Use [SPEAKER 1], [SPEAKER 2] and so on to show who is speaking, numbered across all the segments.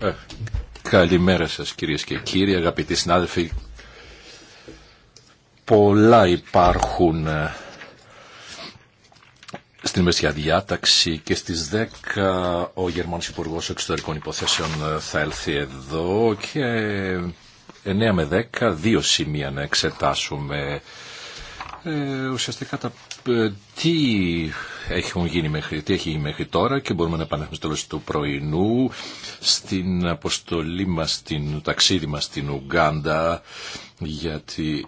[SPEAKER 1] Ε, καλημέρα σας κυρίες και κύριοι, αγαπητοί συνάδελφοι. Πολλά υπάρχουν ε, στην Μεσιά Διάταξη και στις 10 ο Γερμανός Υπουργός Εξωτερικών Υποθέσεων ε, θα έλθει εδώ και 9 με 10 δύο σημεία να εξετάσουμε ουσιαστικά τα, τι έχουν γίνει μέχρι, τι έχει γίνει μέχρι τώρα και μπορούμε να επανέλθουμε στο τέλος του πρωινού στην αποστολή μας, στην ταξίδι μας στην Ουγκάντα γιατί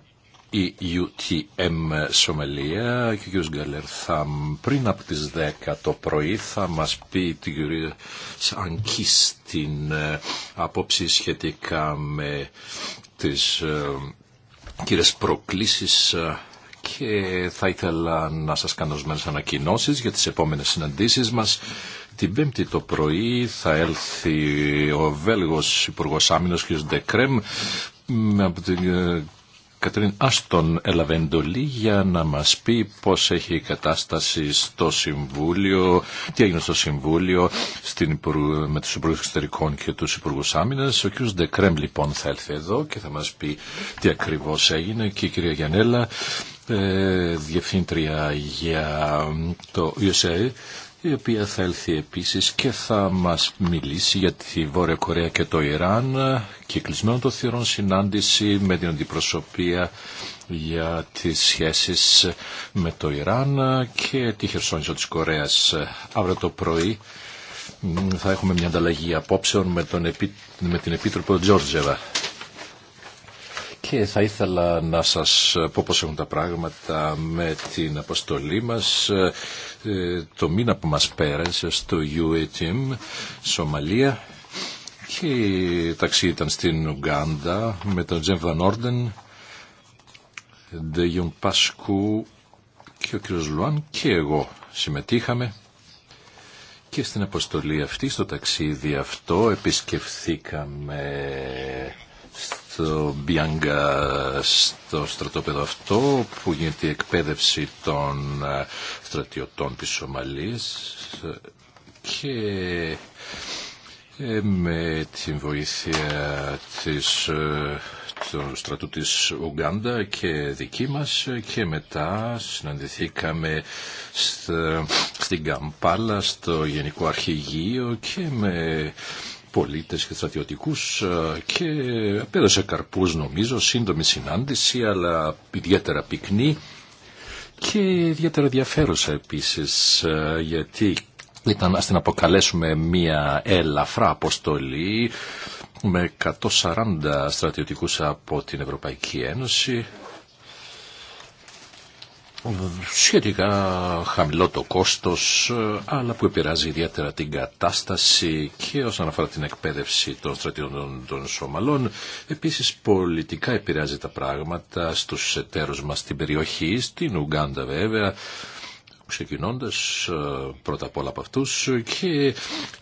[SPEAKER 1] η UTM Σομελία και ο κ. Γκαλερ θα πριν από τις 10 το πρωί θα μας πει την κ. Σανκή στην απόψη ε, σχετικά με τις ε, κύριες προκλήσεις ε, και ε, θα ήθελα να σας κάνω ορισμένες ανακοινώσεις για τις επόμενες συναντήσεις μας. Την Πέμπτη το πρωί θα έλθει ο Βέλγος Υπουργός Άμυνος κ. Ντεκρέμ από την ε, Κατρίν Άστον έλαβε εντολή για να μας πει πώς έχει η κατάσταση στο Συμβούλιο, τι έγινε στο Συμβούλιο στην, με τους Υπουργούς Εξωτερικών και τους Υπουργούς Άμυνας. Ο κ. Ντεκρέμ λοιπόν θα έλθει εδώ και θα μας πει τι ακριβώς έγινε και η κυρία Γιανέλα ε, διευθύντρια για το USA η οποία θα έλθει επίσης και θα μας μιλήσει για τη Βόρεια Κορέα και το Ιράν και κλεισμένο το θηρόν συνάντηση με την αντιπροσωπεία για τις σχέσεις με το Ιράν και τη χερσόνησο της Κορέας. Αύριο το πρωί θα έχουμε μια ανταλλαγή απόψεων με, τον, με την Επίτροπο Τζόρτζεβα και θα ήθελα να σας πω πώς έχουν τα πράγματα με την αποστολή μας ε, το μήνα που μας πέρασε στο UATM Σομαλία και ταξίδι ήταν στην Ουγγάντα με τον Τζεμ Βαν Όρντεν, Ντεγιον Πάσκου και ο κ. Λουάν και εγώ συμμετείχαμε και στην αποστολή αυτή, στο ταξίδι αυτό επισκεφθήκαμε στο Μπιάνγκα στο στρατόπεδο αυτό που γίνεται η εκπαίδευση των ε, στρατιωτών της Σομαλίας και ε, με τη βοήθεια της ε, του στρατού της Ουγγάντα και δική μας και μετά συναντηθήκαμε στην Καμπάλα στο Γενικό Αρχηγείο και με πολίτες και στρατιωτικούς ε, και πέρασε καρπούς νομίζω, σύντομη συνάντηση αλλά ιδιαίτερα πυκνή και ιδιαίτερα ενδιαφέρουσα επίσης ε, γιατί ήταν ας την αποκαλέσουμε μια ελαφρά αποστολή με 140 στρατιωτικούς από την Ευρωπαϊκή Ένωση σχετικά χαμηλό το κόστος, ε, αλλά που επηρεάζει ιδιαίτερα την κατάσταση και όσον αφορά την εκπαίδευση των στρατιωτών των Σομαλών. Επίσης πολιτικά επηρεάζει τα πράγματα στους εταίρους μας στην περιοχή, στην Ουγγάντα βέβαια, ξεκινώντα ε, πρώτα απ' όλα από αυτούς και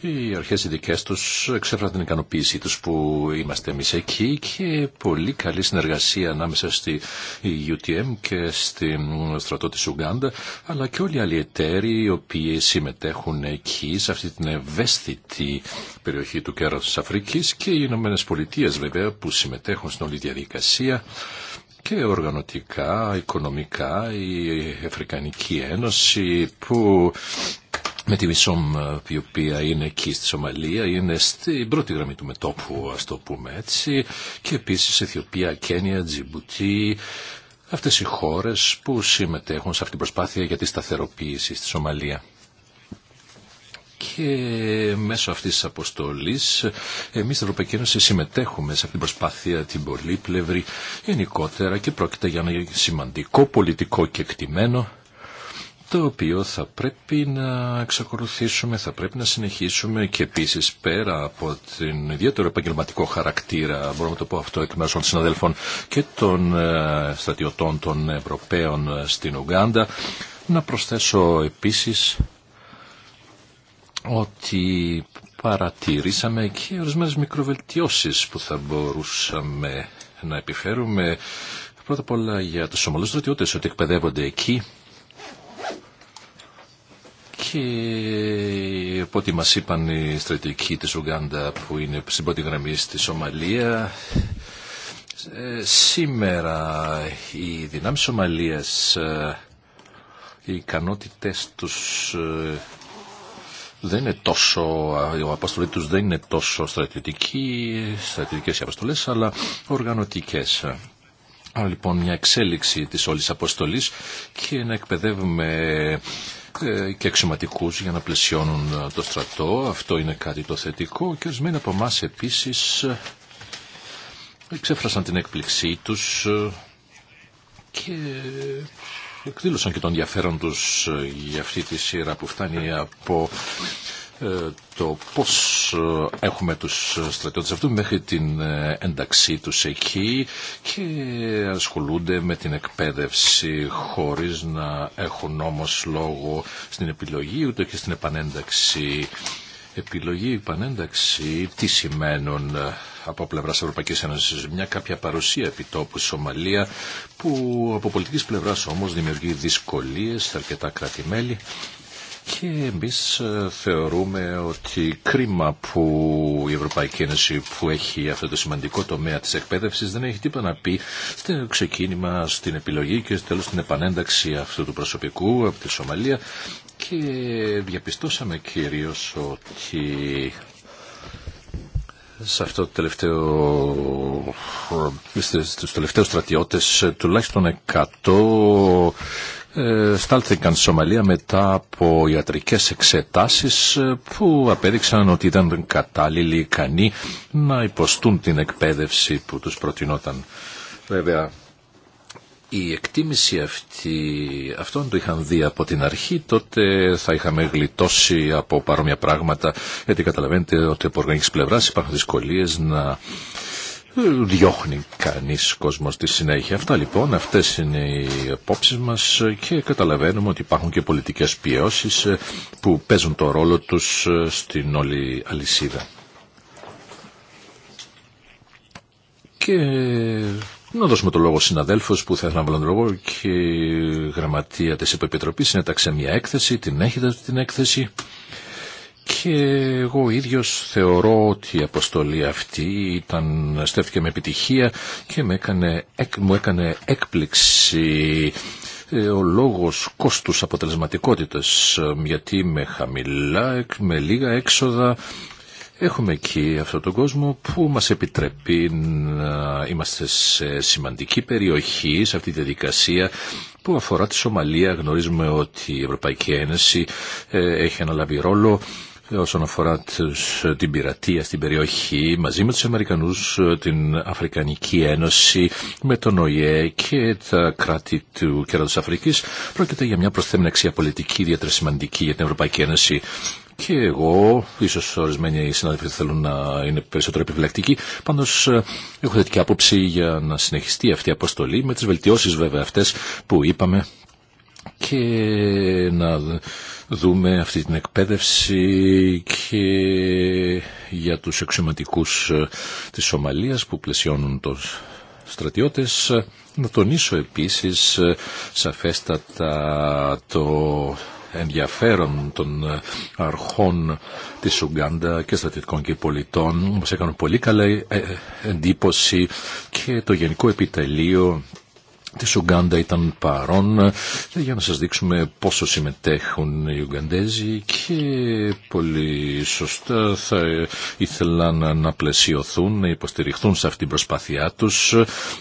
[SPEAKER 1] οι αρχές οι δικές τους εξέφραν την ικανοποίησή τους που είμαστε εμείς εκεί και πολύ καλή συνεργασία ανάμεσα στη UTM και στη στρατό τη Ουγγάντα αλλά και όλοι οι άλλοι εταίροι οι οποίοι συμμετέχουν εκεί σε αυτή την ευαίσθητη περιοχή του κέρας της Αφρικής και οι Ηνωμένε Πολιτείε βέβαια που συμμετέχουν στην όλη διαδικασία και οργανωτικά, οικονομικά, η Αφρικανική Ένωση που με τη Μισόμ η οποία είναι εκεί στη Σομαλία, είναι στην πρώτη γραμμή του μετόπου, ας το πούμε έτσι, και επίσης Αιθιοπία, Κένια, Τζιμπουτί, αυτές οι χώρες που συμμετέχουν σε αυτή την προσπάθεια για τη σταθεροποίηση στη Σομαλία και μέσω αυτής της αποστολής εμείς στην Ευρωπαϊκή Ένωση συμμετέχουμε σε αυτή την προσπάθεια την πολύπλευρη γενικότερα και πρόκειται για ένα σημαντικό πολιτικό κεκτημένο το οποίο θα πρέπει να εξακολουθήσουμε, θα πρέπει να συνεχίσουμε και επίσης πέρα από την ιδιαίτερο επαγγελματικό χαρακτήρα, μπορώ να το πω αυτό εκ μέρους των συναδέλφων και των ε, στρατιωτών των Ευρωπαίων στην Ουγγάντα, να προσθέσω επίσης ότι παρατηρήσαμε και ορισμένες μικροβελτιώσεις που θα μπορούσαμε να επιφέρουμε πρώτα απ' όλα για τους ομολούς στρατιώτε ότι εκπαιδεύονται εκεί και από ό,τι μας είπαν οι στρατηγικοί της Ουγγάντα που είναι στην πρώτη γραμμή στη Σομαλία ε, σήμερα οι δυνάμεις Σομαλίας ε, οι ικανότητες τους ε, δεν είναι τόσο, η αποστολή τους δεν είναι τόσο στρατιωτική, στρατιωτικές οι αποστολές, αλλά οργανωτικές. Άρα λοιπόν μια εξέλιξη της όλης αποστολής και να εκπαιδεύουμε ε, και αξιωματικού για να πλαισιώνουν το στρατό. Αυτό είναι κάτι το θετικό και ορισμένοι από εμά επίσης ε, εξέφρασαν την έκπληξή τους ε, και εκδήλωσαν και τον ενδιαφέρον τους ε, για αυτή τη σειρά που φτάνει από ε, το πώς ε, έχουμε τους στρατιώτες αυτού μέχρι την ένταξή τους εκεί και ασχολούνται με την εκπαίδευση χωρίς να έχουν όμως λόγο στην επιλογή ούτε και στην επανένταξη επιλογή επανένταξη τι σημαίνουν ε, από πλευρά Ευρωπαϊκή Ένωση. Μια κάποια παρουσία επιτόπου στη Σομαλία που από πολιτική πλευρά όμω δημιουργεί δυσκολίε σε αρκετά κράτη-μέλη. Και εμείς ε, θεωρούμε ότι κρίμα που η Ευρωπαϊκή Ένωση που έχει αυτό το σημαντικό τομέα της εκπαίδευσης δεν έχει τίποτα να πει στο ξεκίνημα, στην επιλογή και στο τέλος στην επανένταξη αυτού του προσωπικού από τη Σομαλία και διαπιστώσαμε κυρίως ότι σε αυτό το τελευταίο, ε, στους τελευταίους στρατιώτες ε, τουλάχιστον 100 ε, στάλθηκαν στη Σομαλία μετά από ιατρικές εξετάσεις που απέδειξαν ότι ήταν κατάλληλοι ικανοί να υποστούν την εκπαίδευση που τους προτινόταν. Βέβαια η εκτίμηση αυτή, αυτόν το είχαν δει από την αρχή, τότε θα είχαμε γλιτώσει από παρόμοια πράγματα, γιατί καταλαβαίνετε ότι από οργανικής πλευράς υπάρχουν δυσκολίε να ε, διώχνει κανείς κόσμο στη συνέχεια. Αυτά λοιπόν, αυτές είναι οι απόψεις μας και καταλαβαίνουμε ότι υπάρχουν και πολιτικές πιέσεις ε, που παίζουν το ρόλο τους ε, στην όλη αλυσίδα. Να δώσουμε το λόγο συναδέλφο που θα να βάλουν λόγο και η γραμματεία της Επιτροπή συνέταξε μια έκθεση, την έχετε την έκθεση και εγώ ίδιος θεωρώ ότι η αποστολή αυτή ήταν, στέφτηκε με επιτυχία και με έκανε, μου έκανε έκπληξη ε, ο λόγος κόστους αποτελεσματικότητας ε, γιατί με χαμηλά, με λίγα έξοδα Έχουμε εκεί αυτόν τον κόσμο που μας επιτρέπει να είμαστε σε σημαντική περιοχή, σε αυτή τη διαδικασία που αφορά τη Σομαλία. Γνωρίζουμε ότι η Ευρωπαϊκή Ένωση ε, έχει αναλάβει ρόλο ε, όσον αφορά ε, την πειρατεία στην περιοχή, μαζί με τους Αμερικανούς, την Αφρικανική Ένωση, με τον ΟΗΕ και τα κράτη του κέρατος Αφρικής, πρόκειται για μια προσθέμενη αξία πολιτική ιδιαίτερα σημαντική για την Ευρωπαϊκή Ένωση και εγώ, ίσω ορισμένοι οι συνάδελφοι θέλουν να είναι περισσότερο επιβλακτικοί, Πάντω, ε, έχω θετική άποψη για να συνεχιστεί αυτή η αποστολή με τι βελτιώσεις βέβαια αυτέ που είπαμε και να δούμε αυτή την εκπαίδευση και για τους εξωματικούς ε, της Σομαλίας που πλαισιώνουν τους στρατιώτες. Να τονίσω επίσης ε, σαφέστατα το ενδιαφέρον των ε, αρχών της Ουγκάντα και στρατιωτικών και πολιτών. Μας έκανε πολύ καλή ε, ε, εντύπωση και το Γενικό Επιτελείο της Ουγκάντα ήταν παρόν για να σας δείξουμε πόσο συμμετέχουν οι Ουγκαντέζοι και πολύ σωστά θα ήθελαν να πλαισιωθούν, να υποστηριχθούν σε αυτή την προσπάθειά τους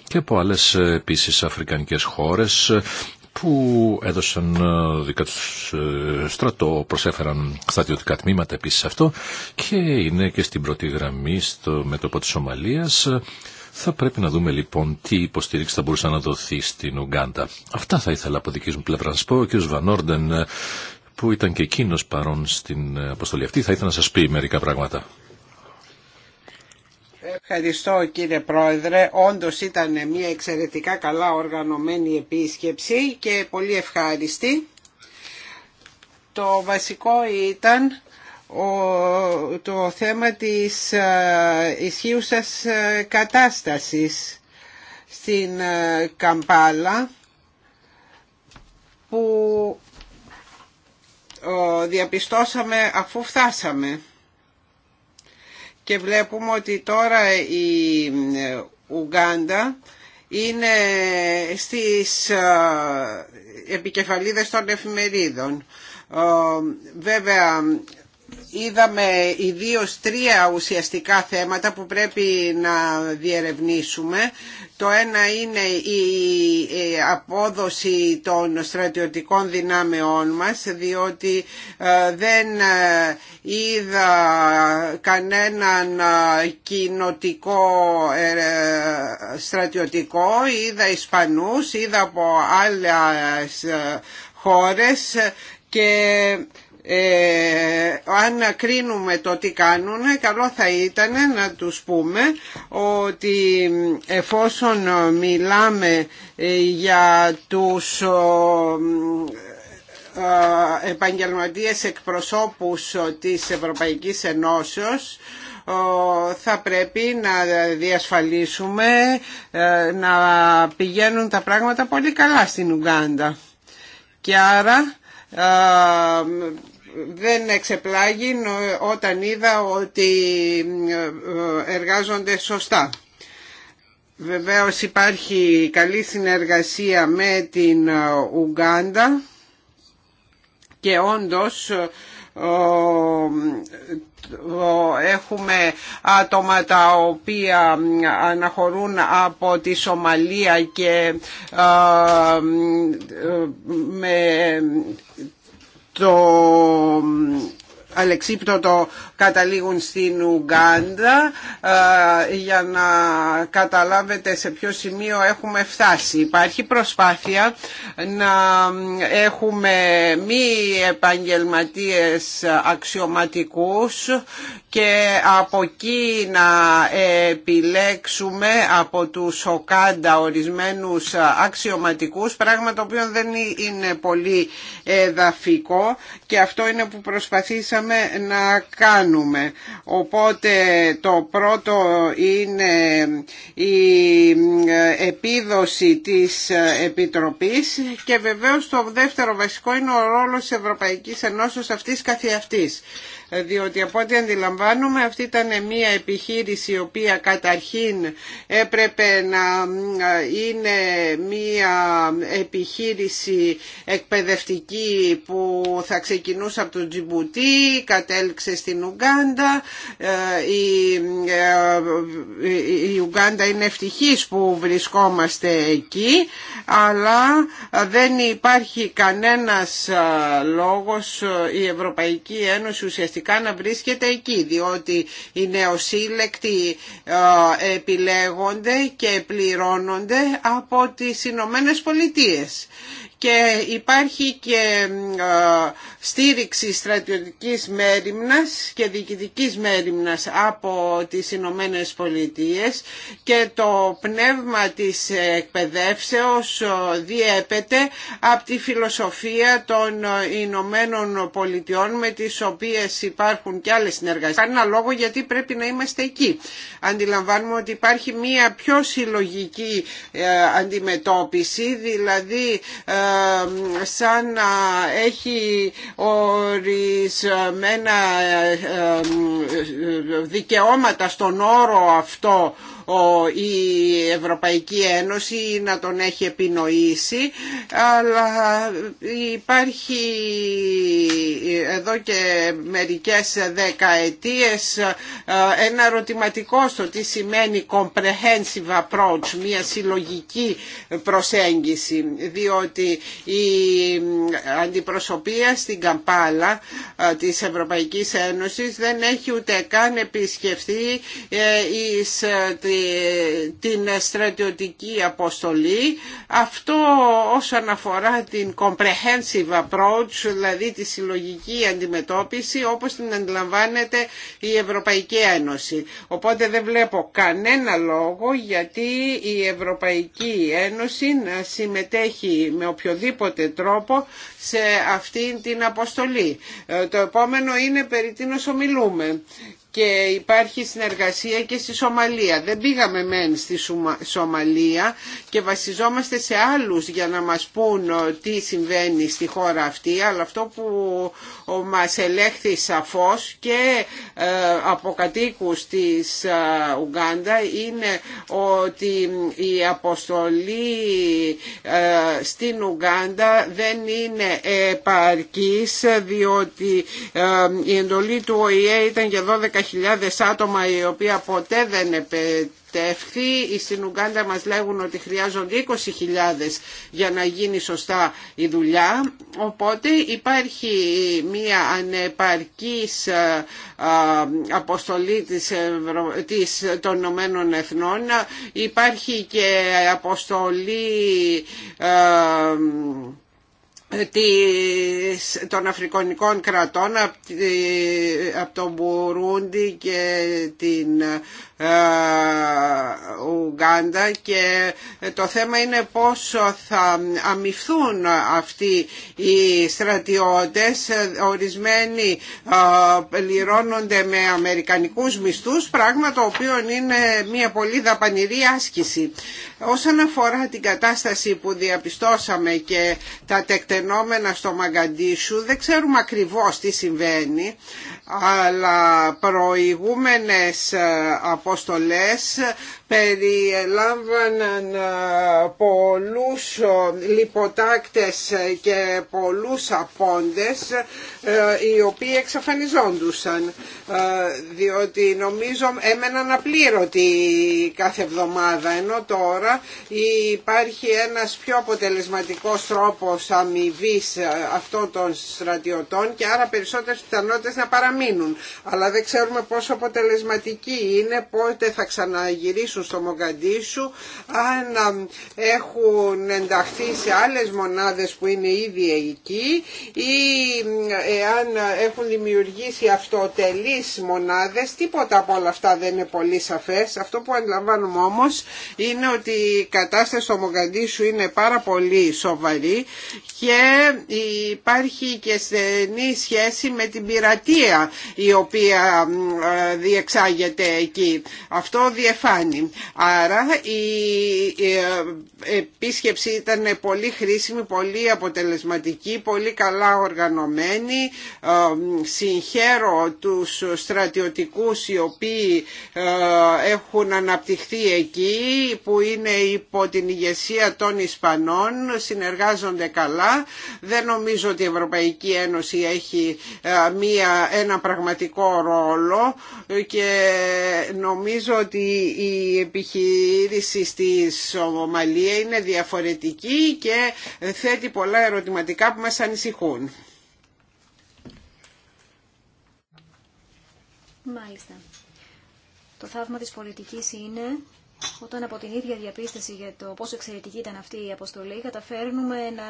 [SPEAKER 1] και από άλλες επίσης αφρικανικές χώρες που έδωσαν ε, δικά του ε, στρατό, προσέφεραν στρατιωτικά τμήματα επίση, αυτό και είναι και στην πρώτη γραμμή στο μέτωπο της Ομαλία, Θα πρέπει να δούμε λοιπόν τι υποστήριξη θα μπορούσε να δοθεί στην Ουγγάντα. Αυτά θα ήθελα από δική μου πλευρά να σα πω. Ο κ. Βανόρντεν ε, που ήταν και εκείνο παρόν στην αποστολή αυτή θα ήθελα να σα πει μερικά πράγματα.
[SPEAKER 2] Ευχαριστώ κύριε Πρόεδρε. Όντως ήταν μια εξαιρετικά καλά οργανωμένη επίσκεψη και πολύ ευχάριστη. Το βασικό ήταν το θέμα της ε, ισχύουσας ε, κατάστασης στην ε, Καμπάλα που διαπιστώσαμε αφού φτάσαμε και βλέπουμε ότι τώρα η ε, Ουγγάντα είναι στις ε, επικεφαλίδες των εφημερίδων. Ε, βέβαια είδαμε ιδίω τρία ουσιαστικά θέματα που πρέπει να διερευνήσουμε. Το ένα είναι η απόδοση των στρατιωτικών δυνάμεών μας, διότι ε, δεν ε, είδα κανέναν ε, κοινοτικό στρατιωτικό, είδα Ισπανούς, είδα από άλλες χώρες και ε, αν κρίνουμε το τι κάνουν καλό θα ήταν να τους πούμε ότι εφόσον μιλάμε ε, για τους ε, επαγγελματίες εκπροσώπους της Ευρωπαϊκής Ενώσεως θα πρέπει να διασφαλίσουμε ε, να πηγαίνουν τα πράγματα πολύ καλά στην Ουγγάντα και άρα δεν εξεπλάγει όταν είδα ότι ε, εργάζονται σωστά. Βεβαίως υπάρχει καλή συνεργασία με την ε, Ουγγάντα και όντως ε, έχουμε άτομα τα οποία αναχωρούν από τη Σομαλία και με το αλεξίπτωτο καταλήγουν στην Ουγγάντα ε, για να καταλάβετε σε ποιο σημείο έχουμε φτάσει. Υπάρχει προσπάθεια να έχουμε μη επαγγελματίες αξιωματικούς και από εκεί να επιλέξουμε από τους οκάντα ορισμένους αξιωματικούς πράγμα το οποίο δεν είναι πολύ εδαφικό και αυτό είναι που προσπαθήσαμε να κάνουμε Οπότε το πρώτο είναι η επίδοση της Επιτροπής και βεβαίως το δεύτερο βασικό είναι ο ρόλος της Ευρωπαϊκής Ενώσεως αυτής καθιαυτής διότι από ό,τι αντιλαμβάνομαι αυτή ήταν μια επιχείρηση η οποία καταρχήν έπρεπε να ε, είναι μια επιχείρηση εκπαιδευτική που θα ξεκινούσε από το Τζιμπουτί, κατέληξε στην Ουγκάντα. Ε, η ε, Ουγκάντα είναι ευτυχής που βρισκόμαστε εκεί, αλλά δεν υπάρχει κανένας λόγος η Ευρωπαϊκή Ένωση ουσιαστικά ειδικά να βρίσκεται εκεί διότι οι νεοσύλλεκτοι ε, επιλέγονται και πληρώνονται από τις Ηνωμένε Πολιτείες και υπάρχει και ε, στήριξη στρατιωτικής μέρημνας και διοικητικής μέρημνας από τις Ηνωμένε Πολιτείε και το πνεύμα της εκπαιδεύσεως διέπεται από τη φιλοσοφία των Ηνωμένων Πολιτειών με τις οποίες υπάρχουν και άλλες συνεργασίες. ένα λόγο γιατί πρέπει να είμαστε εκεί. Αντιλαμβάνουμε ότι υπάρχει μία πιο συλλογική ε, αντιμετώπιση, δηλαδή ε, σαν να έχει ορισμένα ε, ε, ε, δικαιώματα στον όρο αυτό ο η Ευρωπαϊκή Ένωση να τον έχει επινοήσει αλλά υπάρχει εδώ και μερικές δεκαετίες ε, ένα ερωτηματικό στο τι σημαίνει comprehensive approach, μια συλλογική προσέγγιση διότι η αντιπροσωπεία στην Καμπάλα ε, της Ευρωπαϊκής Ένωσης δεν έχει ούτε καν επισκεφθεί ε, εις την στρατιωτική αποστολή. Αυτό όσον αφορά την comprehensive approach, δηλαδή τη συλλογική αντιμετώπιση όπως την αντιλαμβάνεται η Ευρωπαϊκή Ένωση. Οπότε δεν βλέπω κανένα λόγο γιατί η Ευρωπαϊκή Ένωση να συμμετέχει με οποιοδήποτε τρόπο σε αυτή την αποστολή. Ε, το επόμενο είναι περί τίνος ομιλούμε και υπάρχει συνεργασία και στη Σομαλία. Δεν πήγαμε μεν στη Σομαλία και βασιζόμαστε σε άλλους για να μας πούν ε, τι συμβαίνει στη χώρα αυτή, αλλά αυτό που μας ελέγχθη σαφώς και ε, από κατοίκους της ε, Ουγκάντα είναι ότι η αποστολή στην Ουγκάντα δεν είναι επαρκής διότι η εντολή του ΟΗΕ ήταν για 12 άτομα οι οποία ποτέ δεν επετεύχθη. Στην Ουγκάντα μας λέγουν ότι χρειάζονται 20.000 για να γίνει σωστά η δουλειά. Οπότε υπάρχει μία ανεπαρκής ε, αποστολή της, της, των Ηνωμένων Εθνών. Υπάρχει και αποστολή... Ε, των Αφρικανικών κρατών από τον Μπουρούντι και την ε, Ουγγάντα και το θέμα είναι πόσο θα αμυφθούν αυτοί οι στρατιώτες ορισμένοι ε, πληρώνονται με αμερικανικούς μισθούς πράγμα το οποίο είναι μια πολύ δαπανηρή άσκηση. Όσον αφορά την κατάσταση που διαπιστώσαμε και τα τεκτενόμενα στο Μαγαντίσου δεν ξέρουμε ακριβώς τι συμβαίνει αλλά προηγούμενες αποστολές περιελάμβαναν ε, πολλούς ε, λιποτάκτες και πολλούς απόντες ε, οι οποίοι εξαφανιζόντουσαν διότι νομίζω έμεναν απλήρωτοι κάθε εβδομάδα ενώ τώρα υπάρχει ένας πιο αποτελεσματικός τρόπος αμοιβή αυτών των στρατιωτών και άρα περισσότερες πιθανότητες να παραμείνουν αλλά δεν ξέρουμε πόσο αποτελεσματικοί είναι πότε θα ξαναγυρίσουν στο Μογκαντήσου, αν έχουν ενταχθεί σε άλλες μονάδες που είναι ήδη εκεί ή εάν έχουν δημιουργήσει αυτοτελείς μονάδες, τίποτα από όλα αυτά δεν είναι πολύ σαφές. Αυτό που αντιλαμβάνουμε όμως είναι ότι η αν εχουν δημιουργησει αυτοτελεις μοναδες τιποτα απο ολα αυτα δεν ειναι πολυ σαφες αυτο που αντιλαμβανουμε ομως ειναι οτι η κατασταση στο Μογκαντήσου είναι πάρα πολύ σοβαρή και υπάρχει και στενή σχέση με την πειρατεία η οποία ε, διεξάγεται εκεί. Αυτό διεφάνει. Άρα η ε, επίσκεψη ήταν πολύ χρήσιμη, πολύ αποτελεσματική, πολύ καλά οργανωμένη. Ε, συγχαίρω τους στρατιωτικούς οι οποίοι ε, έχουν αναπτυχθεί εκεί που είναι υπό την ηγεσία των Ισπανών, συνεργάζονται καλά. Δεν νομίζω ότι η Ευρωπαϊκή Ένωση έχει μία, ένα πραγματικό ρόλο και νομίζω ότι η η επιχείρηση στη Σομαλία είναι διαφορετική και θέτει πολλά ερωτηματικά που μας ανησυχούν.
[SPEAKER 3] Μάλιστα. Το θαύμα της πολιτικής είναι όταν από την ίδια διαπίστευση για το πόσο εξαιρετική ήταν αυτή η αποστολή καταφέρνουμε να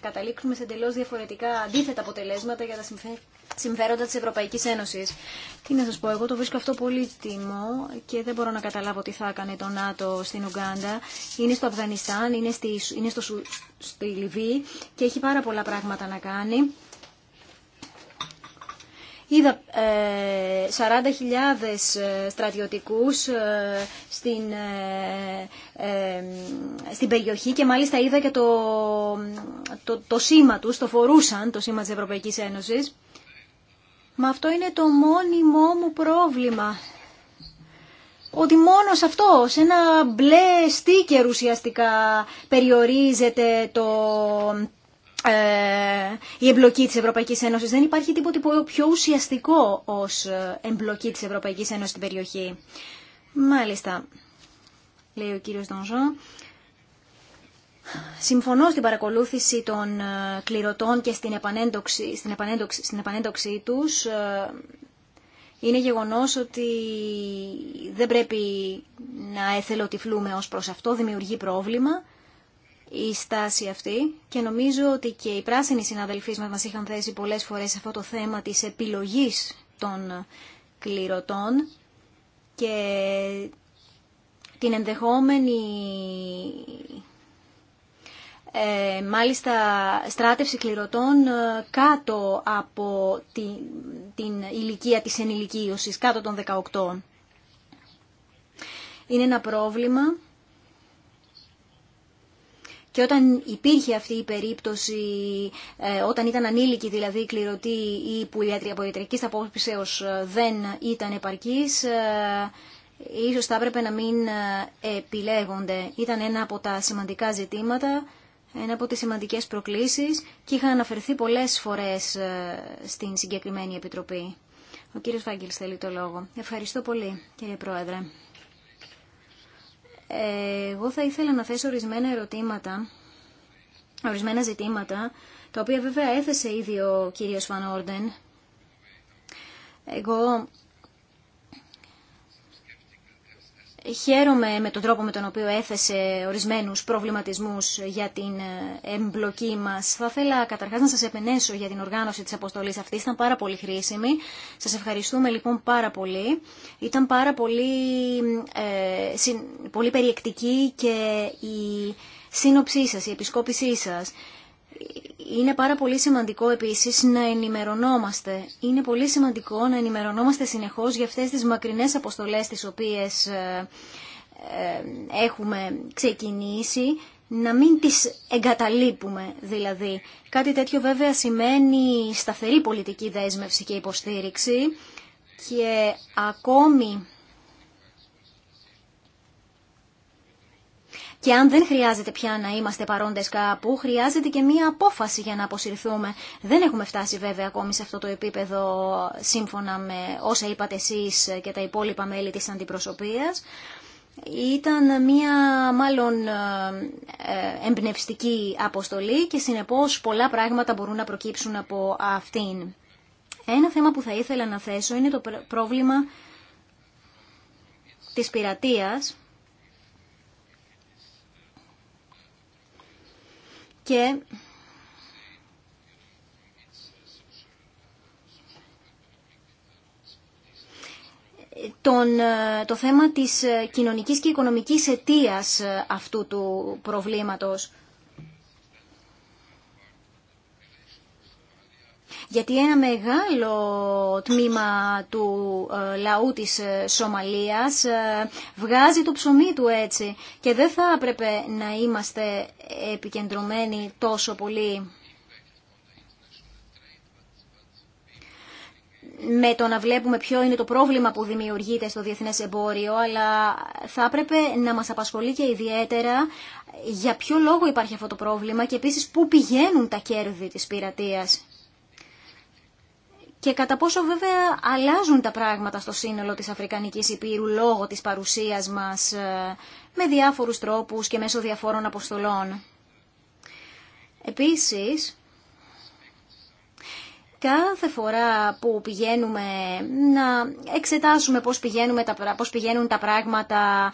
[SPEAKER 3] καταλήξουμε σε εντελώ διαφορετικά αντίθετα αποτελέσματα για τα συμφέροντα της Ευρωπαϊκής Ένωσης. Τι να σας πω, εγώ το βρίσκω αυτό πολύ τιμό και δεν μπορώ να καταλάβω τι θα έκανε το ΝΑΤΟ στην Ουγγάντα. Είναι στο Αφγανιστάν, είναι, στη, είναι στο, στη Λιβύη και έχει πάρα πολλά πράγματα να κάνει. Είδα 40.000 ε, ε, στρατιωτικούς ε, στην, στην περιοχή και μάλιστα είδα και το, το, το σήμα τους, το φορούσαν, το σήμα της Ευρωπαϊκής Ένωσης. Μα αυτό είναι το μόνιμό μου πρόβλημα ότι μόνο σε αυτό, σε ένα μπλε στίκερ ουσιαστικά περιορίζεται το, ε, η εμπλοκή της Ευρωπαϊκής Ένωσης. Δεν υπάρχει τίποτα πιο ουσιαστικό ως ε, εμπλοκή της Ευρωπαϊκής Ένωσης στην περιοχή. Μάλιστα, λέει ο κύριος Ντονζό. Συμφωνώ στην παρακολούθηση των ε, κληρωτών και στην επανέντοξη, στην επανέντοξη, στην επανέντοξη τους. Είναι γεγονός ότι δεν πρέπει να εθελοτυφλούμε ως προς αυτό, δημιουργεί πρόβλημα η στάση αυτή και νομίζω ότι και οι πράσινοι συναδελφοί μας μας είχαν θέσει πολλές φορές σε αυτό το θέμα της επιλογής των κληρωτών και την ενδεχόμενη ε, μάλιστα στράτευση κληρωτών ε, κάτω από την, την ηλικία της ενηλικίωσης, κάτω των 18. Είναι ένα πρόβλημα και όταν υπήρχε αυτή η περίπτωση, ε, όταν ήταν ανήλικη δηλαδή η κληρωτή ή που η ιατρικής απόψεως ε, δεν ήταν επαρκής, ε, ίσω θα έπρεπε να μην επιλέγονται. Ήταν ένα από τα σημαντικά ζητήματα, ένα από τι σημαντικέ προκλήσεις και είχαν αναφερθεί πολλές φορές στην συγκεκριμένη Επιτροπή. Ο κύριος Φάγκελ θέλει το λόγο. Ευχαριστώ πολύ κύριε Πρόεδρε. Εγώ θα ήθελα να θέσω ορισμένα ερωτήματα, ορισμένα ζητήματα, τα οποία βέβαια έθεσε ήδη ο κύριος Φανόρντεν. Εγώ Χαίρομαι με τον τρόπο με τον οποίο έθεσε ορισμένους προβληματισμούς για την ε, εμπλοκή μας. Θα ήθελα καταρχάς να σας επενέσω για την οργάνωση της αποστολής αυτής. Ήταν πάρα πολύ χρήσιμη. Σας ευχαριστούμε λοιπόν πάρα πολύ. Ήταν πάρα πολύ, ε, πολύ περιεκτική και η σύνοψή σας, η επισκόπησή σας είναι πάρα πολύ σημαντικό επίσης να ενημερωνόμαστε. Είναι πολύ σημαντικό να ενημερωνόμαστε συνεχώς για αυτές τις μακρινές αποστολές τις οποίες ε, ε, έχουμε ξεκινήσει να μην τις εγκαταλείπουμε δηλαδή. Κάτι τέτοιο βέβαια σημαίνει σταθερή πολιτική δέσμευση και υποστήριξη και ακόμη Και αν δεν χρειάζεται πια να είμαστε παρόντες κάπου, χρειάζεται και μία απόφαση για να αποσυρθούμε. Δεν έχουμε φτάσει βέβαια ακόμη σε αυτό το επίπεδο σύμφωνα με όσα είπατε εσείς και τα υπόλοιπα μέλη της αντιπροσωπείας. Ήταν μία μάλλον ε, ε, εμπνευστική αποστολή και συνεπώς πολλά πράγματα μπορούν να προκύψουν από αυτήν. Ένα θέμα που θα ήθελα να θέσω είναι το πρόβλημα της πειρατείας και τον, ε, το θέμα της ε, κοινωνικής και οικονομικής αιτίας ε, αυτού του προβλήματος. γιατί ένα μεγάλο τμήμα του ε, λαού της ε, Σομαλίας ε, βγάζει το ψωμί του έτσι και δεν θα έπρεπε να είμαστε επικεντρωμένοι τόσο πολύ. με το να βλέπουμε ποιο είναι το πρόβλημα που δημιουργείται στο διεθνές εμπόριο, αλλά θα έπρεπε να μας απασχολεί και ιδιαίτερα για ποιο λόγο υπάρχει αυτό το πρόβλημα και επίσης πού πηγαίνουν τα κέρδη της πειρατείας και κατά πόσο βέβαια αλλάζουν τα πράγματα στο σύνολο της Αφρικανικής Υπήρου λόγω της παρουσίας μας ε, με διάφορους τρόπους και μέσω διαφόρων αποστολών. Επίσης, κάθε φορά που πηγαίνουμε να εξετάσουμε πώς, πηγαίνουν τα πράγματα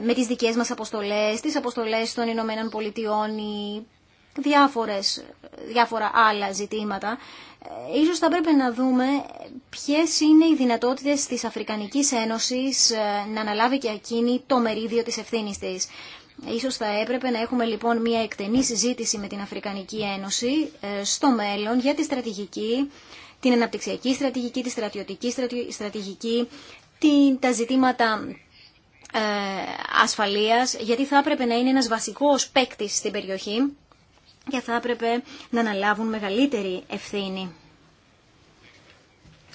[SPEAKER 3] ε, με τις δικές μας αποστολές, τις αποστολές των Ηνωμένων Πολιτειών ή διάφορες, διάφορα άλλα ζητήματα, ε, ίσως θα πρέπει να δούμε ποιες είναι οι δυνατότητες της Αφρικανικής Ένωσης ε, να αναλάβει και εκείνη το μερίδιο της ευθύνης της. Ίσως θα έπρεπε να έχουμε λοιπόν μια εκτενή συζήτηση με την Αφρικανική Ένωση ε, στο μέλλον για τη στρατηγική, την αναπτυξιακή στρατηγική, τη στρατιωτική στρατηγική, τα ζητήματα ασφαλείας, γιατί θα έπρεπε να είναι ένας βασικός παίκτη στην περιοχή και θα έπρεπε να αναλάβουν μεγαλύτερη ευθύνη.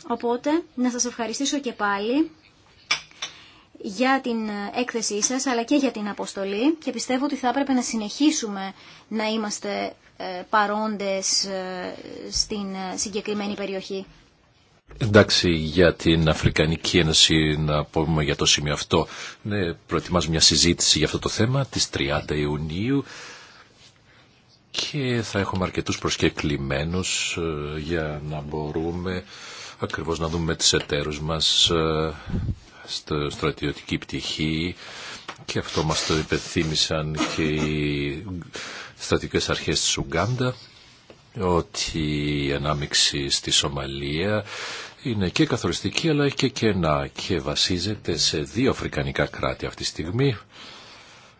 [SPEAKER 3] Οπότε, να σας ευχαριστήσω και πάλι για την έκθεσή σας, αλλά και για την αποστολή και πιστεύω ότι θα έπρεπε να συνεχίσουμε να είμαστε ε, παρόντες ε, στην ε, συγκεκριμένη περιοχή.
[SPEAKER 1] Εντάξει, για την Αφρικανική Ένωση, να πούμε για το σημείο αυτό, ναι, προετοιμάζουμε μια συζήτηση για αυτό το θέμα, της 30 Ιουνίου και θα έχουμε αρκετούς προσκεκλημένους ε, για να μπορούμε ακριβώς να δούμε τις εταίρους μας ε, στο στρατιωτική πτυχή και αυτό μας το υπενθύμησαν και οι στρατιωτικές αρχές της Ουγκάντα ότι η ανάμειξη στη Σομαλία είναι και καθοριστική αλλά και κενά και βασίζεται σε δύο αφρικανικά κράτη αυτή τη στιγμή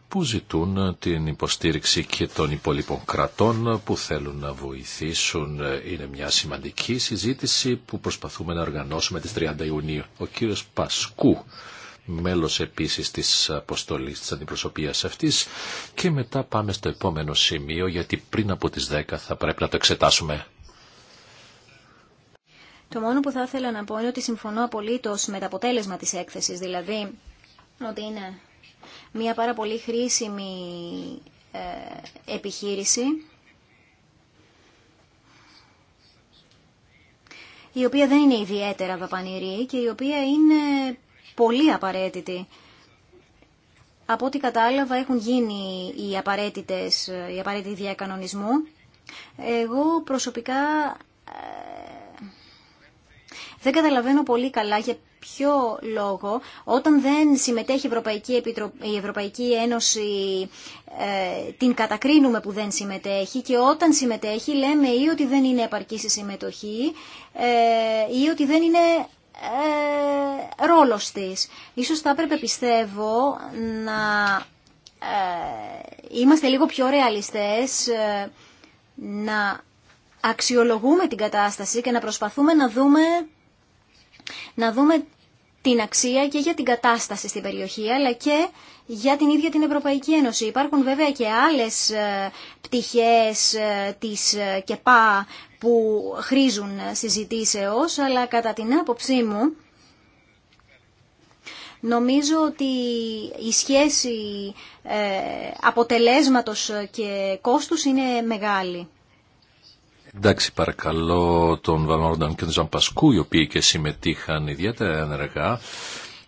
[SPEAKER 1] που ζητούν ε, την υποστήριξη και των υπόλοιπων κρατών ε, που θέλουν να βοηθήσουν. Ε, είναι μια σημαντική συζήτηση που προσπαθούμε να οργανώσουμε τις 30 Ιουνίου. Ο κύριος Πασκού, μέλος επίσης της αποστολής της αντιπροσωπείας αυτής και μετά πάμε στο επόμενο σημείο γιατί πριν από τις 10 θα πρέπει να το εξετάσουμε.
[SPEAKER 3] Το μόνο που θα ήθελα να πω είναι ότι συμφωνώ απολύτως με το αποτέλεσμα της έκθεσης, δηλαδή ότι είναι μια πάρα πολύ χρήσιμη ε, επιχείρηση η οποία δεν είναι ιδιαίτερα δαπανηρή και η οποία είναι πολύ απαραίτητη. Από ό,τι κατάλαβα έχουν γίνει οι απαραίτητες, οι απαραίτητοι διακανονισμού. Εγώ προσωπικά ε, δεν καταλαβαίνω πολύ καλά για ποιο λόγο όταν δεν συμμετέχει η Ευρωπαϊκή, Ευρωπαϊκή Ένωση ε, την κατακρίνουμε που δεν συμμετέχει και όταν συμμετέχει λέμε ή ότι δεν είναι επαρκής η συμμετοχή ε, ή ότι δεν είναι ε, ρόλος της. Ίσως θα έπρεπε πιστεύω να ε, είμαστε λίγο πιο ρεαλιστές να αξιολογούμε την κατάσταση και να προσπαθούμε να δούμε, να δούμε την αξία και για την κατάσταση στην περιοχή, αλλά και για την ίδια την Ευρωπαϊκή Ένωση. Υπάρχουν βέβαια και άλλες ε, πτυχές ε, της ε, ΚΕΠΑ που χρήζουν συζητήσεως, αλλά κατά την άποψή μου νομίζω ότι η σχέση αποτελέσματος και κόστους είναι μεγάλη.
[SPEAKER 1] Εντάξει, παρακαλώ τον Βαμόρνταν και τον Ζαμπασκού, οι οποίοι και συμμετείχαν ιδιαίτερα ενεργά,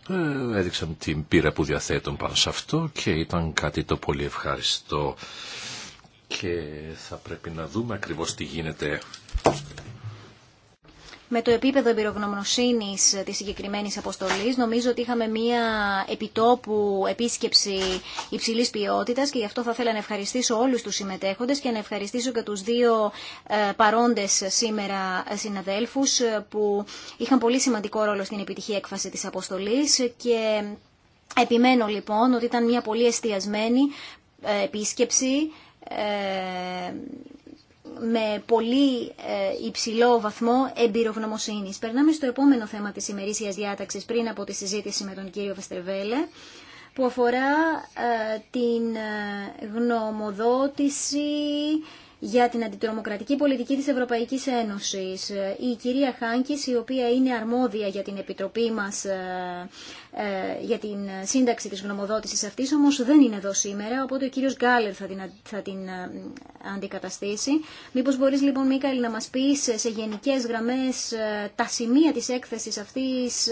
[SPEAKER 1] ε, έδειξαν την πείρα που διαθέτουν πάνω σε αυτό και ήταν κάτι το πολύ ευχάριστο. Και θα πρέπει να δούμε ακριβώς τι γίνεται
[SPEAKER 3] με το επίπεδο εμπειρογνωμοσύνη της συγκεκριμένης αποστολή Νομίζω ότι είχαμε μία επιτόπου επίσκεψη υψηλή ποιότητας και γι' αυτό θα ήθελα να ευχαριστήσω όλους τους συμμετέχοντες και να ευχαριστήσω και τους δύο ε, παρόντες σήμερα συναδέλφου ε, που είχαν πολύ σημαντικό ρόλο στην επιτυχή έκφαση της αποστολή και επιμένω λοιπόν ότι ήταν μια πολύ εστιασμένη ε, επίσκεψη με πολύ ε, υψηλό βαθμό εμπειρογνωμοσύνη. Περνάμε στο επόμενο θέμα της ημερήσιας διάταξης πριν από τη συζήτηση με τον κύριο Βεστεβέλε που αφορά ε, την ε, γνωμοδότηση για την αντιτρομοκρατική πολιτική της Ευρωπαϊκής Ένωσης. Ε, η κυρία Χάνκης, η οποία είναι αρμόδια για την Επιτροπή μας ε, ε, για την σύνταξη της γνωμοδότησης αυτής, όμως δεν είναι εδώ σήμερα, οπότε ο κύριος Γκάλερ θα την, θα την αντικαταστήσει. Μήπως μπορείς λοιπόν, Μίκαλη, να μας πεις σε γενικές γραμμές τα σημεία της έκθεσης αυτής,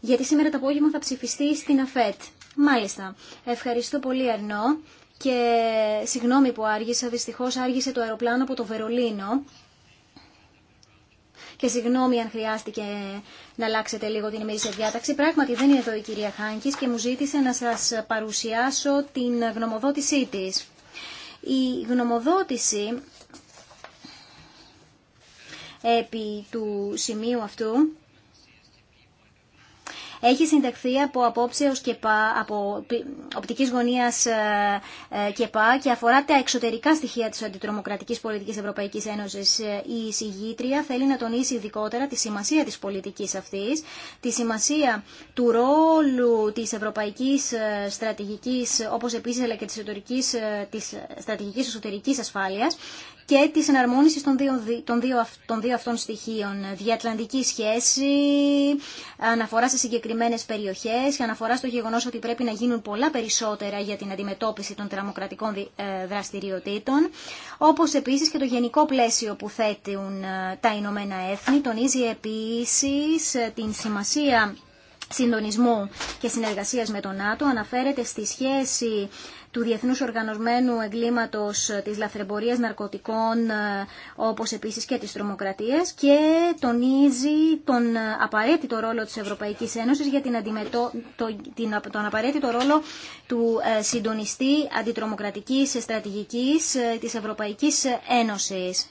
[SPEAKER 3] γιατί σήμερα το απόγευμα θα ψηφιστεί στην ΑΦΕΤ. Μάλιστα. Ευχαριστώ πολύ, Αρνό και συγγνώμη που άργησα, δυστυχώς άργησε το αεροπλάνο από το Βερολίνο και συγγνώμη αν χρειάστηκε να αλλάξετε λίγο την ημερήσια διάταξη. Πράγματι δεν είναι εδώ η κυρία Χάνκης και μου ζήτησε να σας παρουσιάσω την γνωμοδότησή της. Η γνωμοδότηση επί του σημείου αυτού έχει συνταχθεί από και από οπτικής γωνίας ε, ε, και πα και αφορά τα εξωτερικά στοιχεία της αντιτρομοκρατικής πολιτικής Ευρωπαϊκής Ένωσης. Ε, η συγγήτρια. θέλει να τονίσει ειδικότερα τη σημασία της πολιτικής αυτής, τη σημασία του ρόλου της ευρωπαϊκής στρατηγικής, όπως επίσης αλλά και της, της στρατηγικής εσωτερικής ασφάλειας και τη εναρμόνισης των δύο, δύο, δύο αυτών στοιχείων. Διατλαντική σχέση, αναφορά σε συγκεκριμένες περιοχές και αναφορά στο γεγονός ότι πρέπει να γίνουν πολλά περισσότερα για την αντιμετώπιση των τραμοκρατικών ε, δραστηριοτήτων, όπως επίσης και το γενικό πλαίσιο που θέτουν ε, τα Ηνωμένα Έθνη. Τονίζει επίση ε, την σημασία συντονισμού και συνεργασίας με τον ΝΑΤΟ, αναφέρεται στη σχέση του Διεθνούς Οργανωσμένου Εγκλήματος της Λαθρεμπορίας Ναρκωτικών ε, όπως επίσης και της τρομοκρατίας και τονίζει τον ε, απαραίτητο ρόλο της Ευρωπαϊκής Ένωσης για την αντιμετω... τον απαραίτητο ρόλο του ε, συντονιστή αντιτρομοκρατικής στρατηγικής της Ευρωπαϊκής Ένωσης.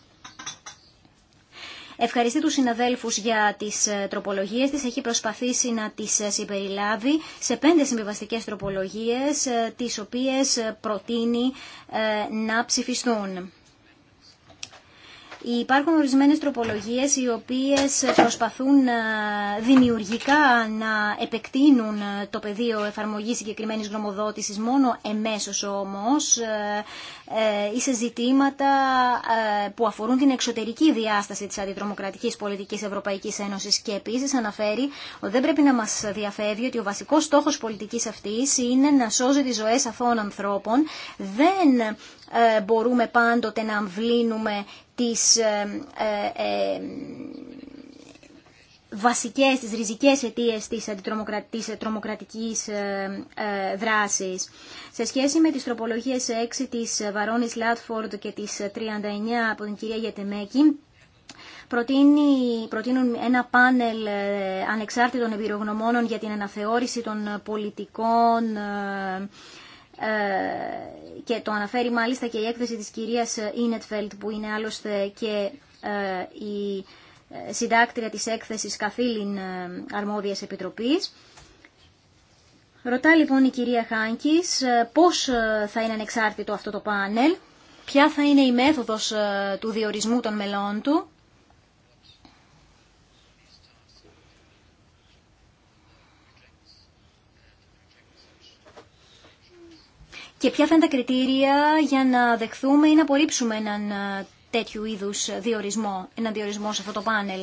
[SPEAKER 3] Ευχαριστεί τους συναδέλφους για τις ε, τροπολογίες της. Έχει προσπαθήσει να τις ε, συμπεριλάβει σε πέντε συμβιβαστικές τροπολογίες, ε, τις οποίες προτείνει να ψηφιστούν. Υπάρχουν ορισμένες τροπολογίες οι οποίες προσπαθούν ε, δημιουργικά να επεκτείνουν ε, το πεδίο εφαρμογής συγκεκριμένης γνωμοδότησης μόνο εμέσως όμως ε, ή σε ζητήματα που αφορούν την εξωτερική διάσταση της αντιτρομοκρατικής πολιτικής Ευρωπαϊκής Ένωσης και επίσης αναφέρει ότι δεν πρέπει να μας διαφεύγει ότι ο βασικός στόχος πολιτικής αυτής είναι να σώζει τις ζωές αθώων ανθρώπων. Δεν μπορούμε πάντοτε να αμβλύνουμε τις ε, ε, ε, βασικές, τις ριζικές αιτίες της αντιτρομοκρατικής τρομοκρατικής δράσης. Σε σχέση με τις τροπολογίες 6 της Βαρόνης Λάτφορντ και της 39 από την κυρία Γετεμέκη, προτείνει, προτείνουν ένα πάνελ ανεξάρτητων εμπειρογνωμόνων για την αναθεώρηση των πολιτικών και το αναφέρει μάλιστα και η έκθεση της κυρίας Ίνετφελτ που είναι άλλωστε και ε, η ε, συντάκτρια της έκθεσης καθήλυν ε, αρμόδιας επιτροπής. Ρωτά λοιπόν η κυρία Χάνκης πώς θα είναι ανεξάρτητο αυτό το πάνελ, ποια θα είναι η μέθοδος του διορισμού των μελών του και ποια θα είναι τα κριτήρια για να δεχθούμε ή να απορρίψουμε έναν ε, τέτοιου είδους διορισμό, έναν διορισμό σε αυτό το πάνελ.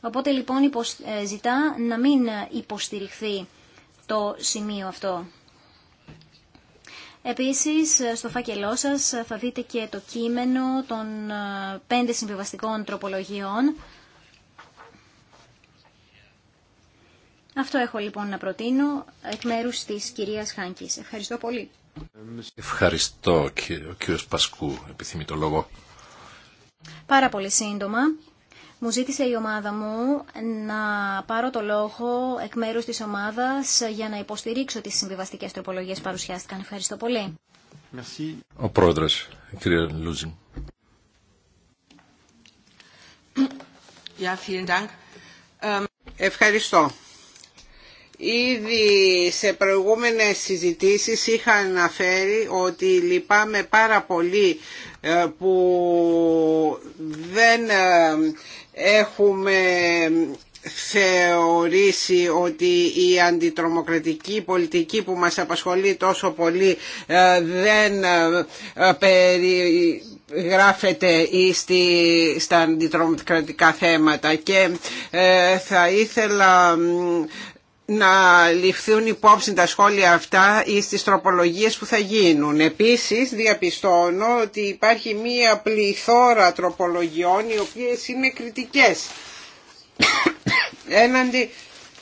[SPEAKER 3] Οπότε λοιπόν ε, ζητά να μην ε, υποστηριχθεί το σημείο αυτό. Επίσης, στο φάκελό σας θα δείτε και το κείμενο των πέντε συμβιβαστικών τροπολογιών Αυτό έχω λοιπόν να προτείνω εκ μέρου τη κυρίας Χάνκη. Ευχαριστώ πολύ.
[SPEAKER 1] Ευχαριστώ κύριο, κύριος Πασκού, επιθυμεί το λόγο.
[SPEAKER 3] Πάρα πολύ σύντομα. Μου ζήτησε η ομάδα μου να πάρω το λόγο εκ μέρου τη ομάδας για να υποστηρίξω τις συμβιβαστικές τροπολογίες που παρουσιάστηκαν. Ευχαριστώ πολύ.
[SPEAKER 1] Ο πρόεδρος, κύριε Λούζιν.
[SPEAKER 2] Um, ευχαριστώ. Ήδη σε προηγούμενες συζητήσεις είχα αναφέρει ότι λυπάμαι πάρα πολύ ε, που δεν ε, έχουμε θεωρήσει ότι η αντιτρομοκρατική πολιτική που μας απασχολεί τόσο πολύ ε, δεν περι, γράφεται στη, στα αντιτρομοκρατικά θέματα και θα ήθελα να ληφθούν υπόψη τα σχόλια αυτά ή στις τροπολογίες που θα γίνουν. Επίσης διαπιστώνω ότι υπάρχει μία πληθώρα τροπολογιών οι οποίες είναι κριτικές έναντι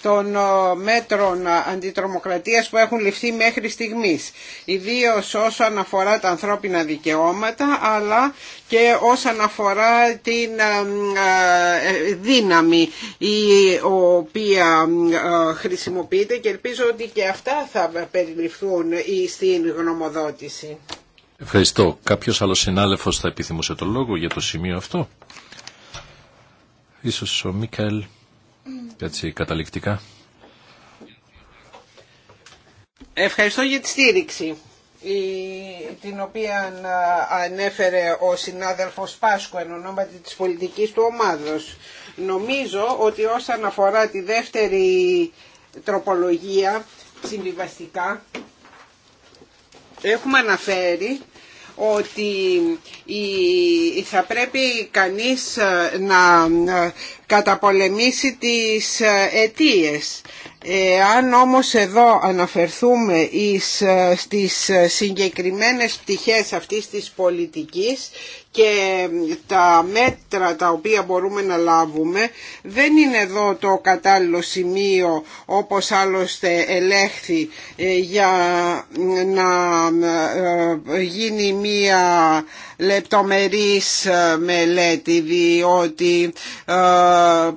[SPEAKER 2] των ε, μέτρων αντιτρομοκρατίας που έχουν ληφθεί μέχρι στιγμής, ιδίως όσο αναφορά τα ανθρώπινα δικαιώματα, αλλά και όσον αφορά την ε, ε, δύναμη η οποία ε, χρησιμοποιείται και ελπίζω ότι και αυτά θα περιληφθούν στην γνωμοδότηση.
[SPEAKER 1] Ευχαριστώ. Κάποιος άλλος συνάδελφος θα επιθυμούσε το λόγο για το σημείο αυτό. Ίσως ο Μίκαελ, έτσι καταληκτικά.
[SPEAKER 2] Ευχαριστώ για τη στήριξη την οποία ε, ανέφερε ο συνάδελφος Πάσκου εν ονόματι της πολιτικής του ομάδος. Νομίζω ότι όσον αφορά τη δεύτερη τροπολογία συμβιβαστικά έχουμε αναφέρει ότι ε, θα πρέπει κανείς ε, να καταπολεμήσει τις αιτίες. Αν όμως εδώ αναφερθούμε εις, ε, στις ε, συγκεκριμένες πτυχές αυτής της πολιτικής και τα μέτρα τα οποία μπορούμε να λάβουμε δεν είναι εδώ το κατάλληλο σημείο όπως άλλωστε ελέγχθη ε, για να γίνει μία λεπτομερής ε, μελέτη διότι ε,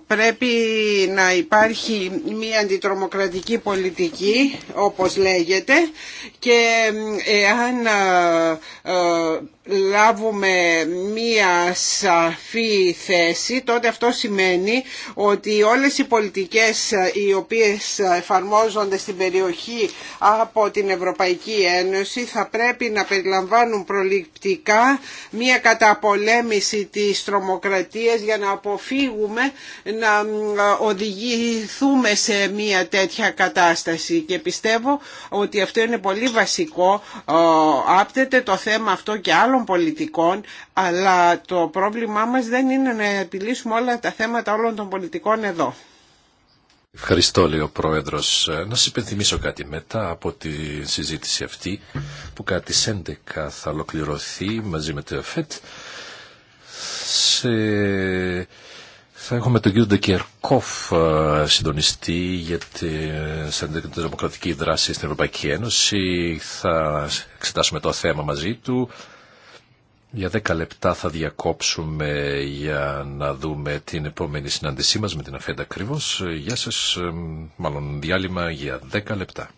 [SPEAKER 2] πρέπει να υπάρχει μια αντιτρομοκρατική πολιτική όπως λέγεται και εάν ε, λάβουμε μία σαφή θέση, τότε αυτό σημαίνει ότι όλες οι πολιτικές οι οποίες εφαρμόζονται στην περιοχή από την Ευρωπαϊκή Ένωση θα πρέπει να περιλαμβάνουν προληπτικά μια καταπολέμηση της τρομοκρατίας για να αποφύγουμε να οδηγηθούμε σε μια τέτοια κατάσταση και πιστεύω ότι αυτό είναι πολύ βασικό άπτεται το θέμα αυτό και άλλων πολιτικών αλλά το πρόβλημά μας δεν είναι να επιλύσουμε όλα τα θέματα όλων των πολιτικών εδώ.
[SPEAKER 1] Ευχαριστώ, λέει ο Πρόεδρος. Ε, να σα υπενθυμίσω κάτι μετά από τη συζήτηση αυτή που κάτι 11 θα ολοκληρωθεί μαζί με το ΕΦΕΤ. Σε... Θα έχουμε τον κύριο Ντεκερκόφ ε, συντονιστή για τη δημοκρατική δράση στην Ευρωπαϊκή Ένωση. Θα εξετάσουμε το θέμα μαζί του. Για 10 λεπτά θα διακόψουμε για να δούμε την επόμενη συνάντησή μας με την αφέντα ακριβώ. Γεια σας, μάλλον διάλειμμα για 10 λεπτά.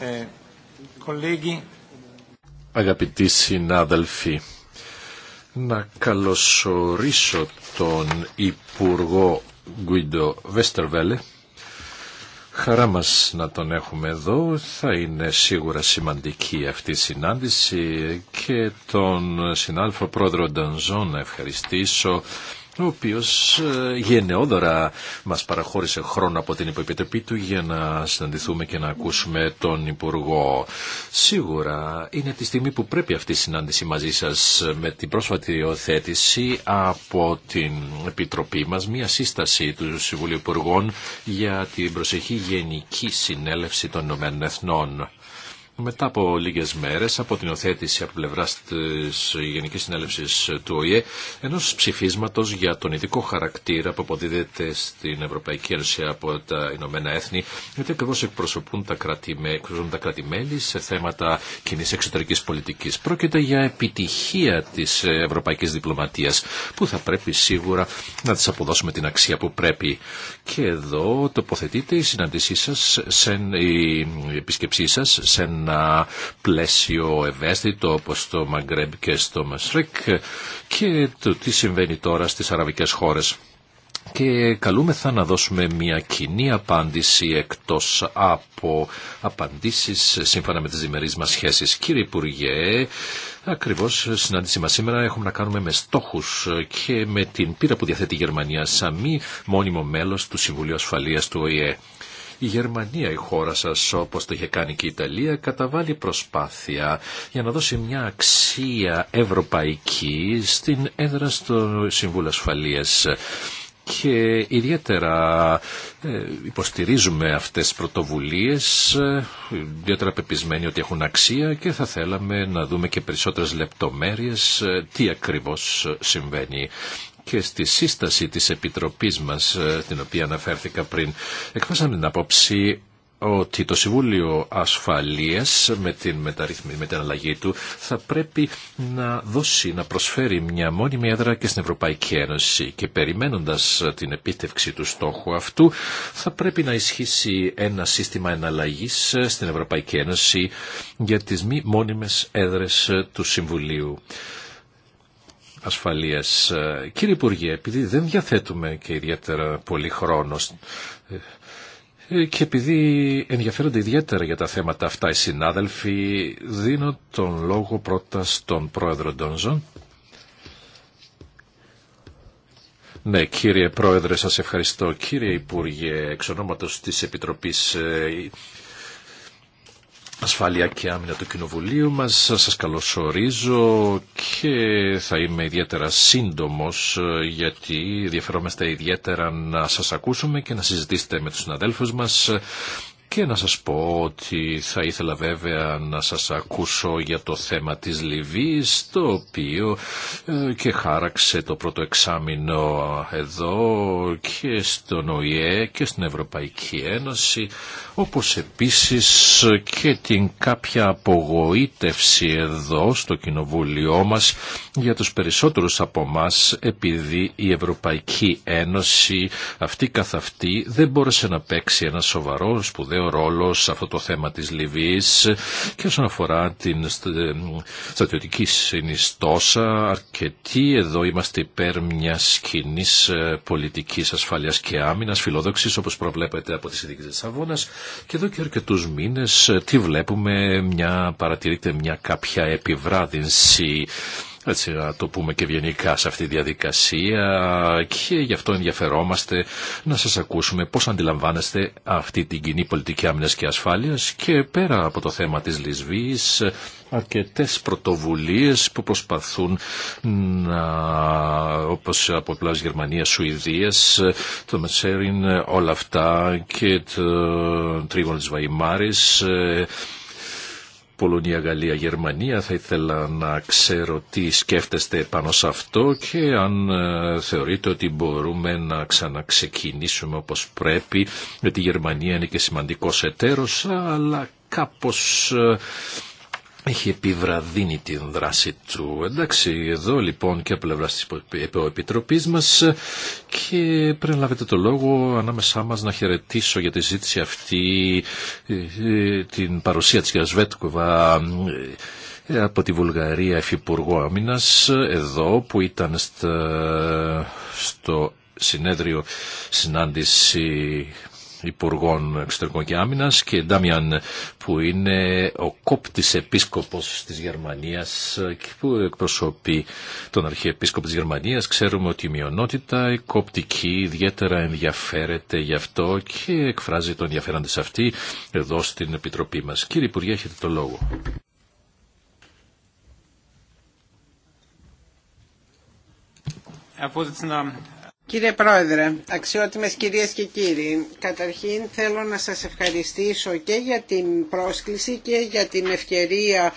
[SPEAKER 1] Ε, Αγαπητοί συνάδελφοι, να καλωσορίσω τον Υπουργό Γκουίντο Βέστερβέλε. Χαρά μας να τον έχουμε εδώ. Θα είναι σίγουρα σημαντική αυτή η συνάντηση και τον συνάλφο πρόεδρο Ντανζό να ευχαριστήσω ο οποίος ε, γενναιόδωρα μας παραχώρησε χρόνο από την υποεπιτροπή του για να συναντηθούμε και να ακούσουμε τον Υπουργό. Σίγουρα είναι τη στιγμή που πρέπει αυτή η συνάντηση μαζί σας με την πρόσφατη υιοθέτηση από την Επιτροπή μας μια σύσταση του Συμβουλίου Υπουργών για την προσεχή Γενική Συνέλευση των Ηνωμένων Εθνών. Μετά από λίγες μέρες από την οθέτηση από πλευρά της Γενικής Συνέλευσης του ΟΗΕ ενός ψηφίσματος για τον ειδικό χαρακτήρα που αποδίδεται στην Ευρωπαϊκή Ένωση από τα Ηνωμένα Έθνη γιατί ακριβώς εκπροσωπούν τα κράτη-μέλη σε θέματα κοινή εξωτερικής πολιτικής. Πρόκειται για επιτυχία της ευρωπαϊκής διπλωματίας που θα πρέπει σίγουρα να της αποδώσουμε την αξία που πρέπει. Και εδώ τοποθετείται η συναντήσή σας, σε, η επισκεψή σας σε ένα ένα πλαίσιο ευαίσθητο όπως το Μαγκρέμπ και στο Μασρίκ και το τι συμβαίνει τώρα στις αραβικές χώρες. Και καλούμεθα να δώσουμε μια κοινή απάντηση εκτός από απαντήσεις σύμφωνα με τις διμερείς μας σχέσεις. Κύριε Υπουργέ, ακριβώς συνάντησή μας σήμερα έχουμε να κάνουμε με στόχους και με την πείρα που διαθέτει η Γερμανία σαν μη μόνιμο μέλος του Συμβουλίου Ασφαλείας του ΟΗΕ. Η Γερμανία, η χώρα σας, όπως το είχε κάνει και η Ιταλία, καταβάλει προσπάθεια για να δώσει μια αξία ευρωπαϊκή στην έδρα στο Συμβούλιο Ασφαλείας και ιδιαίτερα ε, υποστηρίζουμε αυτές τις πρωτοβουλίες, ε, ιδιαίτερα πεπισμένοι ότι έχουν αξία και θα θέλαμε να δούμε και περισσότερες λεπτομέρειες ε, τι ακριβώς συμβαίνει και στη σύσταση της Επιτροπής μας, ε, την οποία αναφέρθηκα πριν, εκφράσαμε την απόψη ότι το Συμβούλιο Ασφαλείας με την, μεταρρύθμι, με την αλλαγή του θα πρέπει να δώσει, να προσφέρει μια μόνιμη έδρα και στην Ευρωπαϊκή Ένωση και περιμένοντας την επίτευξη του στόχου αυτού θα πρέπει να ισχύσει ένα σύστημα εναλλαγής ε, στην Ευρωπαϊκή Ένωση για τις μη μόνιμες έδρες του Συμβουλίου ασφαλείας. Ε, κύριε Υπουργέ, επειδή δεν διαθέτουμε και ιδιαίτερα πολύ χρόνο ε, ε, και επειδή ενδιαφέρονται ιδιαίτερα για τα θέματα αυτά οι συνάδελφοι, δίνω τον λόγο πρώτα στον πρόεδρο Ντόνζον. Ναι, κύριε Πρόεδρε, σας ευχαριστώ. Κύριε Υπουργέ, εξ ονόματος της Επιτροπής ασφάλεια και άμυνα του Κοινοβουλίου μας. Σας καλωσορίζω και θα είμαι ιδιαίτερα σύντομος ε, γιατί ενδιαφερόμαστε ιδιαίτερα να σας ακούσουμε και να συζητήσετε με τους συναδέλφους μας και να σας πω ότι θα ήθελα βέβαια να σας ακούσω για το θέμα της Λιβύης, το οποίο ε, και χάραξε το πρώτο εξάμεινο εδώ και στον ΟΗΕ και στην Ευρωπαϊκή Ένωση, όπως επίσης και την κάποια απογοήτευση εδώ στο Κοινοβούλιο μας για τους περισσότερους από εμά επειδή η Ευρωπαϊκή Ένωση αυτή καθ' αυτή δεν μπόρεσε να παίξει ένα σοβαρό σπουδαίο ο ρόλο σε αυτό το θέμα τη Λιβύης και όσον αφορά την ε, στρατιωτική συνιστόσα, αρκετοί εδώ είμαστε υπέρ μια κοινή ε, πολιτική ασφάλεια και άμυνα, φιλόδοξη όπω προβλέπεται από τι ειδικές τη Αβώνα και εδώ και αρκετού μήνε ε, τι βλέπουμε, μια, παρατηρείται μια κάποια επιβράδυνση έτσι να το πούμε και βιενικά σε αυτή τη διαδικασία και γι' αυτό ενδιαφερόμαστε να σας ακούσουμε πώς αντιλαμβάνεστε αυτή την κοινή πολιτική άμυνας και ασφάλειας και πέρα από το θέμα της Λισβής αρκετές πρωτοβουλίες που προσπαθούν να, όπως από πλάς Γερμανίας, Σουηδίας, το Μετσέριν, όλα αυτά και το τρίγωνο της Βαϊμάρης, Πολωνία, Γαλλία, Γερμανία. Θα ήθελα να ξέρω τι σκέφτεστε πάνω σε αυτό και αν ε, θεωρείτε ότι μπορούμε να ξαναξεκινήσουμε όπως πρέπει, γιατί η Γερμανία είναι και σημαντικός εταίρος, αλλά κάπως ε, έχει επιβραδύνει την δράση του. Εντάξει, εδώ λοιπόν και από πλευρά τη Επιτροπή μα και να λάβετε το λόγο ανάμεσά μα να χαιρετήσω για τη ζήτηση αυτή ε, ε, την παρουσία τη κυρία ε, από τη Βουλγαρία Υφυπουργό Αμήνα εδώ που ήταν στο συνέδριο συνάντηση Υπουργών Εξωτερικών και Άμυνα και Ντάμιαν που είναι ο κόπτη Επίσκοπο τη Γερμανίας και που εκπροσωπεί τον αρχιεπίσκοπο της Γερμανίας. Ξέρουμε ότι η μειονότητα, η κοπτική ιδιαίτερα ενδιαφέρεται γι' αυτό και εκφράζει το ενδιαφέρον τη αυτή εδώ στην Επιτροπή μας. Κύριε Υπουργέ, έχετε το λόγο.
[SPEAKER 2] Κύριε Πρόεδρε, αξιότιμες κυρίες και κύριοι, καταρχήν θέλω να σας ευχαριστήσω και για την πρόσκληση και για την ευκαιρία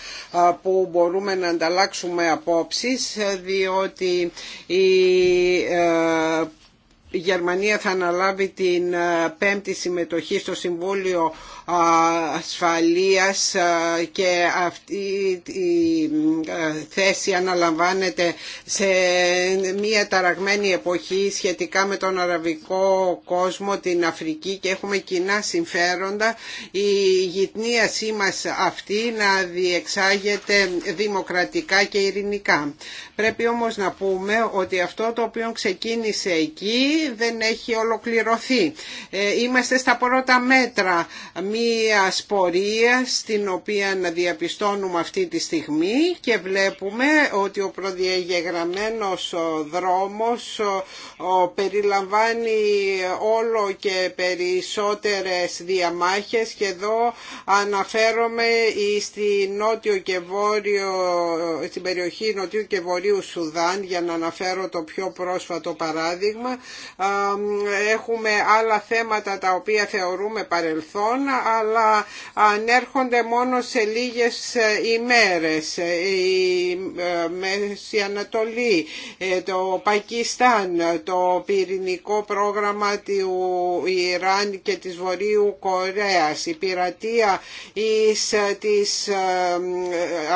[SPEAKER 2] που μπορούμε να ανταλλάξουμε απόψεις, διότι η ε, η Γερμανία θα αναλάβει την ε, πέμπτη συμμετοχή στο Συμβούλιο Ασφαλείας και αυτή η ε, θέση αναλαμβάνεται σε μια ταραγμένη εποχή σχετικά με τον αραβικό κόσμο, την Αφρική και έχουμε κοινά συμφέροντα η γυτνίασή μας αυτή να διεξάγεται δημοκρατικά και ειρηνικά. Πρέπει όμως να πούμε ότι αυτό το οποίο ξεκίνησε εκεί δεν έχει ολοκληρωθεί. Ε, είμαστε στα πρώτα μέτρα μία πορεία στην οποία να διαπιστώνουμε αυτή τη στιγμή και βλέπουμε ότι ο προδιαγεγραμμένος δρόμος περιλαμβάνει όλο και περισσότερες διαμάχες και εδώ αναφέρομαι στη νότιο και στην περιοχή νοτιού και βορείου Σουδάν για να αναφέρω το πιο πρόσφατο παράδειγμα έχουμε άλλα θέματα τα οποία θεωρούμε παρελθόν αλλά ανέρχονται μόνο σε λίγες ε, ημέρες. Ε, η ε, Μέση Ανατολή, το Πακιστάν, το πυρηνικό πρόγραμμα του Ιράν και της Βορείου Κορέας, η πειρατεία της της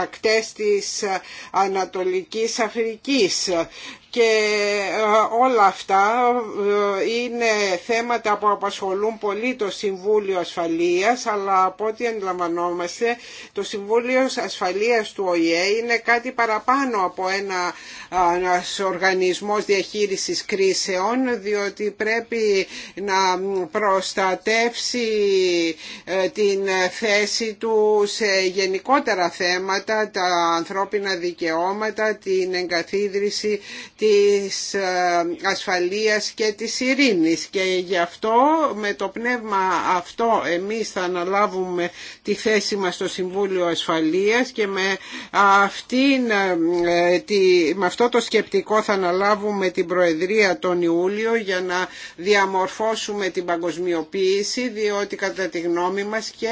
[SPEAKER 2] ακτές της Ανατολικής Αφρικής και ε, όλα αυτά ε, είναι θέματα που απασχολούν πολύ το Συμβούλιο Ασφαλείας αλλά από ό,τι αντιλαμβανόμαστε το Συμβούλιο Ασφαλείας του ΟΗΕ είναι κάτι παραπάνω από ένα, ένας οργανισμός διαχείρισης κρίσεων διότι πρέπει να προστατεύσει ε, την θέση του σε γενικότερα θέματα τα ανθρώπινα δικαιώματα, την εγκαθίδρυση της ε, ασφαλείας και της ειρήνης και γι' αυτό με το πνεύμα αυτό εμείς θα αναλάβουμε τη θέση μας στο Συμβούλιο Ασφαλείας και με, αυτήν, ε, με αυτό το σκεπτικό θα αναλάβουμε την Προεδρία τον Ιούλιο για να διαμορφώσουμε την παγκοσμιοποίηση διότι κατά τη γνώμη μας και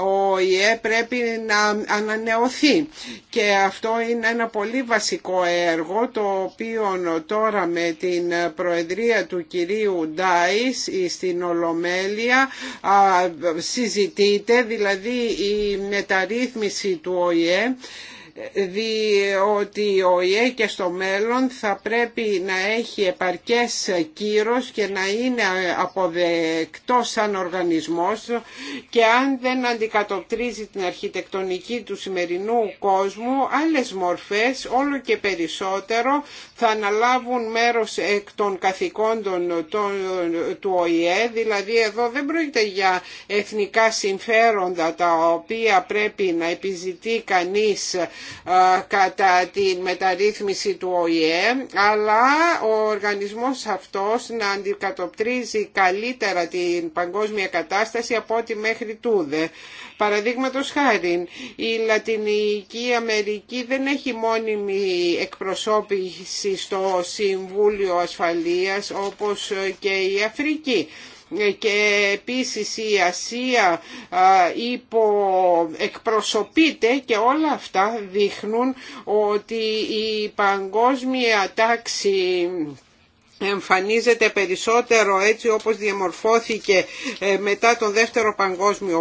[SPEAKER 2] ο ΙΕ πρέπει να ανανεωθεί και αυτό είναι ένα πολύ βασικό έργο το οποίο λοιπόν τώρα με την προεδρία του κυρίου Ντάις στην Ολομέλεια συζητείται, δηλαδή η μεταρρύθμιση του ΟΗΕ διότι ο ΙΕ και στο μέλλον θα πρέπει να έχει επαρκές κύρος και να είναι αποδεκτό σαν οργανισμός και αν δεν αντικατοπτρίζει την αρχιτεκτονική του σημερινού κόσμου άλλες μορφές όλο και περισσότερο θα αναλάβουν μέρος εκ των καθηκόντων του ΟΗΕ δηλαδή εδώ δεν πρόκειται για εθνικά συμφέροντα τα οποία πρέπει να επιζητεί κανείς κατά την μεταρρύθμιση του ΟΗΕ αλλά ο οργανισμός αυτός να αντικατοπτρίζει καλύτερα την παγκόσμια κατάσταση από ό,τι μέχρι τούδε. Παραδείγματο χάρη, η Λατινική Αμερική δεν έχει μόνιμη εκπροσώπηση στο Συμβούλιο Ασφαλείας όπως και η Αφρική και επίσης η Ασία εκπροσωπείται και όλα αυτά δείχνουν ότι η παγκόσμια τάξη εμφανίζεται περισσότερο έτσι όπως διαμορφώθηκε ε, μετά τον δεύτερο παγκόσμιο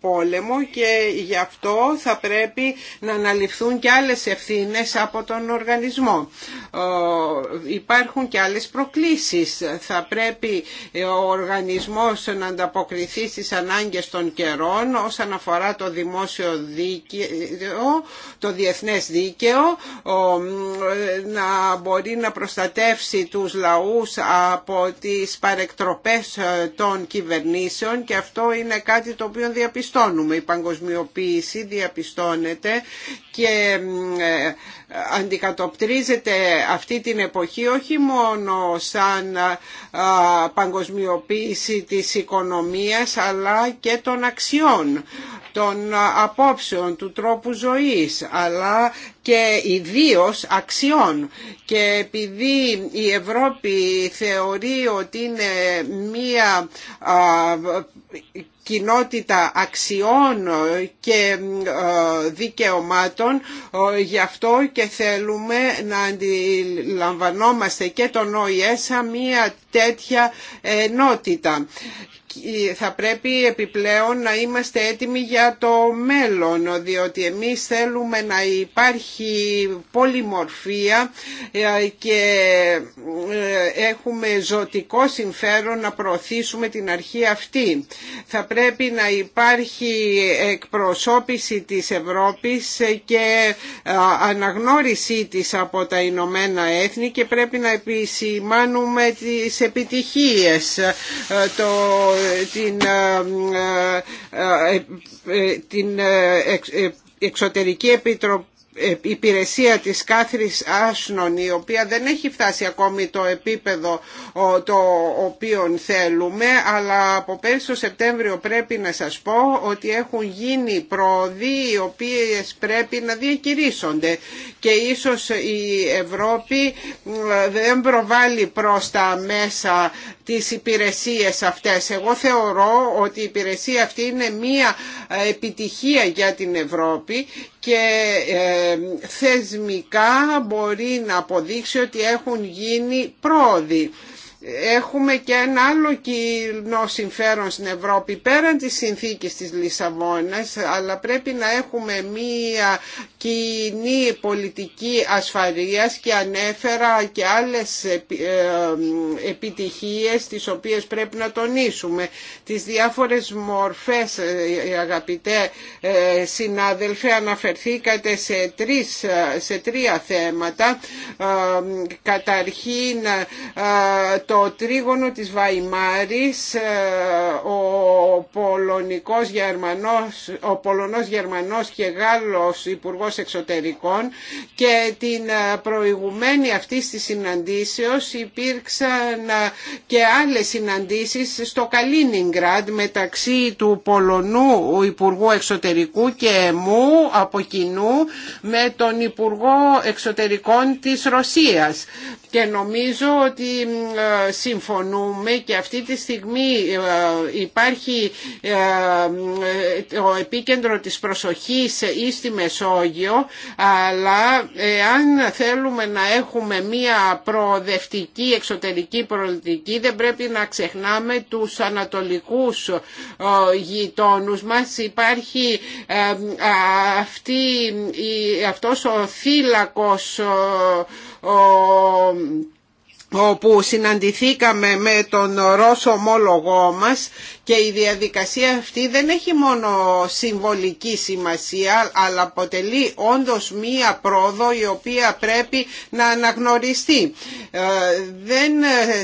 [SPEAKER 2] πόλεμο και γι' αυτό θα πρέπει να αναλυφθούν και άλλες ευθύνες από τον οργανισμό. Ε, υπάρχουν και άλλες προκλήσεις. Θα πρέπει ε, ο οργανισμός να ανταποκριθεί στις ανάγκες των καιρών όσον αφορά το δημόσιο δίκαιο, το διεθνές δίκαιο, να μπορεί να προστατεύει του τους λαούς από τις παρεκτροπές ε, των κυβερνήσεων και αυτό είναι κάτι το οποίο διαπιστώνουμε. Η παγκοσμιοποίηση διαπιστώνεται και ε, αντικατοπτρίζεται αυτή την εποχή όχι μόνο σαν παγκοσμιοποίηση της οικονομίας αλλά και των αξιών, των απόψεων, του τρόπου ζωής αλλά και ιδίω αξιών. Και επειδή η Ευρώπη θεωρεί ότι είναι μία κοινότητα αξιών και ε, δικαιωμάτων ε, γι' αυτό και θέλουμε να αντιλαμβανόμαστε και τον ΟΗΕ μια τέτοια ενότητα ε, θα πρέπει επιπλέον να είμαστε έτοιμοι για το μέλλον διότι εμείς θέλουμε να υπάρχει πολυμορφία ε, και ε, έχουμε ζωτικό συμφέρον να προωθήσουμε την αρχή αυτή. Θα πρέπει να υπάρχει εκπροσώπηση της Ευρώπης και αναγνώρισή της από τα Ηνωμένα Έθνη και πρέπει να επισημάνουμε τις επιτυχίες. Το την, ε, ε, ε, την εξωτερική επιτροπή ε, υπηρεσία της Κάθρις Άσνον η οποία δεν έχει φτάσει ακόμη το επίπεδο το οποίο θέλουμε αλλά από πέρσι το Σεπτέμβριο πρέπει να σας πω ότι έχουν γίνει προοδοί οι οποίες πρέπει να διακηρύσσονται και ίσως η Ευρώπη δεν προβάλλει προς τα μέσα τις υπηρεσίες αυτές. Εγώ θεωρώ ότι η υπηρεσία αυτή είναι μία επιτυχία για την Ευρώπη και ε, θεσμικά μπορεί να αποδείξει ότι έχουν γίνει πρόοδοι έχουμε και ένα άλλο κοινό συμφέρον στην Ευρώπη πέραν της συνθήκης της Λισαβόνας αλλά πρέπει να έχουμε μία κοινή πολιτική ασφαλείας και ανέφερα και άλλες ε, επιτυχίες τις οποίες πρέπει να τονίσουμε τις διάφορες μορφές ε, αγαπητέ ε, συνάδελφε αναφερθήκατε σε, τρεις, σε τρία θέματα καταρχήν το το τρίγωνο της Βαϊμάρης ε, ο Πολωνικός Γερμανός, ο Πολωνός Γερμανός και Γάλλος Υπουργός Εξωτερικών και την ε, προηγουμένη αυτή της συναντήσεως υπήρξαν ε, και άλλες συναντήσεις στο Καλίνιγκραντ μεταξύ του Πολωνού Υπουργού Εξωτερικού και μου από κοινού με τον Υπουργό Εξωτερικών της Ρωσίας και νομίζω ότι συμφωνούμε και αυτή τη στιγμή ε, υπάρχει το ε, ε, επίκεντρο της προσοχής ή στη Μεσόγειο αλλά αν θέλουμε να έχουμε μία προοδευτική εξωτερική πολιτική δεν πρέπει να ξεχνάμε τους ανατολικούς γειτόνους μας υπάρχει αυτή, αυτός ο θύλακος όπου συναντηθήκαμε με τον Ρώσο ομόλογό μας και η διαδικασία αυτή δεν έχει μόνο συμβολική σημασία αλλά αποτελεί όντως μία πρόοδο η οποία πρέπει να αναγνωριστεί. Ε, δεν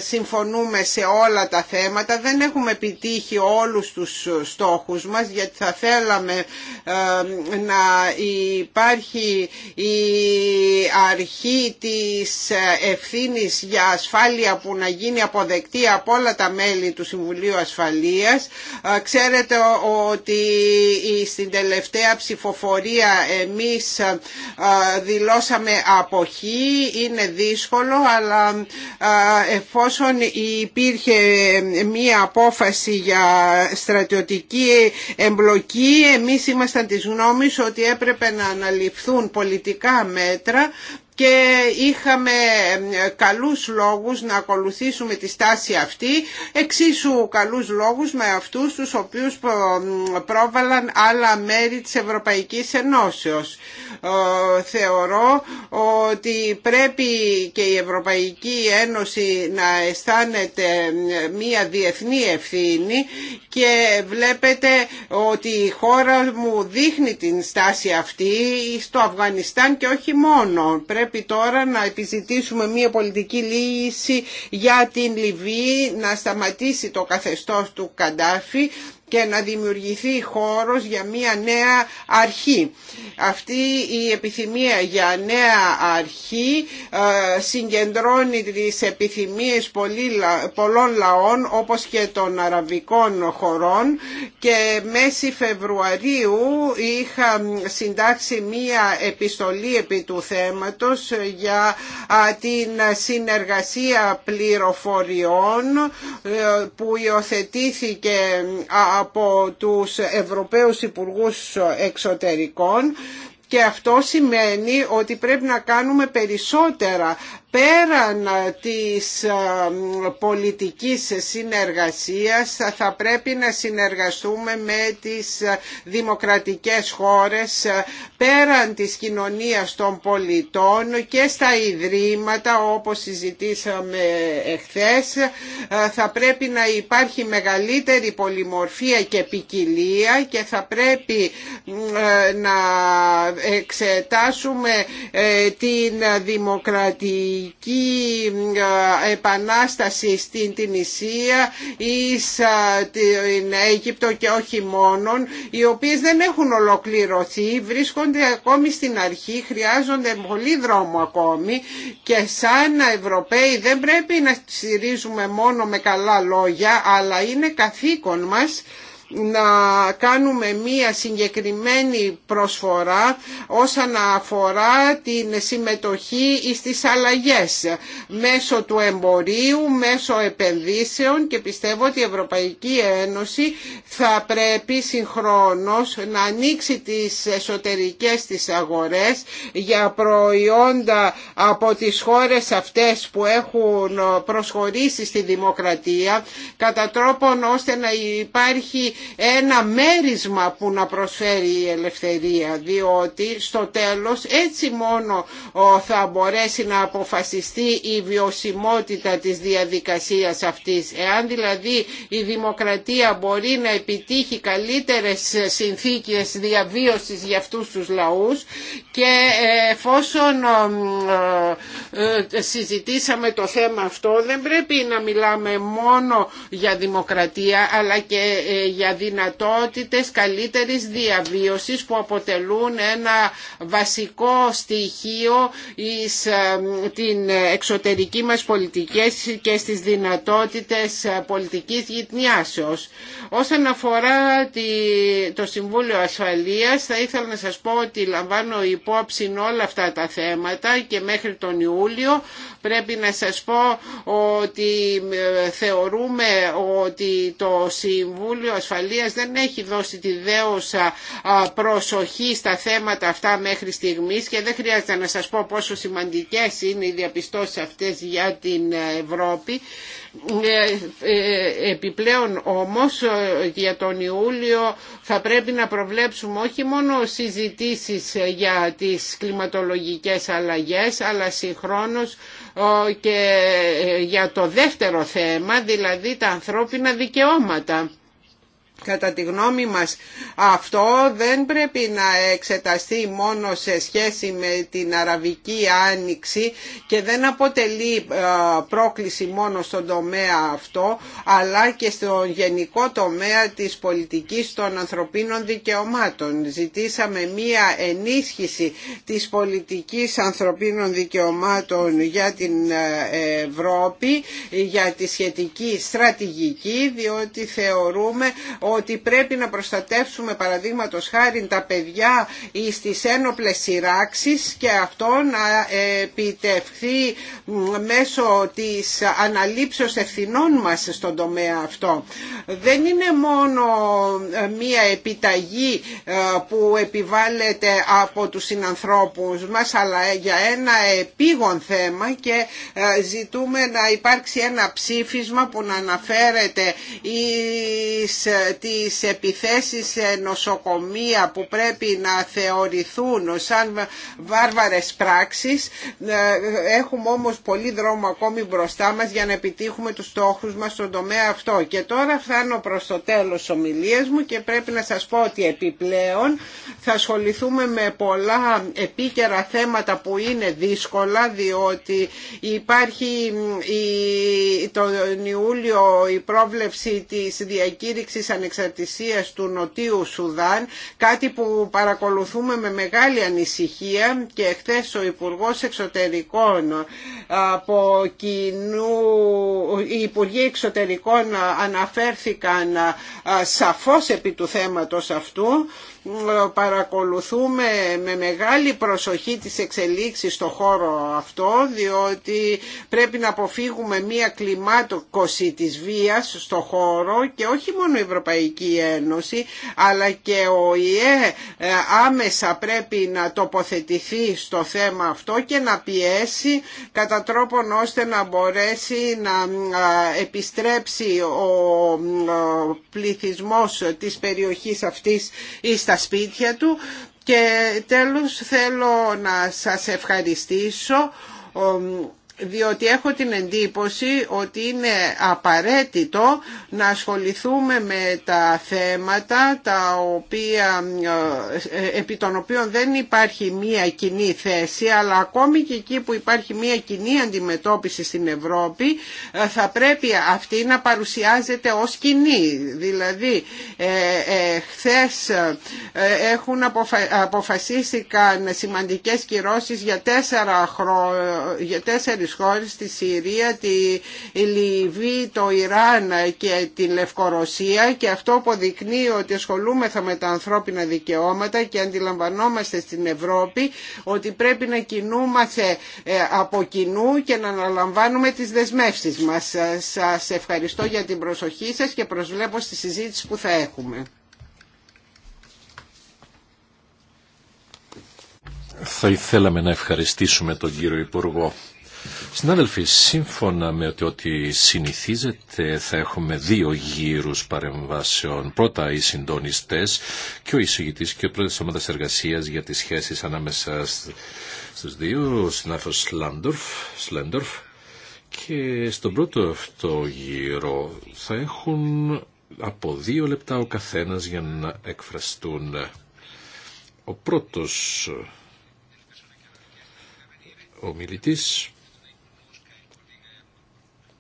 [SPEAKER 2] συμφωνούμε σε όλα τα θέματα, δεν έχουμε επιτύχει όλους τους στόχους μας γιατί θα θέλαμε ε, να υπάρχει η αρχή της ευθύνης για ασφάλεια που να γίνει αποδεκτή από όλα τα μέλη του Συμβουλίου Ασφαλείας Ξέρετε ότι στην τελευταία ψηφοφορία εμείς δηλώσαμε αποχή, είναι δύσκολο, αλλά εφόσον υπήρχε μία απόφαση για στρατιωτική εμπλοκή, εμείς ήμασταν της γνώμης ότι έπρεπε να αναλυφθούν πολιτικά μέτρα και είχαμε ε, καλούς λόγους να ακολουθήσουμε τη στάση αυτή, εξίσου καλούς λόγους με αυτούς τους οποίους πρόβαλαν άλλα μέρη της Ευρωπαϊκής Ενώσεως. Ε, θεωρώ ότι πρέπει και η Ευρωπαϊκή Ένωση να αισθάνεται μία διεθνή ευθύνη και βλέπετε ότι η χώρα μου δείχνει την στάση αυτή στο Αφγανιστάν και όχι μόνο πρέπει τώρα να επιζητήσουμε μια πολιτική λύση για την Λιβύη, να σταματήσει το καθεστώς του Καντάφη και να δημιουργηθεί χώρος για μια νέα αρχή. Αυτή η επιθυμία για νέα αρχή ε, συγκεντρώνει τις επιθυμίες πολλών λαών όπως και των αραβικών χωρών και μέση Φεβρουαρίου είχα συντάξει μία επιστολή επί του θέματος για την συνεργασία πληροφοριών ε, που υιοθετήθηκε από τους Ευρωπαίους Υπουργούς Εξωτερικών και αυτό σημαίνει ότι πρέπει να κάνουμε περισσότερα πέραν ε, της ε, πολιτικής συνεργασίας θα πρέπει να συνεργαστούμε με τις ε, δημοκρατικές χώρες πέραν της κοινωνίας των πολιτών και στα ιδρύματα όπως συζητήσαμε εχθές θα πρέπει να υπάρχει μεγαλύτερη πολυμορφία και ποικιλία και θα πρέπει να εξετάσουμε την δημοκρατία αραβική επανάσταση στην Τινησία ή στην Αίγυπτο και όχι μόνον, οι οποίες δεν έχουν ολοκληρωθεί, βρίσκονται ακόμη στην αρχή, χρειάζονται πολύ δρόμο ακόμη και σαν Ευρωπαίοι δεν πρέπει να στηρίζουμε μόνο με καλά λόγια, αλλά είναι καθήκον μας να κάνουμε μία συγκεκριμένη προσφορά όσον αφορά την συμμετοχή στις αλλαγές μέσω του εμπορίου, μέσω επενδύσεων και πιστεύω ότι η Ευρωπαϊκή Ένωση θα πρέπει συγχρόνως να ανοίξει τις εσωτερικές της αγορές για προϊόντα από τις χώρες αυτές που έχουν προσχωρήσει στη δημοκρατία κατά τρόπον ώστε να υπάρχει ένα μέρισμα που να προσφέρει η ελευθερία διότι στο τέλος έτσι μόνο θα μπορέσει να αποφασιστεί η βιωσιμότητα της διαδικασίας αυτής. Εάν δηλαδή η δημοκρατία μπορεί να επιτύχει καλύτερες συνθήκες διαβίωσης για αυτούς τους λαούς και ε, εφόσον ε, συζητήσαμε το θέμα αυτό δεν πρέπει να μιλάμε μόνο για δημοκρατία αλλά και ε, για δυνατότητες καλύτερης διαβίωσης που αποτελούν ένα βασικό στοιχείο εις ε, την εξωτερική μας πολιτική και στις δυνατότητες ε, πολιτικής γυτνιάσεως. Όσον αφορά το Συμβούλιο Ασφαλείας θα ήθελα να σας πω ότι λαμβάνω υπόψη όλα αυτά τα θέματα και μέχρι τον Ιούλιο Πρέπει να σας πω ότι ε, θεωρούμε ότι το Συμβούλιο Ασφαλείας δεν έχει δώσει τη δέουσα προσοχή στα θέματα αυτά μέχρι στιγμής και δεν χρειάζεται να σας πω πόσο σημαντικές είναι οι διαπιστώσεις αυτές για την Ευρώπη. Ε, ε, επιπλέον όμως για τον Ιούλιο θα πρέπει να προβλέψουμε όχι μόνο συζητήσεις για τις κλιματολογικές αλλαγές αλλά συγχρόνως και ε, για το δεύτερο θέμα, δηλαδή τα ανθρώπινα δικαιώματα. Κατά τη γνώμη μας αυτό δεν πρέπει να εξεταστεί μόνο σε σχέση με την Αραβική Άνοιξη και δεν αποτελεί ε, πρόκληση μόνο στον τομέα αυτό αλλά και στον γενικό τομέα της πολιτικής των ανθρωπίνων δικαιωμάτων. Ζητήσαμε μία ενίσχυση της πολιτικής ανθρωπίνων δικαιωμάτων για την ε, Ευρώπη, για τη σχετική στρατηγική διότι θεωρούμε ότι πρέπει να προστατεύσουμε παραδείγματο χάρη τα παιδιά στι ένοπλε σειράξει, και αυτό να επιτευχθεί μέσω της αναλήψεω ευθυνών μας στον τομέα αυτό. Δεν είναι μόνο μία επιταγή ε, που επιβάλλεται από τους συνανθρώπους μας αλλά για ένα επίγον θέμα και ε, ζητούμε να υπάρξει ένα ψήφισμα που να αναφέρεται εις ε, τις επιθέσεις σε νοσοκομεία που πρέπει να θεωρηθούν σαν βάρβαρες πράξεις. Ε, έχουμε όμως πολύ δρόμο ακόμη μπροστά μας για να επιτύχουμε τους στόχους μας στον τομέα αυτό. Και τώρα φτάνω προς το τέλος μου και πρέπει να σας πω ότι επιπλέον θα ασχοληθούμε με πολλά επίκαιρα θέματα που είναι δύσκολα διότι υπάρχει η, τον Ιούλιο η πρόβλεψη της διακήρυξης ανεξαρτησίας του Νοτίου Σουδάν, κάτι που παρακολουθούμε με μεγάλη ανησυχία και χθες ο Υπουργός Εξωτερικών ε, από κοινού, οι Υπουργοί Εξωτερικών αναφέρθηκαν ε, σαφώς επί του θέματος αυτού παρακολουθούμε με μεγάλη προσοχή τις εξελίξεις στο χώρο αυτό διότι πρέπει να αποφύγουμε μία κλιμάτωση της βίας στο χώρο και όχι μόνο η Ευρωπαϊκή Ένωση αλλά και ο ΙΕ ε, άμεσα πρέπει να τοποθετηθεί στο θέμα αυτό και να πιέσει κατά τρόπον ώστε να μπορέσει να ε, επιστρέψει ε, ο πληθυσμός της περιοχής αυτής στα σπίτια του και τέλος θέλω να σας ευχαριστήσω διότι έχω την εντύπωση ότι είναι απαραίτητο να ασχοληθούμε με τα θέματα τα οποία, ε, επί των οποίων δεν υπάρχει μία κοινή θέση αλλά ακόμη και εκεί που υπάρχει μία κοινή αντιμετώπιση στην Ευρώπη ε, θα πρέπει αυτή να παρουσιάζεται ως κοινή. Δηλαδή ε, ε έχουν αποφα... αποφασίστηκαν σημαντικές κυρώσεις για τέσσερα χρο τις χώρες, τη Συρία, τη Λιβύη, το Ιράν και την Λευκορωσία και αυτό αποδεικνύει ότι ασχολούμεθα με τα ανθρώπινα δικαιώματα και αντιλαμβανόμαστε στην Ευρώπη ότι πρέπει να κινούμαστε ε, από κοινού και να αναλαμβάνουμε τις δεσμεύσεις μας. Σας ευχαριστώ για την προσοχή σας και προσβλέπω στη συζήτηση που θα έχουμε.
[SPEAKER 1] Θα ήθελαμε να ευχαριστήσουμε τον κύριο Υπουργό. Συνάδελφοι, σύμφωνα με ότι, ότι συνηθίζεται θα έχουμε δύο γύρους παρεμβάσεων. Πρώτα οι συντονιστές και ο εισηγητής και ο πρόεδρος της ομάδας εργασίας για τις σχέσεις ανάμεσα στους δύο, ο συνάδελφος Σλάντορφ, Σλέντορφ. Και στον πρώτο αυτό γύρο θα έχουν από δύο λεπτά ο καθένας για να εκφραστούν. Ο πρώτος ομιλητής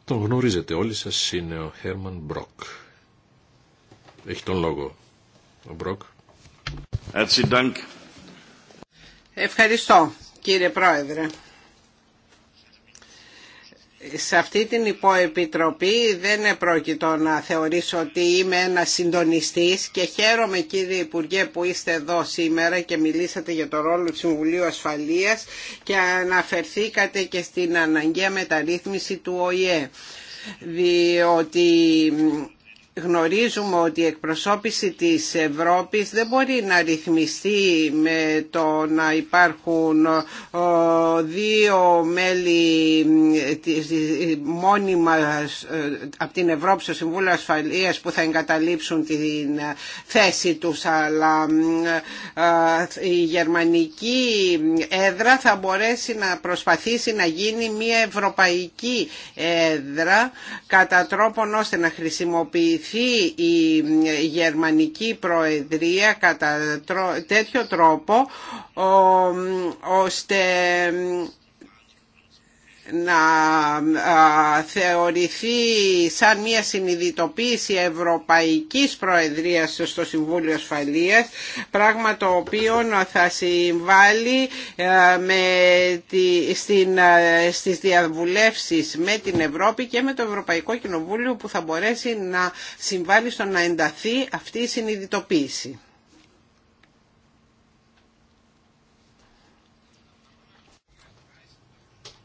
[SPEAKER 1] τον γνωρίζετε όλοι σας, είναι ο Χέρμαν Μπροκ. Έχει τον λόγο. Ο Μπροκ.
[SPEAKER 2] Ευχαριστώ κύριε Πρόεδρε σε αυτή την υποεπιτροπή δεν επρόκειτο να θεωρήσω ότι είμαι ένα συντονιστής και χαίρομαι κύριε Υπουργέ που είστε εδώ σήμερα και μιλήσατε για το ρόλο του Συμβουλίου Ασφαλείας και αναφερθήκατε και στην αναγκαία μεταρρύθμιση του ΟΗΕ διότι Γνωρίζουμε ότι η εκπροσώπηση της Ευρώπης δεν μπορεί να ρυθμιστεί με το να υπάρχουν ε, δύο μέλη μόνιμα ε, από την Ευρώπη στο Συμβούλιο Ασφαλείας που θα εγκαταλείψουν την ε, θέση τους αλλά η γερμανική έδρα θα μπορέσει να προσπαθήσει να γίνει μια ευρωπαϊκή έδρα κατά τρόπον ώστε να χρησιμοποιηθεί η Γερμανική Προεδρία κατά τέτοιο τρόπο ώστε να θεωρηθεί σαν μια συνειδητοποίηση Ευρωπαϊκής Προεδρίας στο Συμβούλιο Ασφαλείας πράγμα το οποίο θα συμβάλλει με τη, στην, στις διαβουλεύσεις με την Ευρώπη και με το Ευρωπαϊκό Κοινοβούλιο που θα μπορέσει να συμβάλλει στο να ενταθεί αυτή η συνειδητοποίηση.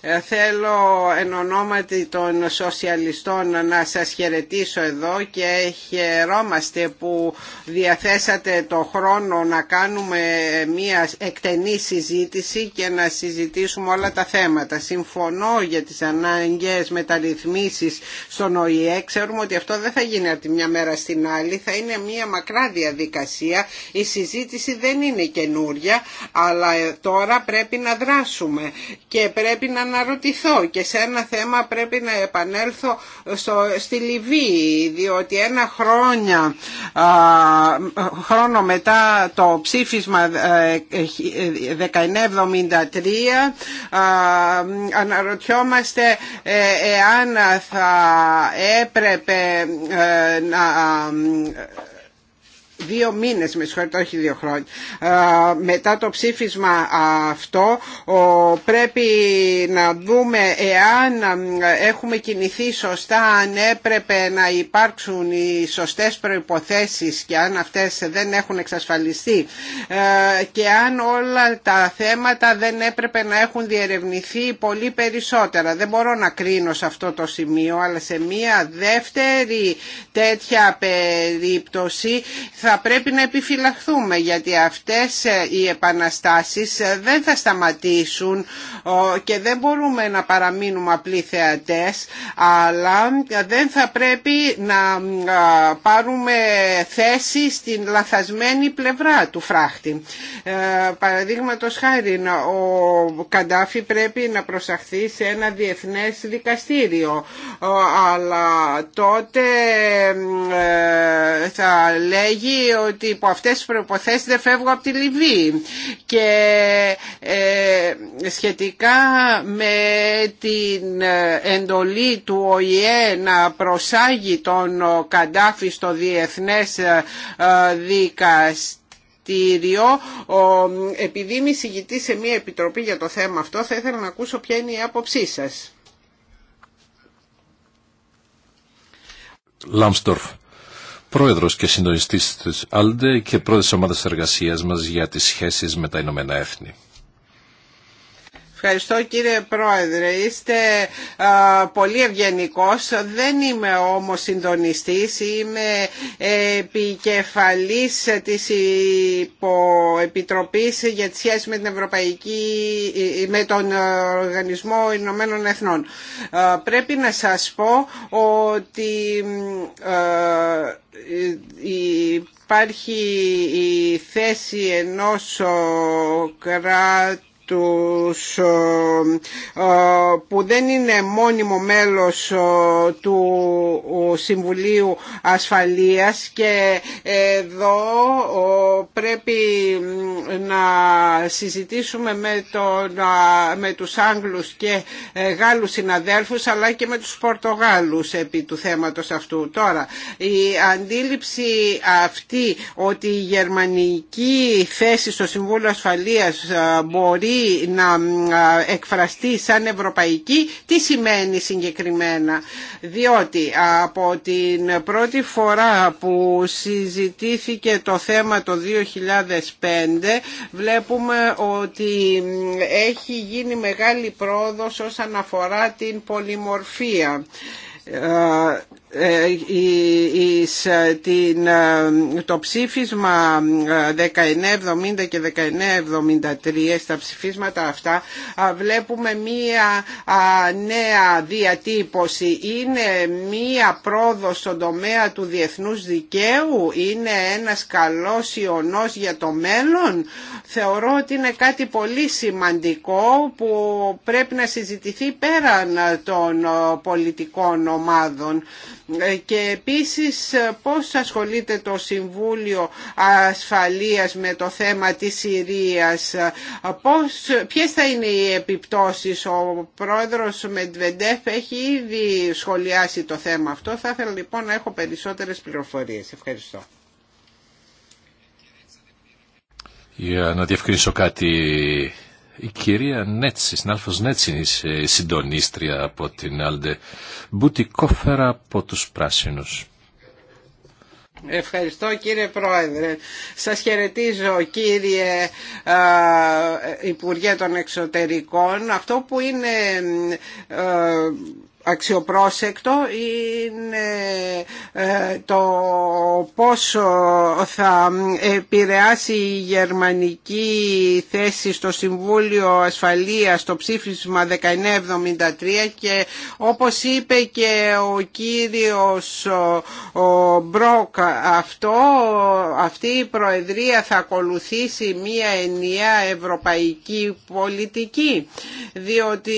[SPEAKER 2] Ε, θέλω εν ονόματι των σοσιαλιστών να σας χαιρετήσω εδώ και χαιρόμαστε που διαθέσατε το χρόνο να κάνουμε μια εκτενή συζήτηση και να συζητήσουμε όλα τα θέματα. Συμφωνώ για τις ανάγκες μεταρρυθμίσεις στον ΟΗΕ. Ξέρουμε ότι αυτό δεν θα γίνει από τη μια μέρα στην άλλη. Θα είναι μια μακρά διαδικασία. Η συζήτηση δεν είναι καινούρια, αλλά τώρα πρέπει να δράσουμε και πρέπει να αναρωτηθώ και σε ένα θέμα πρέπει να επανέλθω στο, στη Λιβύη διότι ένα χρόνια, α, χρόνο μετά το ψήφισμα 1973 ε, α, αναρωτιόμαστε ε, εάν θα έπρεπε ε, να δύο μήνες, με συγχωρείτε, όχι δύο χρόνια. Μετά το ψήφισμα αυτό πρέπει να δούμε εάν έχουμε κινηθεί σωστά, αν έπρεπε να υπάρξουν οι σωστές προϋποθέσεις και αν αυτές δεν έχουν εξασφαλιστεί ε, και αν όλα τα θέματα δεν έπρεπε να έχουν διερευνηθεί πολύ περισσότερα. Δεν μπορώ να κρίνω σε αυτό το σημείο, αλλά σε μία δεύτερη τέτοια περίπτωση θα θα πρέπει να επιφυλαχθούμε γιατί αυτές ε, οι επαναστάσεις ε, δεν θα σταματήσουν και δεν μπορούμε να παραμείνουμε απλοί θεατές αλλά ε, δεν θα πρέπει να πάρουμε θέση στην λαθασμένη πλευρά του φράχτη. Παραδείγματος χάρη ο Καντάφη πρέπει να προσαχθεί σε ένα διεθνές δικαστήριο αλλά τότε θα λέγει ότι υπό αυτές τις προϋποθέσεις δεν φεύγω από τη Λιβύη και ε, σχετικά με την ε, εντολή του ΟΗΕ να προσάγει τον ε, Καντάφη στο διεθνές δικαστήριο επειδή είμαι εισηγητή σε μια επιτροπή για το θέμα αυτό, θα ήθελα να ακούσω ποια είναι η άποψή σας.
[SPEAKER 1] Λάμστορφ, πρόεδρος και συντονιστής της ΑΛΔΕ και πρόεδρος της ομάδας εργασίας μας για τις σχέσεις με τα Ηνωμένα Έθνη.
[SPEAKER 2] Ευχαριστώ κύριε Πρόεδρε. Είστε πολύ ευγενικός. Δεν είμαι όμως συντονιστής. Είμαι επικεφαλής της Υποεπιτροπής για τη σχέση με, την Ευρωπαϊκή, με τον ε, Οργανισμό Ηνωμένων Εθνών. πρέπει να σας πω ότι... Ε, υπάρχει η θέση ενός ε, κράτου τους ε, ε, που δεν είναι μόνιμο μέλος ε, του Συμβουλίου Ασφαλείας και εδώ πρέπει να συζητήσουμε με, τον, με τους Άγγλους και Γάλλους συναδέλφους αλλά και με τους Πορτογάλους επί του θέματος αυτού. Τώρα, η αντίληψη αυτή ότι η γερμανική θέση στο Συμβούλιο Ασφαλείας μπορεί να εκφραστεί σαν ευρωπαϊκή, τι σημαίνει συγκεκριμένα. Διότι από την πρώτη φορά που συζητήθηκε το θέμα το 2005 βλέπουμε ότι έχει γίνει μεγάλη πρόοδος όσον αφορά την πολυμορφία ε, ε, εις ε, το ψήφισμα 1970 ε, και 1973 στα ψηφίσματα αυτά βλέπουμε μία νέα διατύπωση είναι μία πρόοδος στον τομέα του διεθνούς δικαίου είναι ένας καλός ιονός για το μέλλον θεωρώ ότι είναι κάτι πολύ σημαντικό που πρέπει να συζητηθεί πέραν των πολιτικών ομάδων ε, και επίσης ε, πώς ασχολείται το Συμβούλιο Ασφαλείας με το θέμα της Συρίας, ε, πώς, ποιες θα είναι οι επιπτώσεις. Ο πρόεδρος Μεντβεντέφ έχει ήδη σχολιάσει το θέμα αυτό. Θα ήθελα λοιπόν να έχω περισσότερες πληροφορίες. Ευχαριστώ.
[SPEAKER 1] Για να διευκρινίσω κάτι η κυρία Νέτση, συνάλφος Νέτση είναι συντονίστρια από την Άλντε. Μπουτικόφερα από του πράσινου.
[SPEAKER 2] Ευχαριστώ κύριε Πρόεδρε. Σας χαιρετίζω κύριε Υπουργέ των Εξωτερικών. Αυτό που είναι αξιοπρόσεκτο είναι ε, το πόσο θα επηρεάσει η γερμανική θέση στο Συμβούλιο Ασφαλείας το ψήφισμα 1973 και όπως είπε και ο κύριος ο Μπρόκ αυτό, αυτή η Προεδρία θα ακολουθήσει μία ενιαία ευρωπαϊκή πολιτική διότι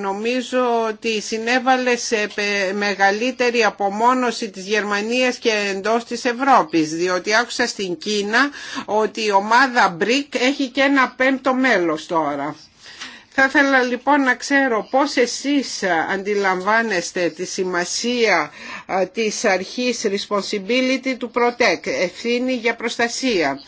[SPEAKER 2] νομίζω ότι η έβαλε σε μεγαλύτερη απομόνωση της Γερμανίας και εντός της Ευρώπης διότι άκουσα στην Κίνα ότι η ομάδα BRIC έχει και ένα πέμπτο μέλος τώρα. Θα ήθελα λοιπόν να ξέρω πώς εσείς αντιλαμβάνεστε τη σημασία ε, της αρχής responsibility του protect, ευθύνη για προστασία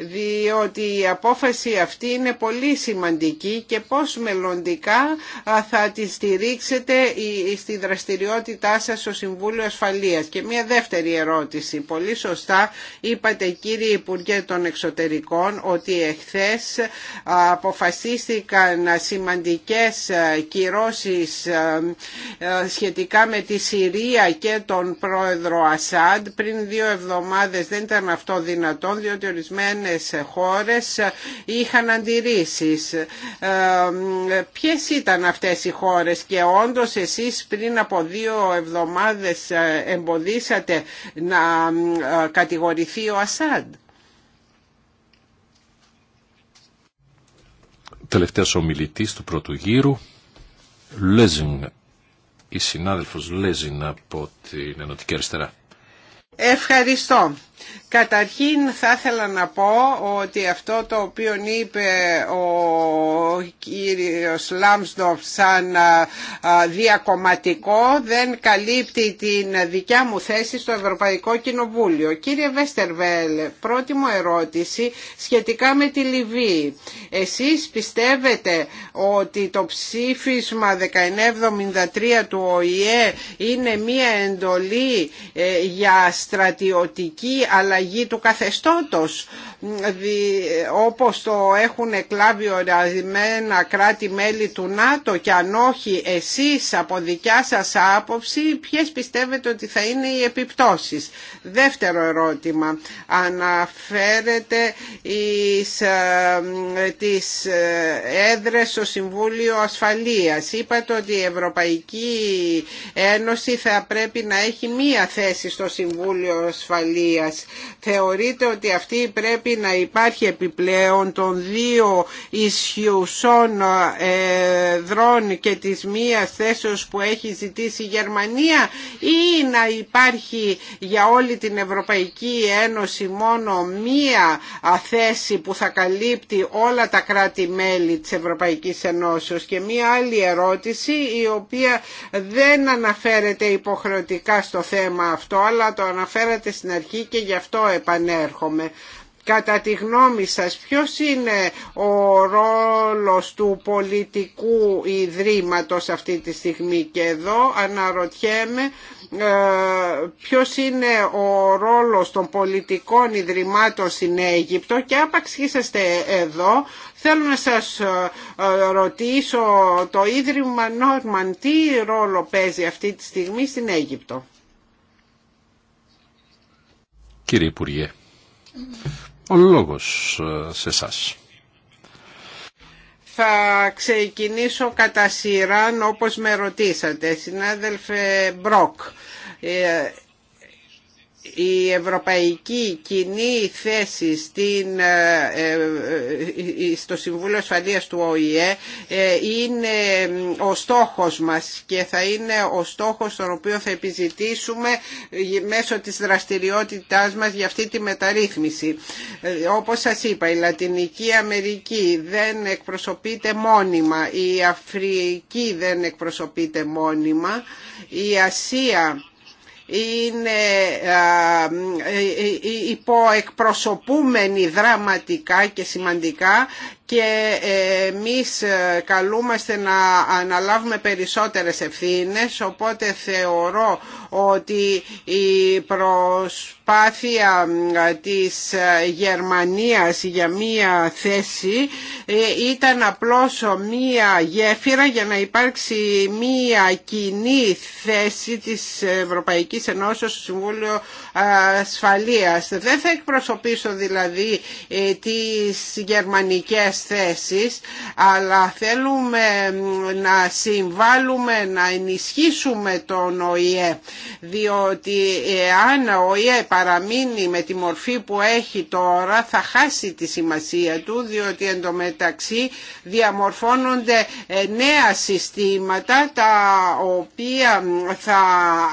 [SPEAKER 2] διότι η απόφαση αυτή είναι πολύ σημαντική και πώς μελλοντικά ε, θα τη στηρίξετε ε, στη δραστηριότητά σας στο Συμβούλιο Ασφαλείας. Και μια δεύτερη ερώτηση. Πολύ σωστά είπατε κύριε Υπουργέ των Εξωτερικών ότι εχθές αποφασίστηκαν σημαντικές κυρώσεις σχετικά με τη Συρία και τον πρόεδρο Ασάντ. Πριν δύο εβδομάδες δεν ήταν αυτό δυνατόν διότι ορισμένες χώρες είχαν αντιρρήσεις. Ε, ποιες ήταν αυτές οι χώρες και όντως εσείς πριν από δύο εβδομάδες ε, εμποδίσατε να ε, κατηγορηθεί ο Ασάντ.
[SPEAKER 1] Τελευταίος ομιλητής του πρώτου γύρου, Λέζινγκ η συνάδελφος Λέζιν από την Ενωτική Αριστερά.
[SPEAKER 2] Ευχαριστώ. Καταρχήν θα ήθελα να πω ότι αυτό το οποίο είπε ο κύριος Λάμσντοφ σαν διακομματικό δεν καλύπτει την δικιά μου θέση στο Ευρωπαϊκό Κοινοβούλιο. Κύριε Βέστερβέλ, πρώτη μου ερώτηση σχετικά με τη Λιβύη. Εσείς πιστεύετε ότι το ψήφισμα 1973 του ΟΗΕ είναι μία εντολή ε, για στρατιωτική αλλαγή του καθεστώτος όπως το έχουν εκλάβει ορισμένα κράτη-μέλη του ΝΑΤΟ και αν όχι εσείς από δικιά σας άποψη ποιες πιστεύετε ότι θα είναι οι επιπτώσεις. Δεύτερο ερώτημα αναφέρεται εις ε, τις ε, έδρες στο Συμβούλιο Ασφαλείας. Είπατε ότι η Ευρωπαϊκή Ένωση θα πρέπει να έχει μία θέση στο Συμβούλιο Ασφαλείας. Θεωρείτε ότι αυτή πρέπει να υπάρχει επιπλέον των δύο ισχυουσών ε, δρών και της μίας θέσεως που έχει ζητήσει η Γερμανία ή να υπάρχει για όλη την Ευρωπαϊκή Ένωση μόνο μία θέση που θα καλύπτει όλα τα κράτη-μέλη της Ευρωπαϊκής Ενώσεως και μία άλλη ερώτηση η οποία δεν αναφέρεται υποχρεωτικά στο θέμα αυτό αλλά το αναφέρατε στην αρχή και γι' αυτό επανέρχομαι. Κατά τη γνώμη σας ποιος είναι ο ρόλος του πολιτικού ιδρύματος αυτή τη στιγμή και εδώ αναρωτιέμαι ε, ποιος είναι ο ρόλος των πολιτικών ιδρυμάτων στην Αίγυπτο και άπαξ είσαστε εδώ θέλω να σας ε, ε, ρωτήσω το Ίδρυμα Νόρμαν τι ρόλο παίζει αυτή τη στιγμή στην Αίγυπτο.
[SPEAKER 1] Κύριε Υπουργέ, ο λόγος ε, σε εσά.
[SPEAKER 2] Θα ξεκινήσω κατά σειράν όπως με ρωτήσατε, συνάδελφε Μπροκ ε, η ευρωπαϊκή κοινή θέση στην, ε, ε, ε, στο Συμβούλιο Ασφαλείας του ΟΗΕ είναι ο στόχος μας και θα είναι ο στόχος τον οποίο θα επιζητήσουμε μέσω της δραστηριότητάς μας για αυτή τη μεταρρύθμιση. Όπως σας είπα, η Λατινική Αμερική δεν εκπροσωπείται μόνιμα, η Αφρική δεν εκπροσωπείται μόνιμα, η Ασία είναι ε, ε, ε, υποεκπροσωπούμενοι δραματικά και σημαντικά και ε, εμείς ε, καλούμαστε να αναλάβουμε περισσότερες ευθύνες οπότε θεωρώ ότι η προσπάθεια ε, της Γερμανίας για μία θέση ήταν απλώς μία γέφυρα για να υπάρξει μία κοινή θέση της Ευρωπαϊκής Ενώσεως στο Συμβούλιο Ασφαλείας. Δεν θα εκπροσωπήσω δηλαδή τις γερμανικές θέσεις αλλά θέλουμε να συμβάλλουμε να ενισχύσουμε τον ΟΗΕ διότι εάν ο ΟΗΕ παραμείνει με τη μορφή που έχει τώρα θα χάσει τη σημασία του διότι εντωμεταξύ διαμορφώνονται νέα συστήματα τα οποία θα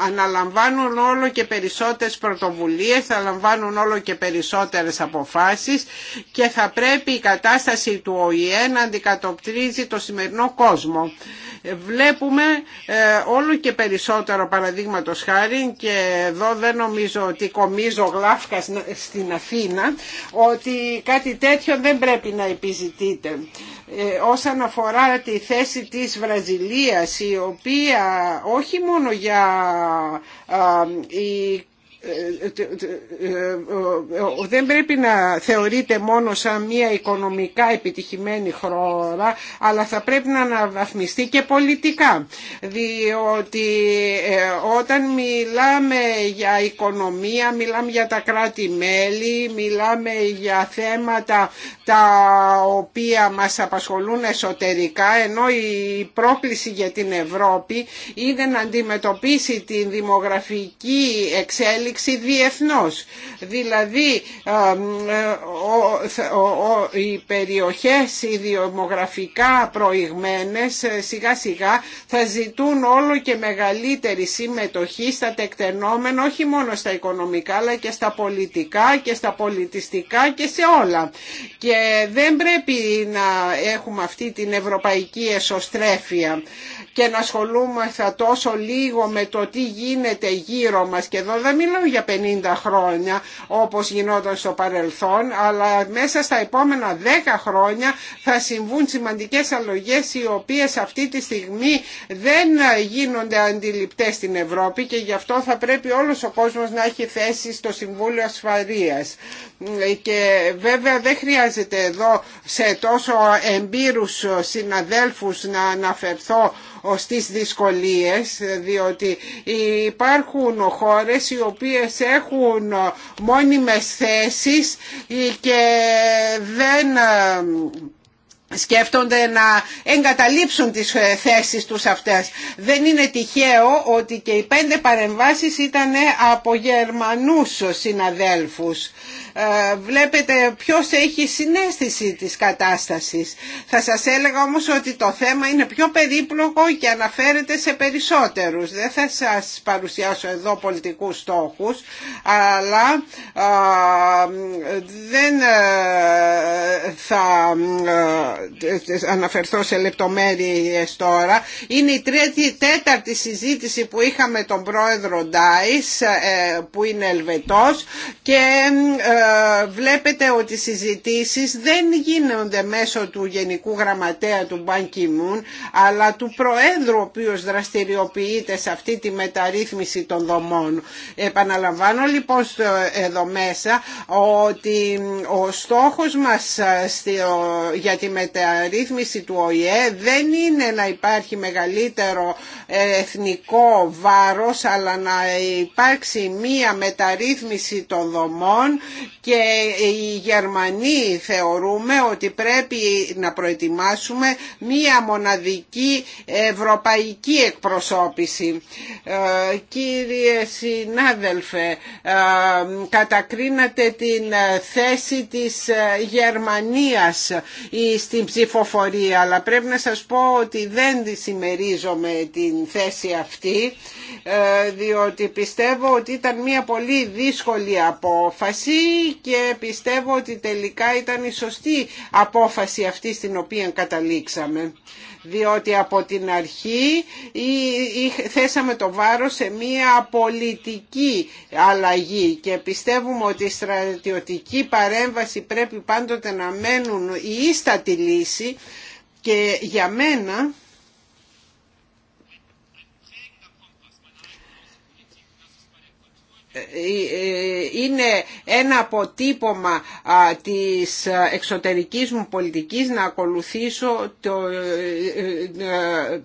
[SPEAKER 2] αναλαμβάνουν όλο και περισσότερες πρωτοβουλίες, θα λαμβάνουν όλο και περισσότερες αποφάσεις και θα πρέπει η κατάσταση του ΟΗΕ να αντικατοπτρίζει το σημερινό κόσμο. Βλέπουμε ε, όλο και περισσότερο παραδείγματο χάρη και εδώ δεν νομίζω ότι κομίζω γλάφκα στην Αθήνα ότι κάτι τέτοιο δεν πρέπει να επιζητείτε. Ε, όσον αφορά τη θέση της Βραζιλίας η οποία όχι μόνο για ε, η δεν πρέπει να θεωρείται μόνο σαν μια οικονομικά επιτυχημένη χώρα αλλά θα πρέπει να αναβαθμιστεί και πολιτικά διότι ε, όταν μιλάμε για οικονομία μιλάμε για τα κράτη-μέλη μιλάμε για θέματα τα οποία μας απασχολούν εσωτερικά ενώ η πρόκληση για την Ευρώπη είναι να αντιμετωπίσει την δημογραφική εξέλιξη ανάπτυξη Δηλαδή οι περιοχές ιδιομογραφικά προηγμένες ε, σιγά σιγά θα ζητούν όλο και μεγαλύτερη συμμετοχή στα τεκτενόμενα όχι μόνο στα οικονομικά αλλά και στα πολιτικά και στα πολιτιστικά και σε όλα. Και δεν πρέπει να έχουμε αυτή την ευρωπαϊκή εσωστρέφεια και να ασχολούμαστε τόσο λίγο με το τι γίνεται γύρω μας και εδώ για 50 χρόνια όπως γινόταν στο παρελθόν αλλά μέσα στα επόμενα 10 χρόνια θα συμβούν σημαντικές αλλογές οι οποίες αυτή τη στιγμή δεν γίνονται αντιληπτές στην Ευρώπη και γι' αυτό θα πρέπει όλος ο κόσμος να έχει θέση στο Συμβούλιο Ασφαρίας. Και βέβαια δεν χρειάζεται εδώ σε τόσο εμπειρούς συναδέλφους να αναφερθώ τις δυσκολίες διότι υπάρχουν χώρες οι οποίες έχουν μόνιμες θέσεις και δεν ε, σκέφτονται να εγκαταλείψουν τις ε, θέσεις τους αυτές. Δεν είναι τυχαίο ότι και οι πέντε παρεμβάσεις ήταν από Γερμανούς συναδέλφους ε, βλέπετε ποιος έχει συνέστηση της κατάστασης. Θα σας έλεγα όμως ότι το θέμα είναι πιο περίπλοκο και αναφέρεται σε περισσότερους. Δεν θα σας παρουσιάσω εδώ πολιτικούς στόχους, αλλά δεν ε, θα ε, αναφερθώ σε λεπτομέρειες τώρα. Είναι η τρίτη, τέταρτη συζήτηση που είχαμε τον πρόεδρο Ντάις, που είναι Ελβετός, και ε, βλέπετε ότι οι συζητήσεις δεν γίνονται μέσω του Γενικού Γραμματέα του Μπαν αλλά του Προέδρου ο οποίος δραστηριοποιείται σε αυτή τη μεταρρύθμιση των δομών. Επαναλαμβάνω λοιπόν εδώ μέσα ότι ο στόχος μας ε, για τη μεταρρύθμιση του ΟΗΕ δεν είναι να υπάρχει μεγαλύτερο ε, εθνικό βάρος αλλά να υπάρξει μία μεταρρύθμιση των δομών και οι Γερμανοί θεωρούμε ότι πρέπει να προετοιμάσουμε μία μοναδική ευρωπαϊκή εκπροσώπηση. Ε, κύριε συνάδελφε, ε, κατακρίνατε την ε, θέση της Γερμανίας στην ψηφοφορία, αλλά πρέπει να σας πω ότι δεν τη συμμερίζομαι την θέση αυτή, διότι πιστεύω ότι ήταν μία πολύ δύσκολη απόφαση και πιστεύω ότι τελικά ήταν η σωστή απόφαση αυτή στην οποία καταλήξαμε. Διότι από την αρχή θέσαμε το βάρος σε μία πολιτική αλλαγή και πιστεύουμε ότι η στρατιωτική παρέμβαση πρέπει πάντοτε να μένουν η ίστατη λύση και για μένα είναι ένα αποτύπωμα της εξωτερικής μου πολιτικής να ακολουθήσω ε, ε,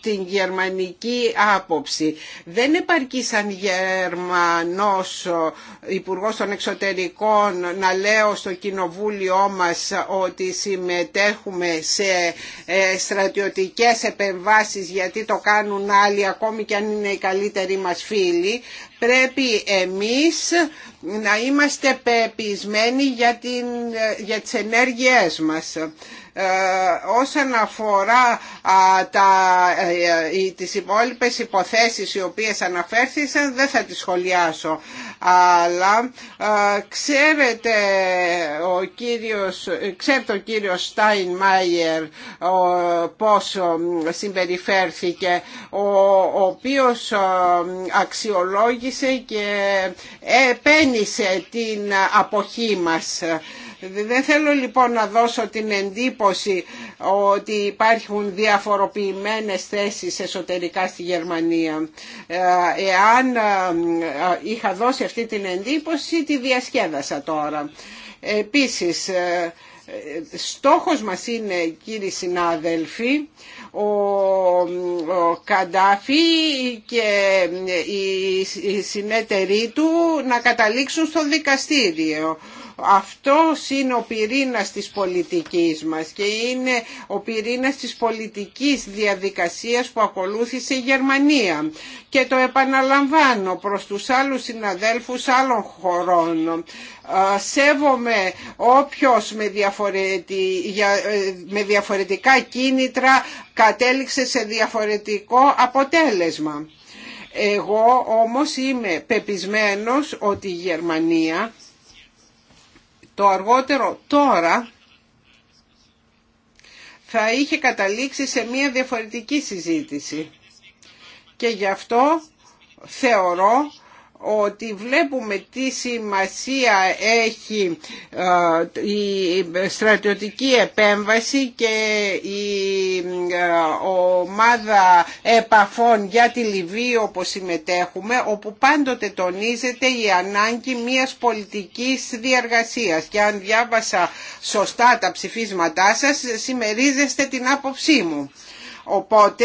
[SPEAKER 2] την γερμανική άποψη. Δεν επαρκεί σαν Γερμανός υπουργό των Εξωτερικών να λέω στο κοινοβούλιο μας ότι συμμετέχουμε σε ε, στρατιωτικές επεμβάσεις γιατί το κάνουν άλλοι ακόμη και αν είναι οι καλύτεροι μας φίλοι πρέπει εμείς να είμαστε πεπισμένοι για, την, για τις ενέργειές μας. Ε, όσον αφορά τα, ε, ε, τις υπόλοιπες υποθέσεις οι οποίες αναφέρθησαν δεν θα τις σχολιάσω αλλά ξέρετε ο κύριος, ξέρετε ο κύριος Στάιν Μάιερ πώς συμπεριφέρθηκε ο, ο οποίος αξιολόγησε και επένισε την αποχή μας δεν θέλω λοιπόν να δώσω την εντύπωση ότι υπάρχουν διαφοροποιημένες θέσεις εσωτερικά στη Γερμανία. Ε, εάν ε, ε, είχα δώσει αυτή την εντύπωση τη διασκέδασα τώρα. Επίσης, στόχος μας είναι κύριοι συνάδελφοι ο, ο Καντάφη και οι συνέτεροι του να καταλήξουν στο δικαστήριο αυτό είναι ο πυρήνας της πολιτικής μας και είναι ο πυρήνας της πολιτικής διαδικασίας που ακολούθησε η Γερμανία. Και το επαναλαμβάνω προς τους άλλους συναδέλφους άλλων χωρών. Σέβομαι όποιος με, ε, με διαφορετικά κίνητρα κατέληξε σε διαφορετικό αποτέλεσμα. Εγώ όμως είμαι πεπισμένος ότι η Γερμανία το αργότερο τώρα θα είχε καταλήξει σε μια διαφορετική συζήτηση. Και γι' αυτό θεωρώ ότι βλέπουμε τι σημασία έχει ε, η στρατιωτική επέμβαση και η ε, ομάδα επαφών για τη Λιβύη όπως συμμετέχουμε όπου πάντοτε τονίζεται η ανάγκη μιας πολιτικής διαργασίας και αν διάβασα σωστά τα ψηφίσματά σας συμμερίζεστε την άποψή μου. Οπότε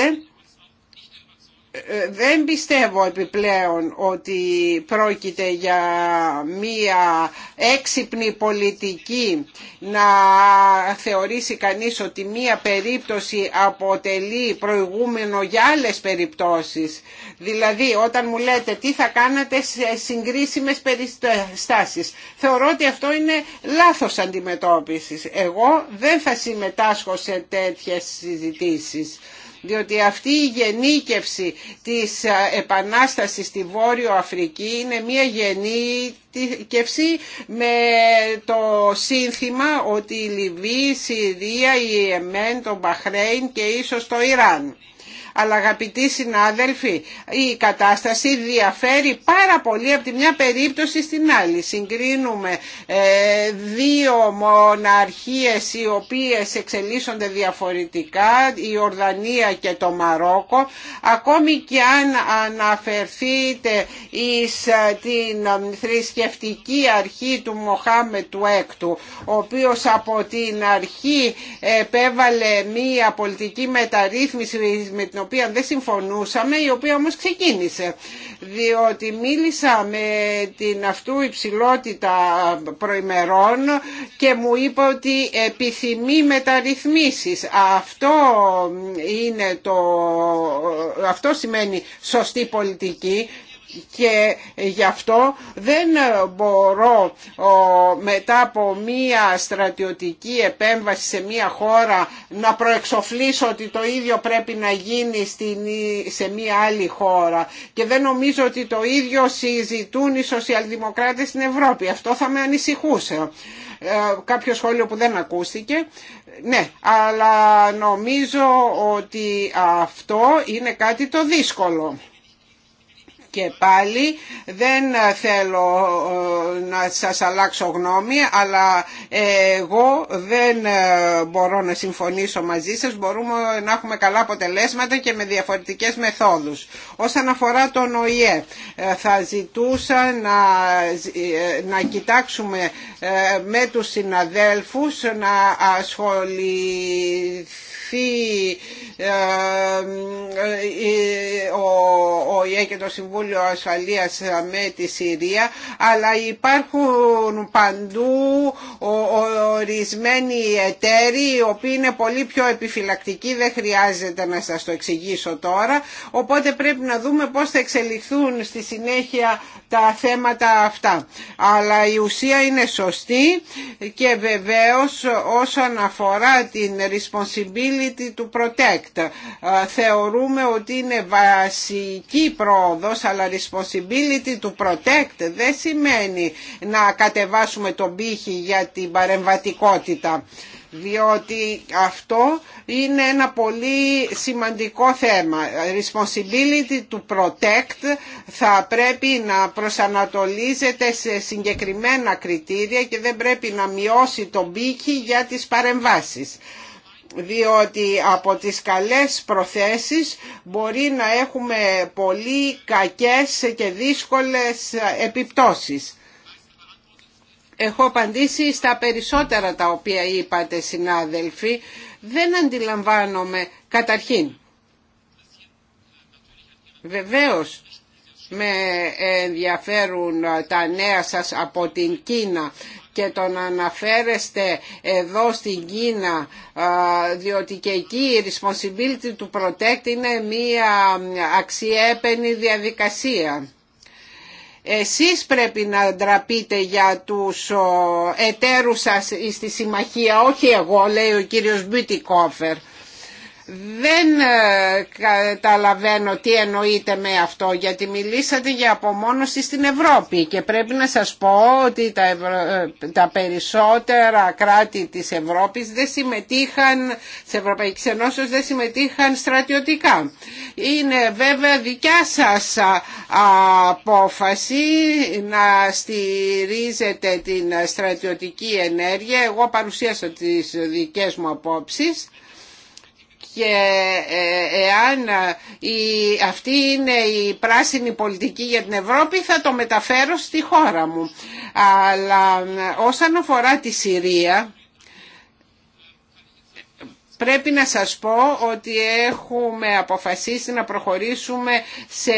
[SPEAKER 2] ε, ε, δεν πιστεύω επιπλέον ότι πρόκειται για μία έξυπνη πολιτική να θεωρήσει κανείς ότι μία περίπτωση αποτελεί προηγούμενο για άλλες περιπτώσεις. Δηλαδή όταν μου λέτε τι θα κάνατε σε συγκρίσιμες περιστάσεις. Θεωρώ ότι αυτό είναι λάθος αντιμετώπισης. Εγώ δεν θα συμμετάσχω σε τέτοιες συζητήσεις διότι αυτή η γενίκευση της ε, επανάστασης στη Βόρειο Αφρική είναι μια γενικευση με το σύνθημα ότι η Λιβύη, η Συρία, η Εμέν, το Μπαχρέιν και ίσως το Ιράν. Αλλά αγαπητοί συνάδελφοι, η κατάσταση διαφέρει πάρα πολύ από τη μια περίπτωση στην άλλη. Συγκρίνουμε ε, δύο μοναρχίες οι οποίες εξελίσσονται διαφορετικά, η Ορδανία και το Μαρόκο. Ακόμη και αν αναφερθείτε εις ε, την ε, θρησκευτική αρχή του Μοχάμε του Έκτου, ο οποίος από την αρχή επέβαλε μία πολιτική μεταρρύθμιση με την οποία δεν συμφωνούσαμε, η οποία όμως ξεκίνησε. Διότι μίλησα με την αυτού υψηλότητα προημερών και μου είπε ότι επιθυμεί μεταρρυθμίσεις. Αυτό, είναι το... Αυτό σημαίνει σωστή πολιτική και γι' αυτό δεν μπορώ μετά από μία στρατιωτική επέμβαση σε μία χώρα να προεξοφλήσω ότι το ίδιο πρέπει να γίνει σε μία άλλη χώρα και δεν νομίζω ότι το ίδιο συζητούν οι σοσιαλδημοκράτες στην Ευρώπη. Αυτό θα με ανησυχούσε. Ε, κάποιο σχόλιο που δεν ακούστηκε. Ναι, αλλά νομίζω ότι αυτό είναι κάτι το δύσκολο. Και πάλι δεν θέλω ε, να σας αλλάξω γνώμη, αλλά εγώ δεν ε, μπορώ να συμφωνήσω μαζί σας. Μπορούμε να έχουμε καλά αποτελέσματα και με διαφορετικές μεθόδους. Όσον αφορά τον ΟΗΕ, ε, θα ζητούσα να, κοιτάξουμε με τους συναδέλφους να ασχοληθεί ε, ε, ο και το Συμβούλιο Ασφαλείας με τη Συρία αλλά υπάρχουν παντού ορισμένοι εταίροι οι οποίοι είναι πολύ πιο επιφυλακτικοί δεν χρειάζεται να σας το εξηγήσω τώρα οπότε πρέπει να δούμε πώς θα εξελιχθούν στη συνέχεια τα θέματα αυτά αλλά η ουσία είναι σωστή και βεβαίως όσον αφορά την responsibility του protect θεωρούμε ότι είναι βασική πρόοδος αλλά responsibility to protect δεν σημαίνει να κατεβάσουμε τον πύχη για την παρεμβατικότητα διότι αυτό είναι ένα πολύ σημαντικό θέμα. Responsibility to protect θα πρέπει να προσανατολίζεται σε συγκεκριμένα κριτήρια και δεν πρέπει να μειώσει τον πύχη για τις παρεμβάσεις διότι από τις καλές προθέσεις μπορεί να έχουμε πολύ κακές και δύσκολες επιπτώσεις. Έχω απαντήσει στα περισσότερα τα οποία είπατε συνάδελφοι. Δεν αντιλαμβάνομαι καταρχήν. Βεβαίως με ενδιαφέρουν τα νέα σας από την Κίνα και τον αναφέρεστε εδώ στην Κίνα διότι και εκεί η responsibility του protect είναι μία αξιέπαινη διαδικασία. Εσείς πρέπει να ντραπείτε για τους εταίρους σας στη συμμαχία, όχι εγώ λέει ο κύριος Μπιτικόφερ. Δεν ε, καταλαβαίνω τι εννοείται με αυτό γιατί μιλήσατε για απομόνωση στην Ευρώπη και πρέπει να σας πω ότι τα, ε, περισσότερα κράτη της Ευρώπης δεν συμμετείχαν, σε δεν συμμετείχαν στρατιωτικά. Είναι βέβαια δικιά σας ε, απόφαση να στηρίζετε την στρατιωτική ενέργεια. Εγώ παρουσίασα τις δικές μου απόψεις και ε, εάν η, αυτή είναι η πράσινη πολιτική για την Ευρώπη θα το μεταφέρω στη χώρα μου. Αλλά ε, όσον αφορά τη Συρία Πρέπει να σας πω ότι έχουμε αποφασίσει να προχωρήσουμε σε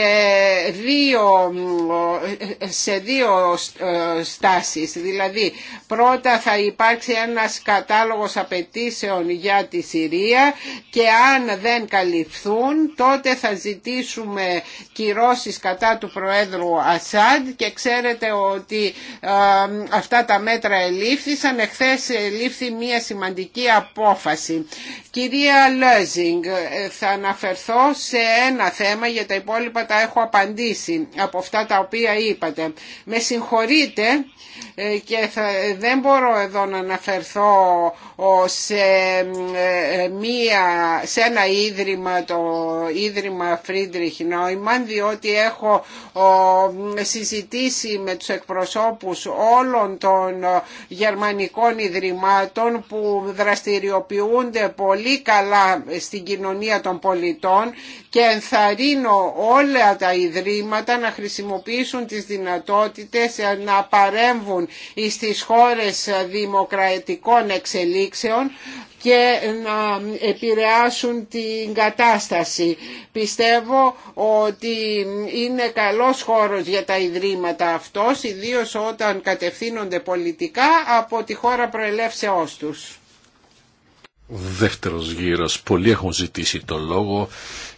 [SPEAKER 2] δύο, σε ε, στάσεις. Δηλαδή πρώτα θα υπάρξει ένας κατάλογος απαιτήσεων για τη Συρία και αν δεν καλυφθούν τότε θα ζητήσουμε κυρώσεις κατά του Προέδρου Ασάντ και ξέρετε ότι ε, αυτά τα μέτρα ελήφθησαν. Εχθές ελήφθη μια σημαντική απόφαση. Κυρία Λέζινγκ, ε, θα αναφερθώ σε ένα θέμα, για τα υπόλοιπα τα έχω απαντήσει από αυτά τα οποία είπατε. Με συγχωρείτε ε, και θα, ε, δεν μπορώ εδώ να αναφερθώ σε, μία, σε ένα ίδρυμα, το Ίδρυμα Φρίντριχ Νόημαν, διότι έχω συζητήσει με τους εκπροσώπους όλων των γερμανικών ιδρυμάτων που δραστηριοποιούνται πολύ καλά στην κοινωνία των πολιτών και ενθαρρύνω όλα τα ιδρύματα να χρησιμοποιήσουν τις δυνατότητες να παρέμβουν στις χώρες δημοκρατικών εξελίξεων και να επηρεάσουν την κατάσταση. Πιστεύω ότι είναι καλός χώρος για τα ιδρύματα αυτός, ιδίως όταν κατευθύνονται πολιτικά από τη χώρα προελεύσεώς τους
[SPEAKER 1] δεύτερος γύρος. Πολλοί έχουν ζητήσει το λόγο,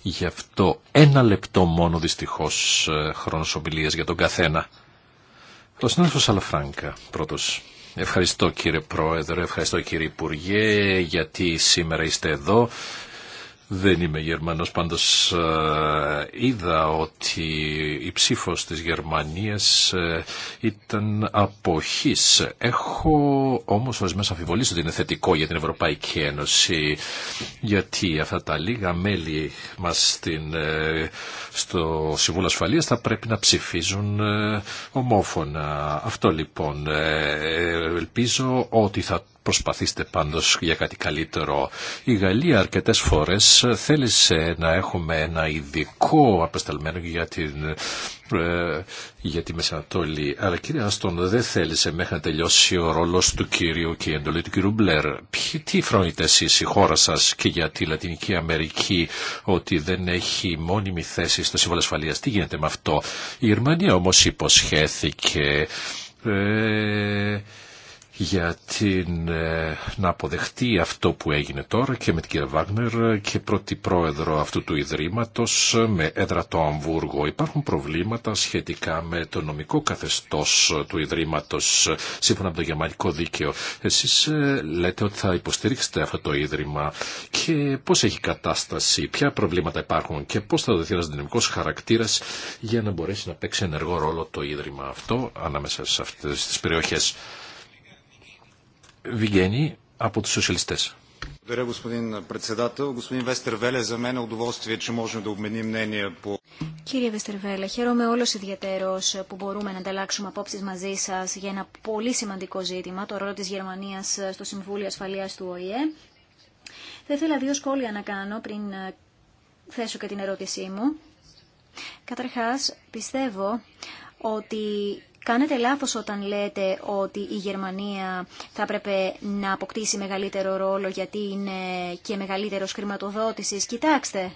[SPEAKER 1] γι' αυτό ένα λεπτό μόνο δυστυχώς ε, χρόνος ομιλίας για τον καθένα. Ο συνάδελφος Αλαφράνκα πρώτος. Ευχαριστώ κύριε Πρόεδρε, ευχαριστώ κύριε Υπουργέ γιατί σήμερα είστε εδώ. Δεν είμαι Γερμανός, πάντως ε, είδα ότι η ψήφος της Γερμανίας ε, ήταν αποχής. Έχω όμως μέσα αμφιβολίες ότι είναι θετικό για την Ευρωπαϊκή Ένωση, γιατί αυτά τα λίγα μέλη μας στην, ε, στο Συμβούλιο Ασφαλείας θα πρέπει να ψηφίζουν ομόφωνα. Αυτό λοιπόν ελπίζω ότι θα προσπαθήστε πάντως για κάτι καλύτερο. Η Γαλλία αρκετές φορές θέλησε να έχουμε ένα ειδικό απεσταλμένο για την ε, για τη Μεσανατολή. Αλλά κύριε Άστον δεν θέλησε μέχρι να τελειώσει ο ρόλος του κύριου και η εντολή του κύριου Μπλερ. τι φρονείτε εσείς η χώρα σας και για τη Λατινική Αμερική ότι δεν έχει μόνιμη θέση στο Σύμβολο Ασφαλείας. Τι γίνεται με αυτό. Η Γερμανία όμως υποσχέθηκε ε, για την, ε, να αποδεχτεί αυτό που έγινε τώρα και με την κυρία Βάγνερ και πρώτη πρόεδρο αυτού του Ιδρύματος με έδρα το Αμβούργο. Υπάρχουν προβλήματα σχετικά με το νομικό καθεστώς του Ιδρύματος σύμφωνα με το γερμανικό δίκαιο. Εσείς ε, λέτε ότι θα υποστηρίξετε αυτό το Ίδρυμα και πώς έχει κατάσταση, ποια προβλήματα υπάρχουν και πώς θα δοθεί ένας δυναμικός χαρακτήρας για να μπορέσει να παίξει ενεργό ρόλο το Ίδρυμα αυτό ανάμεσα σε αυτές τις περιοχές. Вигени από τους σοσιαλιστές.
[SPEAKER 3] Κύριε Βεστερβέλα, χαίρομαι όλος ιδιαίτερος που μπορούμε να ανταλλάξουμε απόψεις μαζί σας για ένα πολύ σημαντικό ζήτημα, το ρόλο της Γερμανίας στο Συμβούλιο Ασφαλείας του ΟΗΕ. Θα ήθελα δύο σχόλια να κάνω πριν ε, θέσω και την ερώτησή μου. Καταρχάς, πιστεύω ότι Κάνετε λάθος όταν λέτε ότι η Γερμανία θα έπρεπε να αποκτήσει μεγαλύτερο ρόλο γιατί είναι και μεγαλύτερος χρηματοδότησης. Κοιτάξτε,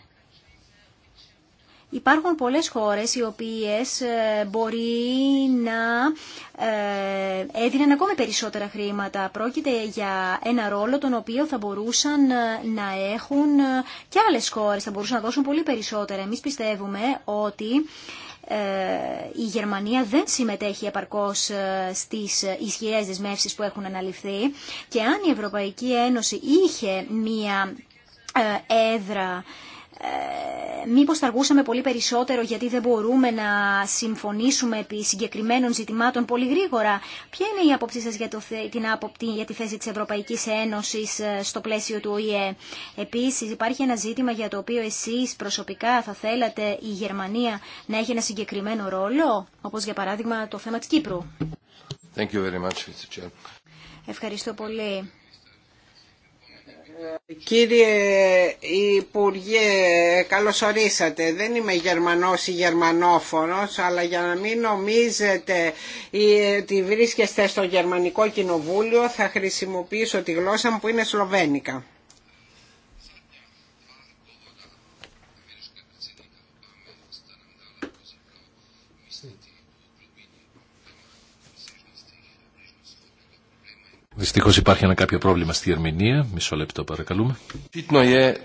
[SPEAKER 3] Υπάρχουν πολλές χώρες οι οποίες ε, μπορεί να ε, έδιναν ακόμη περισσότερα χρήματα. Πρόκειται για ένα ρόλο τον οποίο θα μπορούσαν ε, να έχουν και άλλες χώρες, θα μπορούσαν να δώσουν πολύ περισσότερα. Εμείς πιστεύουμε ότι ε, η Γερμανία δεν συμμετέχει επαρκώς ε, στις ε, ισχυρές δεσμεύσεις που έχουν αναλυφθεί και αν η Ευρωπαϊκή Ένωση είχε μία έδρα ε, μήπως θα αργούσαμε πολύ περισσότερο γιατί δεν μπορούμε να συμφωνήσουμε επί συγκεκριμένων ζητημάτων πολύ γρήγορα. Ποια είναι η άποψή σας για, την για τη θέση της Ευρωπαϊκής Ένωσης ε, στο πλαίσιο του ΟΗΕ. Επίσης υπάρχει ένα ζήτημα για το οποίο εσείς προσωπικά θα θέλατε η Γερμανία να έχει ένα συγκεκριμένο ρόλο, όπως για παράδειγμα το θέμα της Κύπρου. Ευχαριστώ πολύ.
[SPEAKER 2] Κύριε Υπουργέ, καλώς ορίσατε. Δεν είμαι Γερμανός ή Γερμανόφωνος, αλλά για να μην νομίζετε ότι βρίσκεστε στο Γερμανικό Κοινοβούλιο, θα χρησιμοποιήσω τη γλώσσα μου που είναι Σλοβένικα.
[SPEAKER 1] Δυστυχώς υπάρχει ένα κάποιο πρόβλημα στη Γερμηνία. Μισό λεπτό παρακαλούμε. είναι,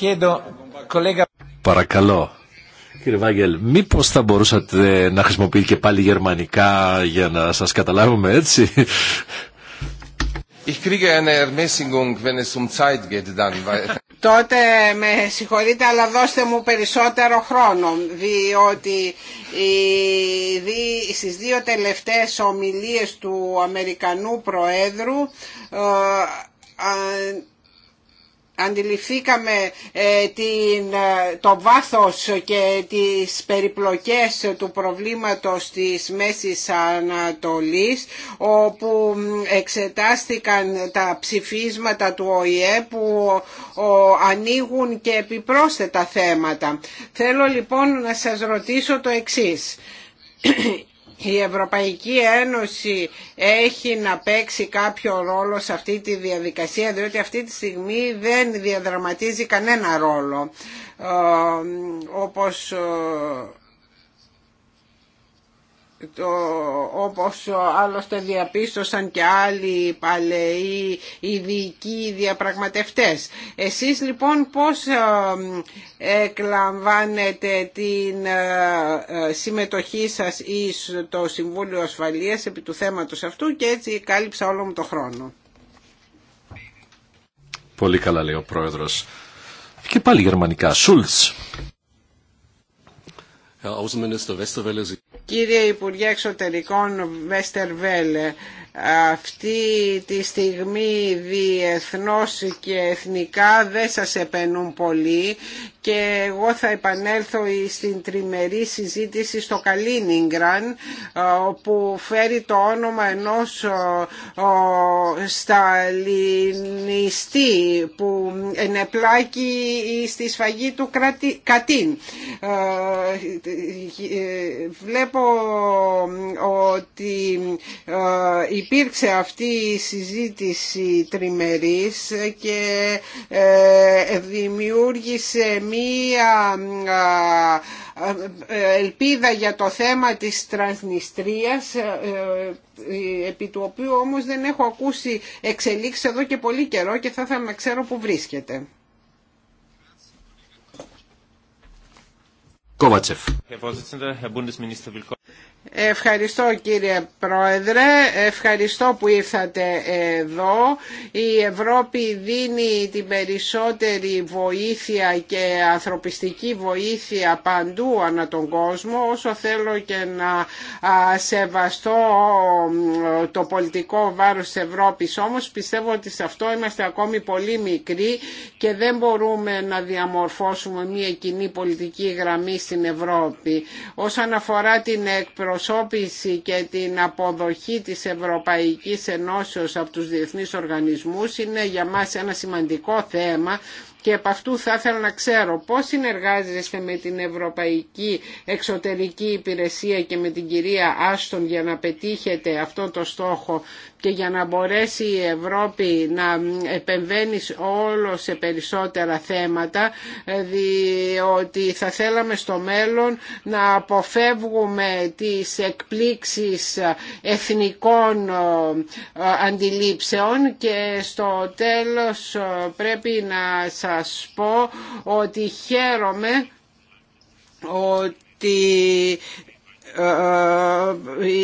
[SPEAKER 2] είναι
[SPEAKER 1] ε, Παρακαλώ. Κύριε Βάγγελ, μήπως θα μπορούσατε να χρησιμοποιείτε και πάλι γερμανικά για να σας καταλάβουμε έτσι. Ich kriege eine Ermäßigung, wenn es um Zeit geht dann,
[SPEAKER 2] τότε με συγχωρείτε αλλά δώστε μου περισσότερο χρόνο διότι στις δύο τελευταίες ομιλίες του Αμερικανού Προέδρου ε, αντιληφθήκαμε ε, την, ε, το βάθος και τις περιπλοκές του προβλήματος της Μέσης Ανατολής όπου εξετάστηκαν τα ψηφίσματα του ΟΗΕ που ανοίγουν και επιπρόσθετα θέματα. Θέλω λοιπόν να σας ρωτήσω το εξής η Ευρωπαϊκή Ένωση έχει να παίξει κάποιο ρόλο σε αυτή τη διαδικασία διότι αυτή τη στιγμή δεν διαδραματίζει κανένα ρόλο. Ε, όπως ε, το, όπως άλλωστε διαπίστωσαν και άλλοι παλαιοί ειδικοί διαπραγματευτές. Εσείς λοιπόν πώς ε, εκλαμβάνετε την ε, ε, συμμετοχή σας ή το Συμβούλιο Ασφαλείας επί του θέματος αυτού και έτσι κάλυψα όλο μου το χρόνο.
[SPEAKER 1] Πολύ καλά λέει ο Πρόεδρος. Και πάλι γερμανικά. Σούλτς.
[SPEAKER 2] Κύριε Υπουργέ Εξωτερικών Βέστερβέλε, αυτή τη στιγμή διεθνώς και εθνικά δεν σας επενούν πολύ και εγώ θα επανέλθω στην τριμερή συζήτηση στο Καλίνιγκραν ε, που φέρει το όνομα ενός ε, σταλινιστή που ενεπλάκει στη σφαγή του Κατίν. Ε, βλέπω ότι υπήρξε αυτή η συζήτηση τριμερής και δημιούργησε μία ε, ε, ελπίδα για το θέμα της Τρανσνιστρίας ε, επί του οποίου όμως δεν έχω ακούσει εξελίξεις εδώ και πολύ καιρό και θα ήθελα να ξέρω που βρίσκεται. Κόβατσεφ. Ευχαριστώ κύριε Πρόεδρε, ευχαριστώ που ήρθατε εδώ. Η Ευρώπη δίνει την περισσότερη βοήθεια και ανθρωπιστική βοήθεια παντού ανά τον κόσμο όσο θέλω και να σεβαστώ το πολιτικό βάρος της Ευρώπης. Όμως πιστεύω ότι σε αυτό είμαστε ακόμη πολύ μικροί και δεν μπορούμε να διαμορφώσουμε μια κοινή πολιτική γραμμή στην Ευρώπη. Όσον αφορά την και την αποδοχή της Ευρωπαϊκής Ενώσεως από τους διεθνείς οργανισμούς είναι για μας ένα σημαντικό θέμα και από αυτού θα ήθελα να ξέρω πώς συνεργάζεστε με την Ευρωπαϊκή Εξωτερική Υπηρεσία και με την κυρία Άστον για να πετύχετε αυτό το στόχο και για να μπορέσει η Ευρώπη να επεμβαίνει όλο σε περισσότερα θέματα ε, διότι θα θέλαμε στο μέλλον να αποφεύγουμε τις εκπλήξεις εθνικών ε, αντιλήψεων και στο τέλος ε, πρέπει να σας πω ότι χαίρομαι ότι ε,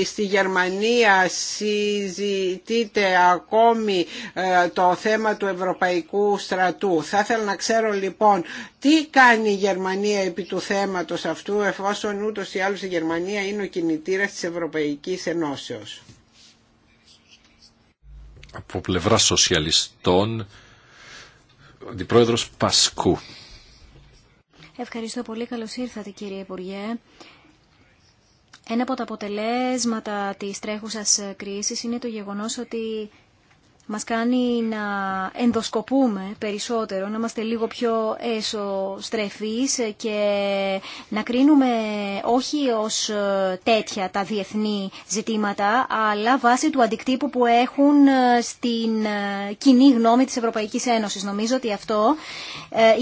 [SPEAKER 2] ε, στη Γερμανία συζητείται ακόμη ε, το θέμα του Ευρωπαϊκού στρατού. Θα ήθελα να ξέρω λοιπόν τι κάνει η Γερμανία επί του θέματος αυτού εφόσον ούτως ή άλλως η Γερμανία είναι ο κινητήρας της Ευρωπαϊκής
[SPEAKER 3] Ενώσεως.
[SPEAKER 1] Από πλευρά σοσιαλιστών Αντιπρόεδρος Πασκού.
[SPEAKER 3] Ευχαριστώ πολύ. Καλώς ήρθατε κύριε Υπουργέ. Ένα από τα αποτελέσματα της τρέχουσας κρίσης είναι το γεγονός ότι μας κάνει να ενδοσκοπούμε περισσότερο, να είμαστε λίγο πιο εσωστρεφείς και να κρίνουμε όχι ως ε, τέτοια τα διεθνή ζητήματα, αλλά βάσει του αντικτύπου που έχουν ε, στην ε, κοινή γνώμη της Ευρωπαϊκής Ένωσης. Νομίζω ότι αυτό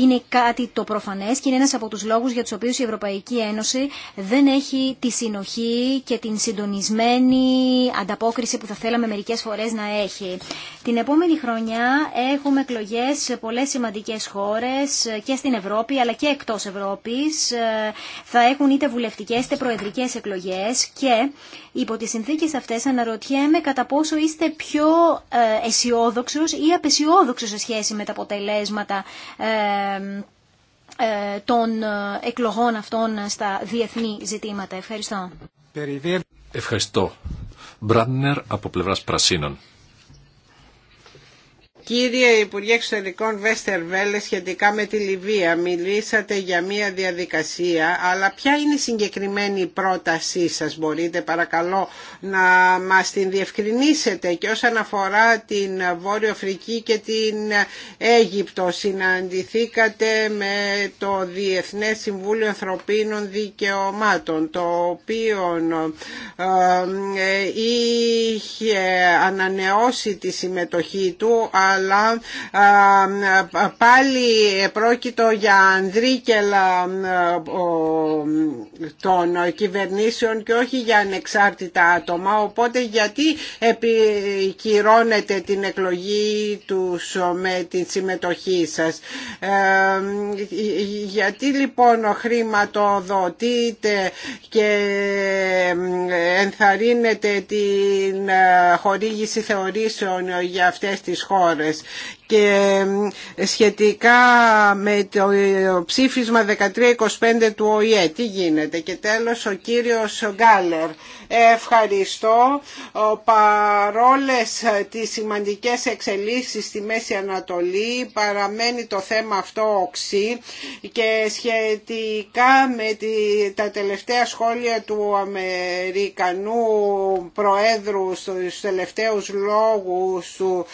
[SPEAKER 3] είναι κάτι το προφανές και είναι ένας από τους λόγους για τους οποίους η Ευρωπαϊκή Ένωση δεν έχει τη συνοχή και την συντονισμένη ανταπόκριση που θα θέλαμε μερικές φορές να έχει. Την επόμενη χρονιά έχουμε εκλογέ σε πολλέ σημαντικέ χώρε ε, και στην Ευρώπη αλλά και εκτό Ευρώπη. Ε, θα έχουν είτε βουλευτικέ είτε προεδρικέ εκλογέ και υπό τι συνθήκε αυτέ αναρωτιέμαι κατά πόσο είστε πιο ε, αισιόδοξο ή απεσιόδοξο σε σχέση με τα αποτελέσματα των εκλογών αυτών στα διεθνή ζητήματα. Ευχαριστώ.
[SPEAKER 1] Ευχαριστώ. Μπράντνερ από πλευράς Πρασίνων.
[SPEAKER 3] Κύριε
[SPEAKER 2] Υπουργέ Εξωτερικών Βέστερ Βέλε, σχετικά με τη Λιβύα, μιλήσατε για μια διαδικασία, αλλά ποια είναι η συγκεκριμένη πρότασή σας, μπορείτε παρακαλώ να μας την διευκρινίσετε και όσον αφορά την Βόρειο Αφρική και την Αίγυπτο, συναντηθήκατε με το Διεθνές Συμβούλιο Ανθρωπίνων Δικαιωμάτων, το οποίο ε, ε, είχε ανανεώσει τη συμμετοχή του, αλλά πάλι πρόκειτο για ανδρίκελα των κυβερνήσεων και όχι για ανεξάρτητα άτομα οπότε γιατί επικυρώνετε την εκλογή του με την συμμετοχή σας ε, γιατί λοιπόν χρηματοδοτείτε και ενθαρρύνετε την ε, χορήγηση θεωρήσεων για αυτές τις χώρες είναι και ε, σχετικά με το ε, ψήφισμα 1325 του ΟΗΕ. Τι γίνεται. Και τέλος ο κύριος Γκάλερ. Ευχαριστώ. Παρόλες ε, τις σημαντικές εξελίξεις στη Μέση Ανατολή παραμένει το θέμα αυτό οξύ και σχετικά με τη, τα τελευταία σχόλια του Αμερικανού Προέδρου στους τελευταίους λόγους του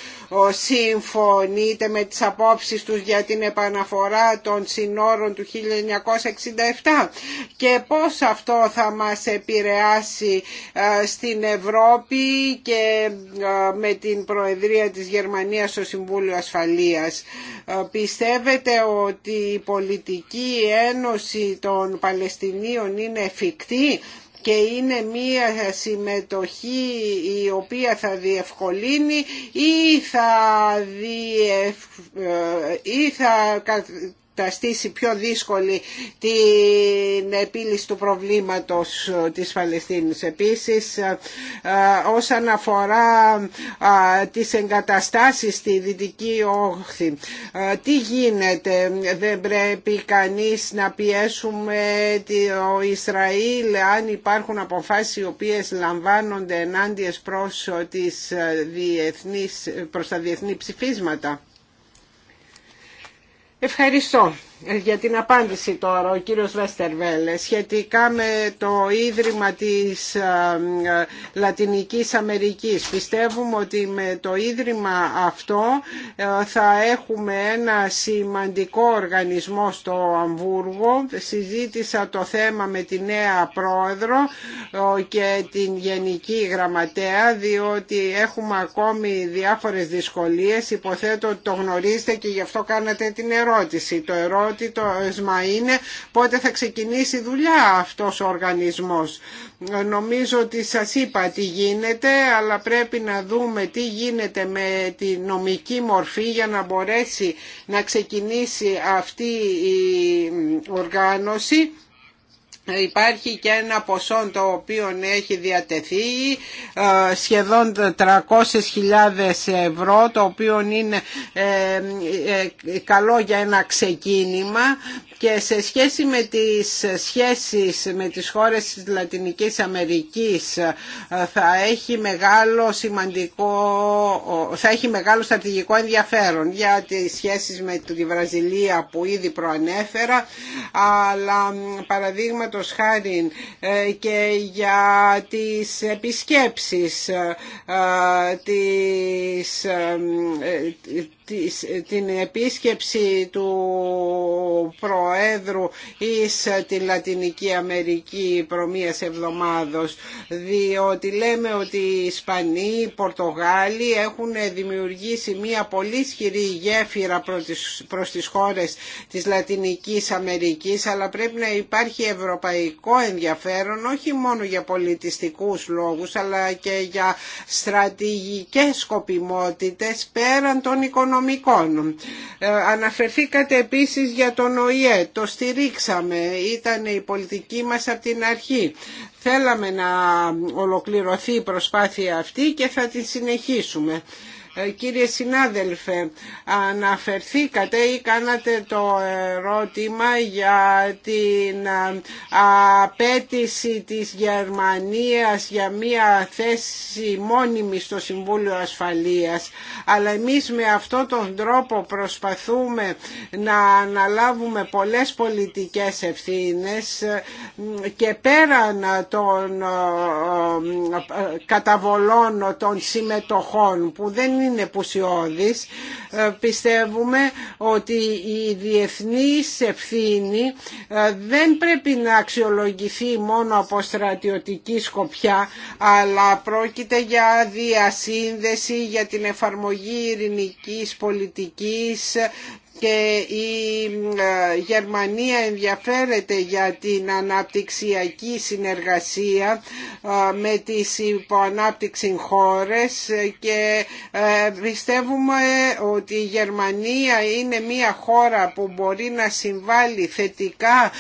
[SPEAKER 2] σύμφωνου με τις απόψεις τους για την επαναφορά των συνόρων του 1967 και πώς αυτό θα μας επηρεάσει ε, στην Ευρώπη και ε, με την Προεδρία της Γερμανίας στο Συμβούλιο Ασφαλείας. Ε, πιστεύετε ότι η πολιτική ένωση των Παλαιστινίων είναι εφικτή και είναι μία συμμετοχή η οποία θα διευκολύνει ή θα, διευ... Ε, ή θα καταστήσει πιο δύσκολη την επίλυση του προβλήματος της Παλαιστίνης. Επίσης, ε, όσον αφορά ε, τις εγκαταστάσεις στη Δυτική Όχθη, ε, τι γίνεται, δεν πρέπει κανείς να πιέσουμε το Ισραήλ αν υπάρχουν αποφάσεις οι οποίες λαμβάνονται ενάντια προς, προς τα διεθνή ψηφίσματα. Ευχαριστώ για την απάντηση τώρα ο κύριος Βεστερβέλε σχετικά με το Ίδρυμα της ε, ε, Λατινικής Αμερικής. Πιστεύουμε ότι με το Ίδρυμα αυτό ε, θα έχουμε ένα σημαντικό οργανισμό στο Αμβούργο. Συζήτησα το θέμα με τη νέα πρόεδρο και την Γενική Γραμματέα διότι έχουμε ακόμη διάφορες δυσκολίες. Υποθέτω ότι το γνωρίζετε και γι' αυτό κάνατε την ερώτηση. Το προτεραιότητας είναι πότε θα ξεκινήσει δουλειά αυτός ο οργανισμός. Νομίζω ότι σας είπα τι γίνεται, αλλά πρέπει να δούμε τι γίνεται με τη νομική μορφή για να μπορέσει να ξεκινήσει αυτή η οργάνωση Υπάρχει και ένα ποσό το οποίο έχει διατεθεί ε, σχεδόν 300.000 ευρώ το οποίο είναι ε, ε, καλό για ένα ξεκίνημα και σε σχέση με τις σχέσεις με τις χώρες της Λατινικής Αμερικής θα έχει μεγάλο σημαντικό θα έχει μεγάλο στρατηγικό ενδιαφέρον για τις σχέσεις με τη Βραζιλία που ήδη προανέφερα αλλά παραδείγματο παραδείγματος χάρη ε, και για τις επισκέψεις ε, ε, της την επίσκεψη του Προέδρου εις ε, τη Λατινική Αμερική προμίας εβδομάδος διότι λέμε ότι οι Ισπανοί, οι Πορτογάλοι έχουν δημιουργήσει μια πολύ ισχυρή γέφυρα προς τις χώρες της Λατινικής Αμερικής αλλά πρέπει να υπάρχει ευρωπαϊκό ενδιαφέρον όχι μόνο για πολιτιστικούς λόγους αλλά και για στρατηγικές σκοπιμότητες πέραν των οικονομικών ε, αναφερθήκατε επίσης για τον ΟΗΕ, το στηρίξαμε, ήταν η πολιτική μας από την αρχή. Θέλαμε να ολοκληρωθεί η προσπάθεια αυτή και θα την συνεχίσουμε. Ε, κύριε συνάδελφε, αναφερθήκατε ή κάνατε το ερώτημα για την ε, απέτηση της Γερμανίας για μία θέση μόνιμη στο Συμβούλιο Ασφαλείας. Αλλά εμείς με αυτόν τον τρόπο προσπαθούμε να αναλάβουμε πολλές πολιτικές ευθύνες ε, και πέραν των καταβολών των συμμετοχών που δεν είναι πουσιώδης. Ε, πιστεύουμε ότι η διεθνής ευθύνη ε, δεν πρέπει να αξιολογηθεί μόνο από στρατιωτική σκοπιά, αλλά πρόκειται για διασύνδεση, για την εφαρμογή ειρηνικής πολιτικής, και η ε, Γερμανία ενδιαφέρεται για την αναπτυξιακή συνεργασία ε, με τις υποανάπτυξη χώρες και ε, πιστεύουμε ότι η Γερμανία είναι μια χώρα που μπορεί να συμβάλλει θετικά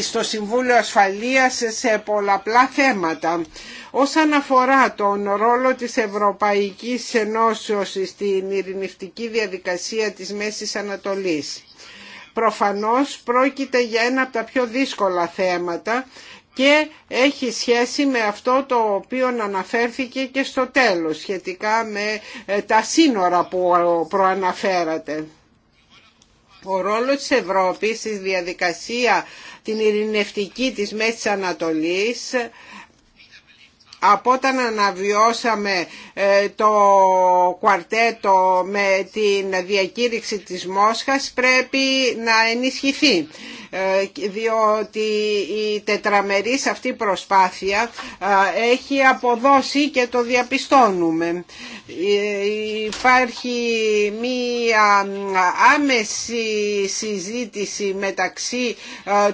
[SPEAKER 2] στο Συμβούλιο Ασφαλείας σε πολλαπλά θέματα. Όσον αφορά τον ρόλο της Ευρωπαϊκής Ενώσεως στην ειρηνευτική διαδικασία της Μέσης Ανατολής, προφανώς πρόκειται για ένα από τα πιο δύσκολα θέματα και έχει σχέση με αυτό το οποίο αναφέρθηκε και στο τέλος σχετικά με ε, τα σύνορα που ε, προαναφέρατε. Ο ρόλος της Ευρώπης στη διαδικασία την ειρηνευτική της Μέσης Ανατολής από όταν αναβιώσαμε ε, το κουαρτέτο με την διακήρυξη της Μόσχας πρέπει να ενισχυθεί. Ε, διότι η τετραμερής αυτή προσπάθεια ε, έχει αποδώσει και το διαπιστώνουμε. Ε, υπάρχει μία άμεση συζήτηση μεταξύ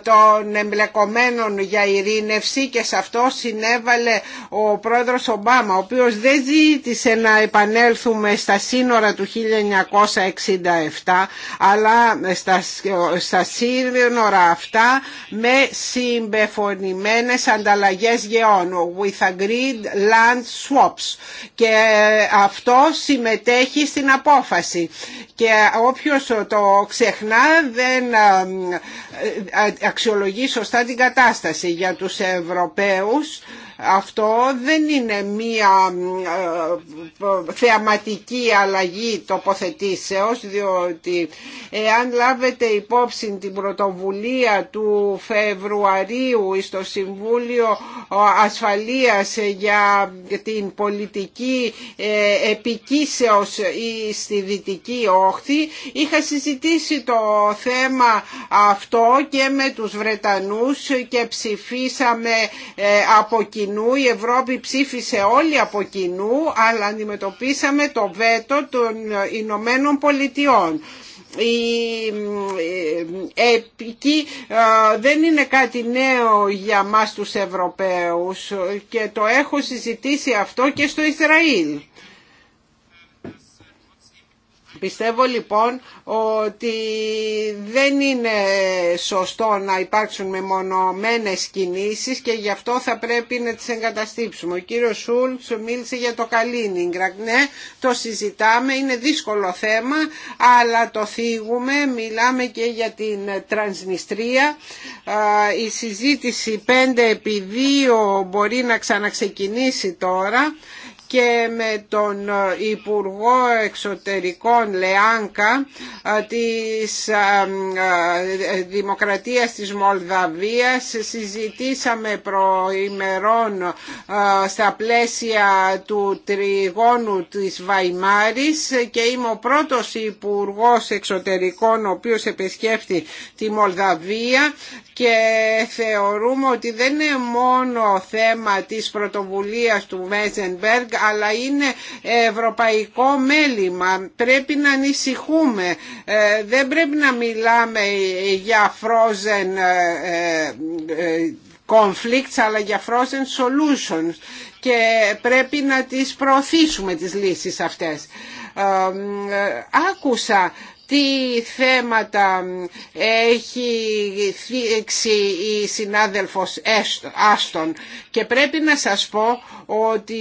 [SPEAKER 2] των εμπλεκομένων για ειρήνευση και σε αυτό συνέβαλε ο πρόεδρος Ομπάμα, ο οποίος δεν ζήτησε να επανέλθουμε στα σύνορα του 1967, αλλά στα σύνορα αυτά με συμπεφωνημένες ανταλλαγές γεών with agreed land swaps και ε, αυτό συμμετέχει στην απόφαση και όποιος το ξεχνά δεν ε, ε, αξιολογεί σωστά την κατάσταση για τους Ευρωπαίους αυτό δεν είναι μία ε, ε, θεαματική αλλαγή τοποθετήσεως διότι εάν λάβετε υπόψη την πρωτοβουλία του Φεβρουαρίου στο Συμβούλιο ε, Ασφαλείας για την πολιτική επικίσεως στη Δυτική Όχθη είχα συζητήσει το θέμα αυτό και με τους Βρετανούς και ψηφίσαμε από κοινού κοινού, η Ευρώπη ψήφισε όλοι από κοινού, αλλά αντιμετωπίσαμε το βέτο των Ηνωμένων Πολιτειών η επική ε, ε, δεν είναι κάτι νέο για μας τους Ευρωπαίους και το έχω συζητήσει αυτό και στο Ισραήλ. Πιστεύω λοιπόν ότι δεν είναι σωστό να υπάρξουν μεμονωμένες κινήσεις και γι' αυτό θα πρέπει να τις εγκαταστήψουμε. Ο κύριος Σούλτς μίλησε για το Καλίνιγκρακ. Ναι, το συζητάμε, είναι δύσκολο θέμα, αλλά το θίγουμε, μιλάμε και για την Τρανσνιστρία. Η συζήτηση 5 επί 2 μπορεί να ξαναξεκινήσει τώρα και με τον ε, Υπουργό Εξωτερικών Λεάνκα ε, της ε, Δημοκρατίας της Μολδαβίας. Συζητήσαμε προημερών στα πλαίσια του τριγώνου της Βαϊμάρης και είμαι ο πρώτος Υπουργός Εξωτερικών ο οποίος επισκέφτει τη Μολδαβία και θεωρούμε ότι δεν είναι μόνο θέμα της πρωτοβουλίας του Μέζενμπεργκ αλλά είναι ευρωπαϊκό μέλημα. Πρέπει να ανησυχούμε. Ε, δεν πρέπει να μιλάμε για frozen ε, ε, conflicts αλλά για frozen solutions και πρέπει να τις προωθήσουμε τις λύσεις αυτές. Άκουσα τι θέματα έχει θίξει η συνάδελφος Άστον και πρέπει να σας πω ότι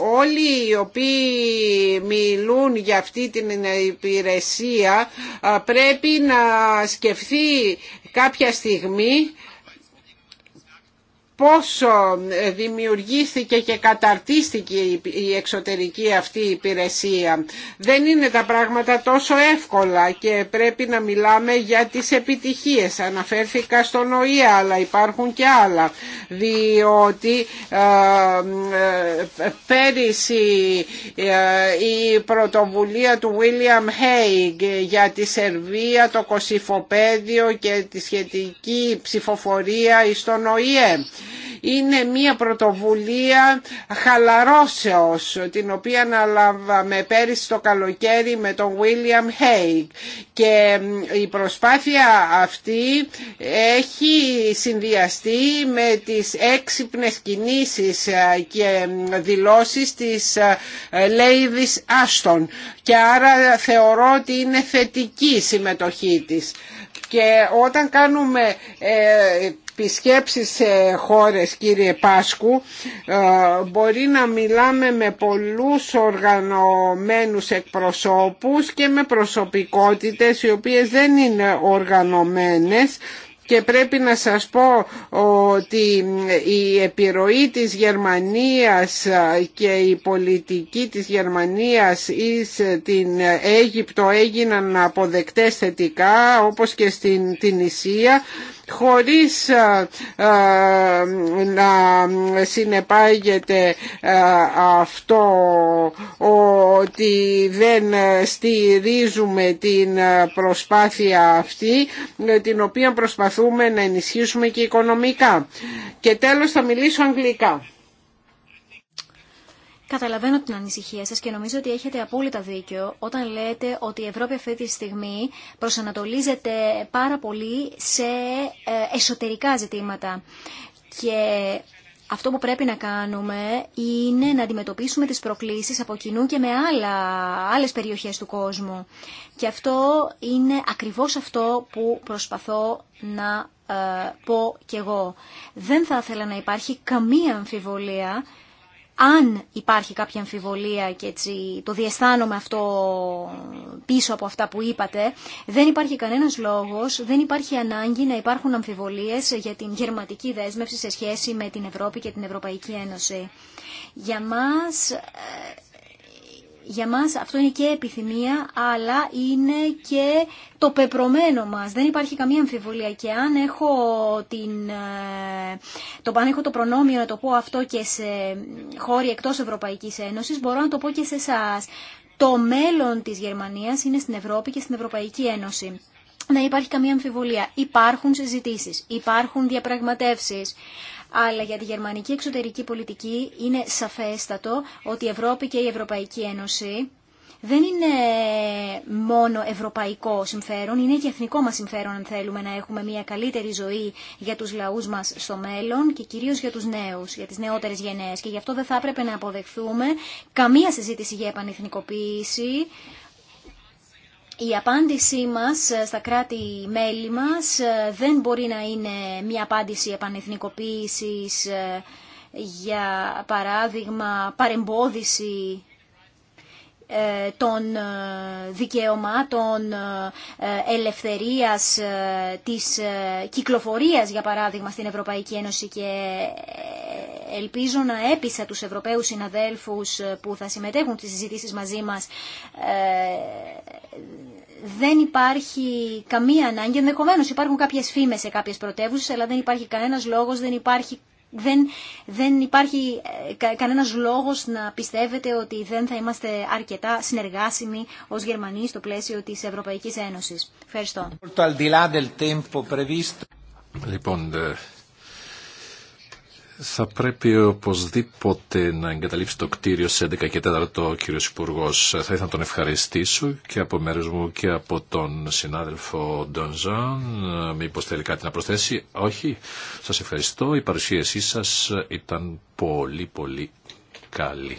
[SPEAKER 2] όλοι οι οποίοι μιλούν για αυτή την υπηρεσία πρέπει να σκεφτεί κάποια στιγμή πόσο ε, δημιουργήθηκε και καταρτίστηκε η εξωτερική αυτή υπηρεσία. Δεν είναι τα πράγματα τόσο εύκολα και πρέπει να μιλάμε για τις επιτυχίες. Αναφέρθηκα στον ΟΗΕ αλλά υπάρχουν και άλλα διότι ε, ε, πέρυσι η πρωτοβουλία του William Hague για τη Σερβία, το Κωσυφοπαίδιο και τη σχετική ψηφοφορία στον ΟΗΕ είναι μια πρωτοβουλία χαλαρώσεως την οποία αναλάβαμε πέρυσι το καλοκαίρι με τον William Hague και η προσπάθεια αυτή έχει συνδυαστεί με τις έξυπνες κινήσεις ε, και δηλώσεις της ε, Ladies Ashton και άρα θεωρώ ότι είναι θετική η συμμετοχή της. Και όταν κάνουμε ε, επισκέψεις σε χώρες κύριε Πάσκου ε, μπορεί να μιλάμε με πολλούς οργανωμένους εκπροσώπους και με προσωπικότητες οι οποίες δεν είναι οργανωμένες και πρέπει να σας πω ότι η επιρροή της Γερμανίας και η πολιτική της Γερμανίας εις την Αίγυπτο έγιναν αποδεκτές θετικά όπως και στην Ισία χωρίς να συνεπάγεται αυτό ότι δεν στηρίζουμε την προσπάθεια αυτή την οποία προσπαθούμε να ενισχύσουμε και οικονομικά. Και τέλος θα μιλήσω αγγλικά.
[SPEAKER 3] Καταλαβαίνω την ανησυχία σας και νομίζω ότι έχετε απόλυτα δίκιο όταν λέτε ότι η Ευρώπη αυτή τη στιγμή προσανατολίζεται πάρα πολύ σε ε, εσωτερικά ζητήματα. Και αυτό που πρέπει να κάνουμε είναι να αντιμετωπίσουμε τις προκλήσεις από κοινού και με άλλα, άλλες περιοχές του κόσμου. Και αυτό είναι ακριβώς αυτό που προσπαθώ να ε, πω κι εγώ. Δεν θα ήθελα να υπάρχει καμία αμφιβολία αν υπάρχει κάποια αμφιβολία και έτσι το διαισθάνομαι αυτό πίσω από αυτά που είπατε, δεν υπάρχει κανένας λόγος, δεν υπάρχει ανάγκη να υπάρχουν αμφιβολίες για την γερματική δέσμευση σε σχέση με την Ευρώπη και την Ευρωπαϊκή Ένωση. Για μας ε, για μας αυτό είναι και επιθυμία, αλλά είναι και το πεπρωμένο μας. Δεν υπάρχει καμία αμφιβολία και αν έχω, την, ε, το, αν έχω το προνόμιο να το πω αυτό και σε χώροι εκτός Ευρωπαϊκής Ένωσης, μπορώ να το πω και σε εσά. Το μέλλον της Γερμανίας είναι στην Ευρώπη και στην Ευρωπαϊκή Ένωση. Δεν υπάρχει καμία αμφιβολία. Υπάρχουν συζητήσεις, υπάρχουν διαπραγματεύσεις αλλά για τη γερμανική εξωτερική πολιτική είναι σαφέστατο ότι η Ευρώπη και η Ευρωπαϊκή Ένωση δεν είναι μόνο ευρωπαϊκό συμφέρον, είναι και εθνικό μας συμφέρον αν θέλουμε να έχουμε μια καλύτερη ζωή για τους λαούς μας στο μέλλον και κυρίως για τους νέους, για τις νεότερες γενναίες. Και γι' αυτό δεν θα έπρεπε να αποδεχθούμε καμία συζήτηση για επανεθνικοποίηση, η απάντησή μας ε, στα κράτη-μέλη μας ε, δεν μπορεί να είναι μια απάντηση επανεθνικοποίησης, ε, για παράδειγμα παρεμπόδιση ε, των ε, δικαιωμάτων ε, ελευθερίας της κυκλοφορίας, για παράδειγμα, στην Ευρωπαϊκή Ένωση και ελπίζω να έπεισα τους Ευρωπαίους συναδέλφους που θα συμμετέχουν στις συζητήσεις μαζί μας δεν υπάρχει καμία ανάγκη. Ενδεχομένω υπάρχουν κάποιες φήμες σε κάποιε πρωτεύουσες αλλά δεν υπάρχει κανένας λόγος, δεν υπάρχει δεν, δεν υπάρχει ε, κανένας λόγος να πιστεύετε ότι δεν θα είμαστε αρκετά συνεργάσιμοι ως Γερμανοί στο πλαίσιο της Ευρωπαϊκής Ένωσης. Ευχαριστώ.
[SPEAKER 1] Λοιπόν, ε, θα πρέπει οπωσδήποτε να εγκαταλείψει το κτίριο σε 11 και 4 ο κύριος Υπουργό. Θα ήθελα να τον ευχαριστήσω και από μέρους μου και από τον συνάδελφο Ντονζάν. Μήπως θέλει κάτι να προσθέσει. Όχι. Σας ευχαριστώ. Η παρουσίασή σας ήταν πολύ πολύ καλή.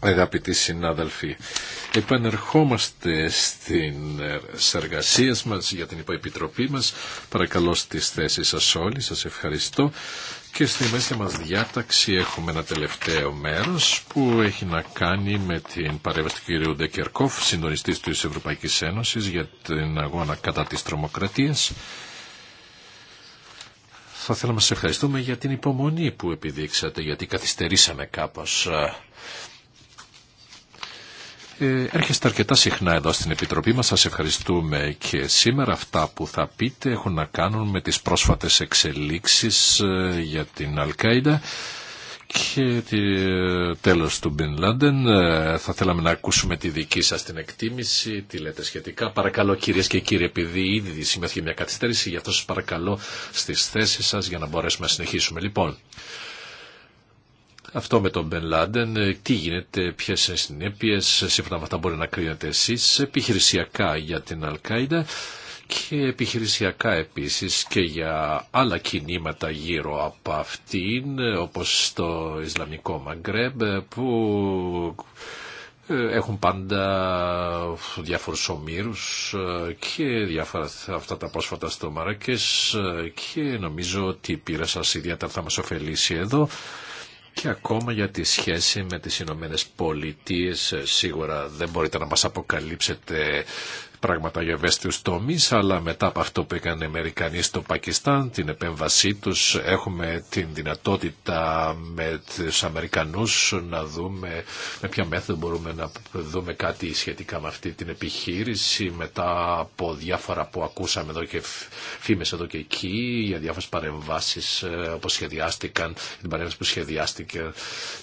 [SPEAKER 1] Αγαπητοί συνάδελφοι, επανερχόμαστε στις εργασίες μας για την υποεπιτροπή μας. Παρακαλώ στις θέσεις σας όλοι, σας ευχαριστώ. Και στη μέση μας διάταξη έχουμε ένα τελευταίο μέρος που έχει να κάνει με την παρέμβαση του κ. Ντεκερκόφ, συντονιστής της Ευρωπαϊκής Ένωσης για την αγώνα κατά της τρομοκρατίας. Θα θέλαμε να σας ευχαριστούμε για την υπομονή που επιδείξατε, γιατί καθυστερήσαμε κάπως. Ε, έρχεστε αρκετά συχνά εδώ στην Επιτροπή μας, σας ευχαριστούμε και σήμερα αυτά που θα πείτε έχουν να κάνουν με τις πρόσφατες εξελίξεις ε, για την Αλκάιντα και τέλος του Μπιν Λάντεν. Θα θέλαμε να ακούσουμε τη δική σας την εκτίμηση, τι λέτε σχετικά. Παρακαλώ κυρίες και κύριοι, επειδή ήδη σημαίνει μια καθυστέρηση, γι' αυτό σας παρακαλώ στις θέσεις σας για να μπορέσουμε να συνεχίσουμε. Λοιπόν, αυτό με τον Μπεν Λάντεν, τι γίνεται, ποιε είναι συνέπειες, σύμφωνα με αυτά μπορεί να κρίνετε εσείς επιχειρησιακά για την Αλκάιντα και επιχειρησιακά επίσης και για άλλα κινήματα γύρω από αυτήν όπως το Ισλαμικό Μαγκρέμπ που ε, έχουν πάντα διάφορους ομήρους ε, και διάφορα αυτά τα πρόσφατα στο Μαρακές ε, και νομίζω ότι η πείρα σας ιδιαίτερα θα μας ωφελήσει εδώ και ακόμα για τη σχέση με τις Ηνωμένε Πολιτείε σίγουρα δεν μπορείτε να μας αποκαλύψετε πράγματα για ευαίσθητου τομεί, αλλά μετά από αυτό που έκανε οι Αμερικανοί στο Πακιστάν, την επέμβασή του, έχουμε την δυνατότητα με του Αμερικανού να δούμε με ποια μέθοδο μπορούμε να δούμε κάτι σχετικά με αυτή την επιχείρηση, μετά από διάφορα που ακούσαμε εδώ και φήμε εδώ και εκεί, για διάφορε παρεμβάσει ε, όπω σχεδιάστηκαν, την παρέμβαση που σχεδιάστηκε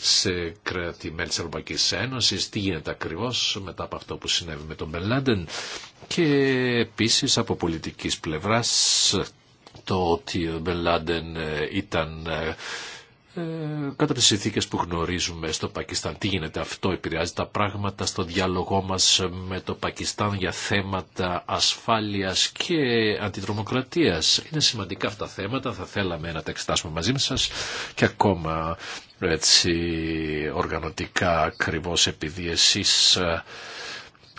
[SPEAKER 1] σε κράτη μέλη τη Ευρωπαϊκή Ένωση, τι γίνεται ακριβώ, μετά από αυτό που συνέβη με τον Μπελάντεν και επίσης από πολιτικής πλευράς το ότι ο Μπελάντεν ε, ήταν ε, ε, κατά τις συνθήκε που γνωρίζουμε στο Πακιστάν. Τι γίνεται αυτό, επηρεάζει τα πράγματα στο διάλογό μας με το Πακιστάν για θέματα ασφάλειας και αντιτρομοκρατίας. Είναι σημαντικά αυτά τα θέματα, θα θέλαμε να τα εξετάσουμε μαζί σας και ακόμα έτσι οργανωτικά ακριβώ επειδή εσείς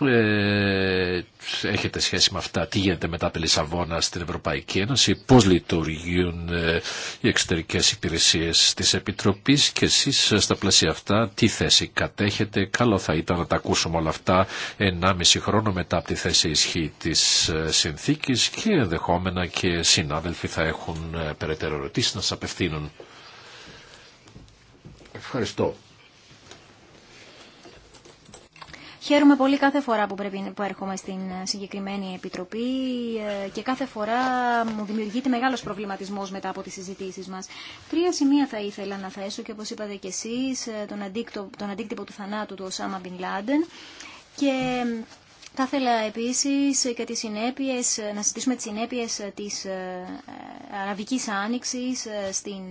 [SPEAKER 1] ε, έχετε σχέση με αυτά, τι γίνεται μετά από Λισαβόνα στην Ευρωπαϊκή Ένωση, πώς λειτουργούν ε, οι εξωτερικές υπηρεσίες της Επιτροπής και εσείς ε, στα πλαίσια αυτά τι θέση κατέχετε. Καλό θα ήταν να τα ακούσουμε όλα αυτά 1,5 χρόνο μετά από τη θέση ισχύ της ε, συνθήκης και ενδεχόμενα και συνάδελφοι θα έχουν περαιτέρω ερωτήσει να σας απευθύνουν. Ευχαριστώ.
[SPEAKER 3] Χαίρομαι πολύ κάθε φορά που, πρέπει, που έρχομαι στην ε, συγκεκριμένη επιτροπή ε, και κάθε φορά μου δημιουργείται μεγάλος προβληματισμός μετά από τις συζητήσεις μας. Τρία σημεία θα ήθελα να θέσω και όπως είπατε και εσείς, ε, τον, τον αντίκτυπο του θανάτου του Οσάμα Μπιν Λάντεν και θα ήθελα επίσης και τις συνέπειες, να συζητήσουμε τις συνέπειες της Αραβικής Άνοιξης στην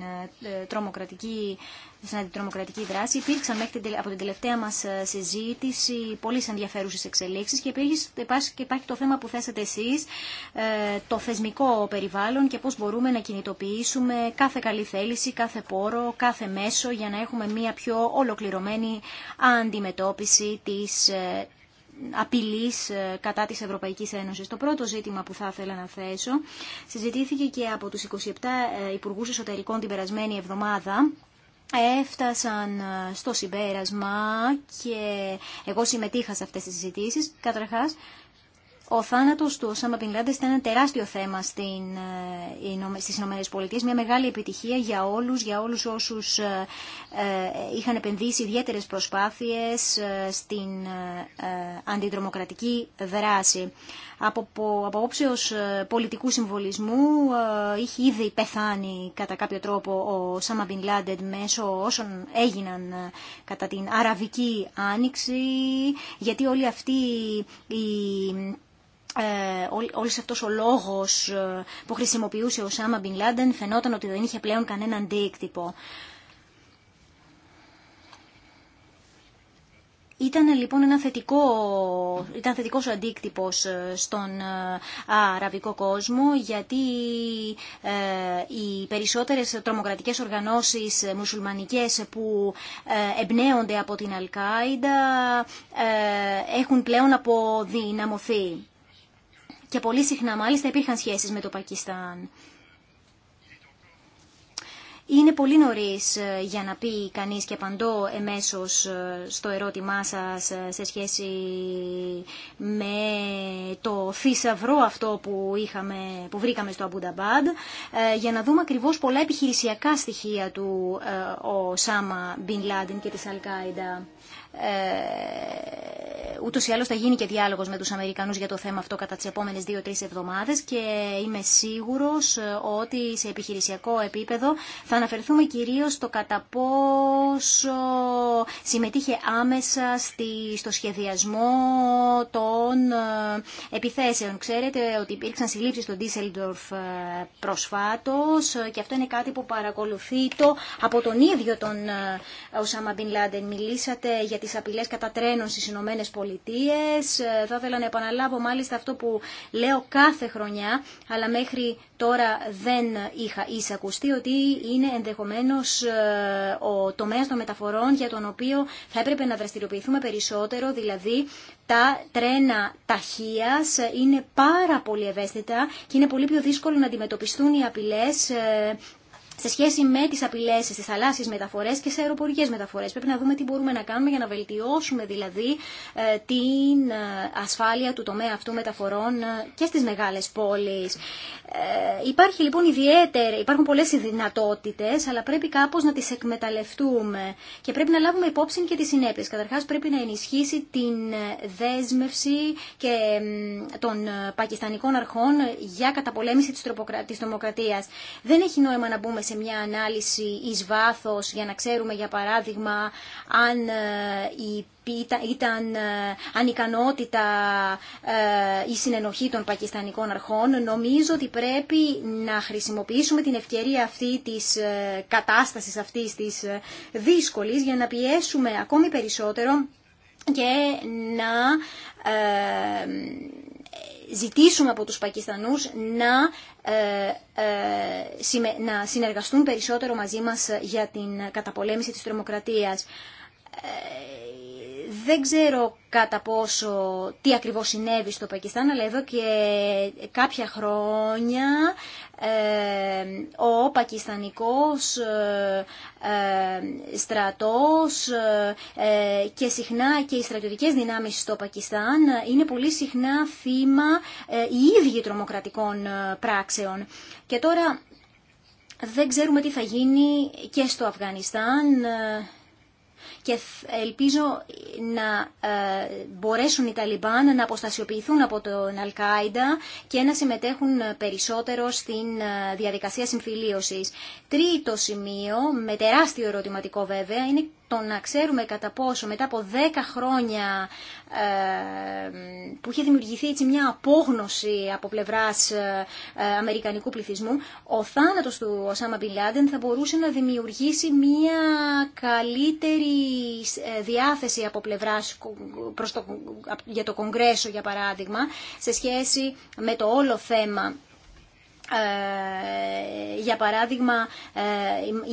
[SPEAKER 3] τρομοκρατική στην αντιτρομοκρατική δράση. Υπήρξαν μέχρι την, από την τελευταία μα ε, συζήτηση πολλέ ενδιαφέρουσε εξελίξει και υπάρχει, και υπάρχει το θέμα που θέσατε εσείς, ε, το θεσμικό περιβάλλον και πώ μπορούμε να κινητοποιήσουμε κάθε καλή θέληση, κάθε πόρο, κάθε μέσο για να έχουμε μια πιο ολοκληρωμένη αντιμετώπιση της ε, απειλής κατά της Ευρωπαϊκής Ένωσης. Το πρώτο ζήτημα που θα ήθελα να θέσω συζητήθηκε και από τους 27 Υπουργούς Εσωτερικών την περασμένη εβδομάδα έφτασαν ε, στο συμπέρασμα και εγώ συμμετείχα σε αυτές τις συζητήσεις. Καταρχάς, ο θάνατο του Οσάμα Πινλάντε ήταν ένα τεράστιο θέμα στι ΗΠΑ. Πολιτείε. μια μεγάλη επιτυχία για όλου, για όλους όσους ε, ε, είχαν επενδύσει προσπάθειε προσπάθειες ε, στην αντιτρομοκρατική δράση. Από, από πολιτικού συμβολισμού είχε ήδη πεθάνει κατά κάποιο τρόπο ο Σάμα μέσω όσων έγιναν κατά την Αραβική Άνοιξη, γιατί όλοι αυτοί ε, ό, όλος αυτός λόγος ε, που χρησιμοποιούσε ο Σάμα Μπιν Λάντεν φαινόταν ότι δεν είχε πλέον κανένα αντίκτυπο. Ήταν λοιπόν ένα θετικό, ήταν θετικός ο αντίκτυπος ε, στον ε, αραβικό κόσμο γιατί ε, οι περισσότερες τρομοκρατικές οργανώσεις μουσουλμανικές που εμπνέονται από την Αλκάιντα ε, έχουν πλέον αποδυναμωθεί και πολύ συχνά μάλιστα υπήρχαν σχέσεις με το Πακιστάν. Είναι πολύ νωρίς ε, για να πει κανείς και απαντώ εμέσως ε, στο ερώτημά σας ε, σε σχέση με το θησαυρό αυτό που, είχαμε, που βρήκαμε στο Αμπούνταμπάντ για να δούμε ακριβώς πολλά επιχειρησιακά στοιχεία του Σάμα Μπιν και της Αλκάιντα. Ε, ούτως ή άλλω θα γίνει και διάλογος με τους Αμερικανούς για το θέμα αυτό κατά τις επομενε δυο δύο-τρει εβδομάδες και είμαι σίγουρος ε, ότι σε επιχειρησιακό επίπεδο θα αναφερθούμε κυρίως στο κατά πόσο συμμετείχε άμεσα στη, στο σχεδιασμό των ε, επιθέσεων. Ξέρετε ότι υπήρξαν συλλήψει στον Ντίσελντορφ προσφάτω και αυτό είναι κάτι που παρακολουθεί το από τον ίδιο τον Οσάμα Μπιν Λάντεν. Μιλήσατε για τις απειλές κατά τρένων στις Ηνωμένες Πολιτείες. Ε, θα ήθελα να επαναλάβω μάλιστα αυτό που λέω κάθε χρονιά, αλλά μέχρι τώρα δεν είχα εισακουστεί ότι είναι ενδεχομένως ε, ο τομέας των μεταφορών για τον οποίο θα έπρεπε να δραστηριοποιηθούμε περισσότερο, δηλαδή τα τρένα ταχείας ε, είναι πάρα πολύ ευαίσθητα και είναι πολύ πιο δύσκολο να αντιμετωπιστούν οι απειλές σε σχέση με τι απειλέ στις θαλάσσιε μεταφορέ και σε αεροπορικέ μεταφορέ. Πρέπει να δούμε τι μπορούμε να κάνουμε για να βελτιώσουμε δηλαδή ε, την ε, ασφάλεια του τομέα αυτού μεταφορών ε, και στι μεγάλε πόλει. Υπάρχει λοιπόν ιδιαίτερη, υπάρχουν πολλέ δυνατότητε, αλλά πρέπει κάπω να τι εκμεταλλευτούμε και πρέπει να λάβουμε υπόψη και τι συνέπειε. Καταρχά πρέπει να ενισχύσει την δέσμευση και των πακιστανικών αρχών για καταπολέμηση τη τρομοκρατία. Δεν έχει νόημα να μπούμε σε μια ανάλυση εις βάθος για να ξέρουμε για παράδειγμα αν ε, η ήταν ε, ανικανότητα ε, η συνενοχή των πακιστανικών αρχών. Νομίζω ότι πρέπει να χρησιμοποιήσουμε την ευκαιρία αυτή της κατάστασης αυτής της δύσκολης για να πιέσουμε ακόμη περισσότερο και να ζητήσουμε από τους Πακιστανούς να, ε, ε, να συνεργαστούν περισσότερο μαζί μας για την καταπολέμηση της τρομοκρατίας. Ε, δεν ξέρω κατά πόσο τι ακριβώς συνέβη στο Πακιστάν, αλλά εδώ και κάποια χρόνια ε, ο Πακιστανικός ε, ε, στρατός και συχνά και οι στρατιωτικές δυνάμεις στο Πακιστάν είναι πολύ συχνά θύμα οι ίδιοι τρομοκρατικών πράξεων. Και τώρα δεν ξέρουμε τι θα γίνει και στο Αφγανιστάν και ελπίζω να ε, μπορέσουν οι Ταλιμπάν να αποστασιοποιηθούν από τον Αλκάιντα και να συμμετέχουν περισσότερο στην ε, διαδικασία συμφιλίωσης. Τρίτο σημείο, με τεράστιο ερωτηματικό βέβαια, είναι το να ξέρουμε κατά πόσο μετά από 10 χρόνια ε, που είχε δημιουργηθεί έτσι μια απόγνωση από πλευράς ε, ε, αμερικανικού πληθυσμού, ο θάνατος του Οσάμα Μπιλάντεν θα μπορούσε να δημιουργήσει μια καλύτερη διάθεση από πλευράς προς το, για το Κογκρέσο, για παράδειγμα, σε σχέση με το όλο θέμα ε, για παράδειγμα, ε,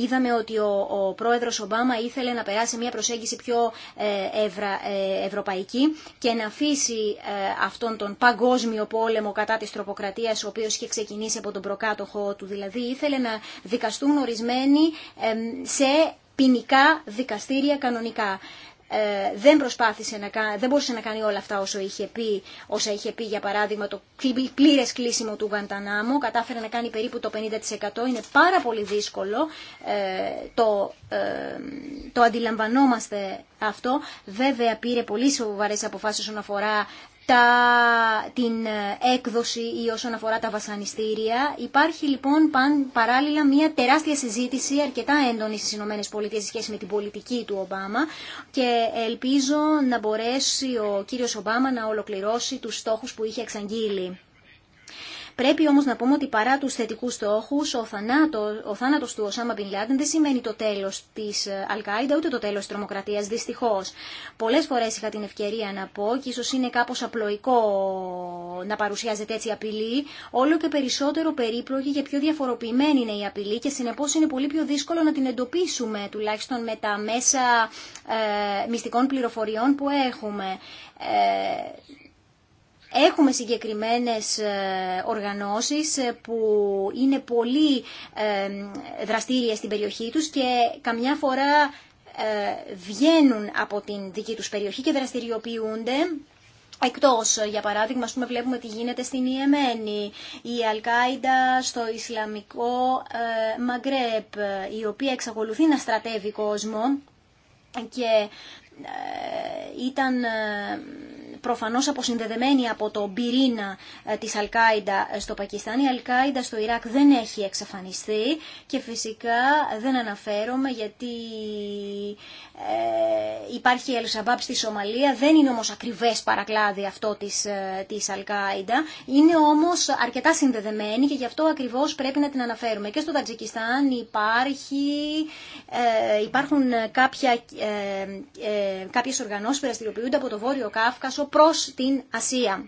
[SPEAKER 3] είδαμε ότι ο πρόεδρος Ομπάμα ήθελε να περάσει μια προσέγγιση πιο ε, ευρα, ευρωπαϊκή και να αφήσει αυτόν τον παγκόσμιο πόλεμο κατά της τροποκρατίας, ο οποίος είχε ξεκινήσει από τον προκάτοχο του. Δηλαδή, ήθελε να δικαστούν ορισμένοι σε ποινικά δικαστήρια κανονικά. Ε, δεν προσπάθησε να δεν μπορούσε να κάνει όλα αυτά όσο είχε πει, όσα είχε πει για παράδειγμα το πλήρες κλείσιμο του Γαντανάμου, κατάφερε να κάνει περίπου το 50%, είναι πάρα πολύ δύσκολο, ε, το, ε, το αντιλαμβανόμαστε αυτό, βέβαια πήρε πολύ σοβαρές αποφάσεις όσον αφορά τα, την ε, έκδοση ή όσον αφορά τα βασανιστήρια. Υπάρχει λοιπόν παν, παράλληλα μια τεράστια συζήτηση αρκετά έντονη στις ΗΠΑ σε σχέση με την πολιτική του Ομπάμα και ελπίζω να μπορέσει ο κύριος Ομπάμα να ολοκληρώσει τους στόχους που είχε εξαγγείλει. Πρέπει όμως να πούμε ότι παρά τους θετικούς στόχους, ο, θανάτο, ο θάνατος του Οσάμα Μπιν δεν σημαίνει το τέλος της ε, Αλκάιντα, ούτε το τέλος της τρομοκρατίας, δυστυχώς. Πολλές φορές είχα την ευκαιρία να πω και ίσως είναι κάπως απλοϊκό να παρουσιάζεται έτσι η απειλή, όλο και περισσότερο περίπλοκη και πιο διαφοροποιημένη είναι η απειλή και συνεπώς είναι πολύ πιο δύσκολο να την εντοπίσουμε, τουλάχιστον με τα μέσα ε, μυστικών πληροφοριών που έχουμε. Ε, Έχουμε συγκεκριμένες ε, οργανώσεις ε, που είναι πολύ ε, δραστήριες στην περιοχή τους και καμιά φορά βγαίνουν από την δική τους περιοχή και δραστηριοποιούνται Εκτός, για παράδειγμα, πούμε, βλέπουμε τι γίνεται στην Ιεμένη, η Αλκάιντα στο Ισλαμικό ε, Μαγκρέπ, η οποία εξακολουθεί να στρατεύει κόσμο και ε, ήταν ε, προφανώς αποσυνδεδεμένη από το πυρήνα ε, της Αλκάιντα στο Πακιστάν. Η Αλκάιντα στο Ιράκ δεν έχει εξαφανιστεί και φυσικά δεν αναφέρομαι γιατί ε, υπάρχει η Ελσαμπάπ στη Σομαλία, δεν είναι όμως ακριβές παρακλάδι αυτό της, ε, της Αλκάιντα, είναι όμως αρκετά συνδεδεμένη και γι' αυτό ακριβώς πρέπει να την αναφέρουμε. Και στο Τατζικιστάν υπάρχει, ε, υπάρχουν κάποια, ε, ε, κάποιες οργανώσεις που δραστηριοποιούνται από το Βόρειο Κάφκασο προς την Ασία.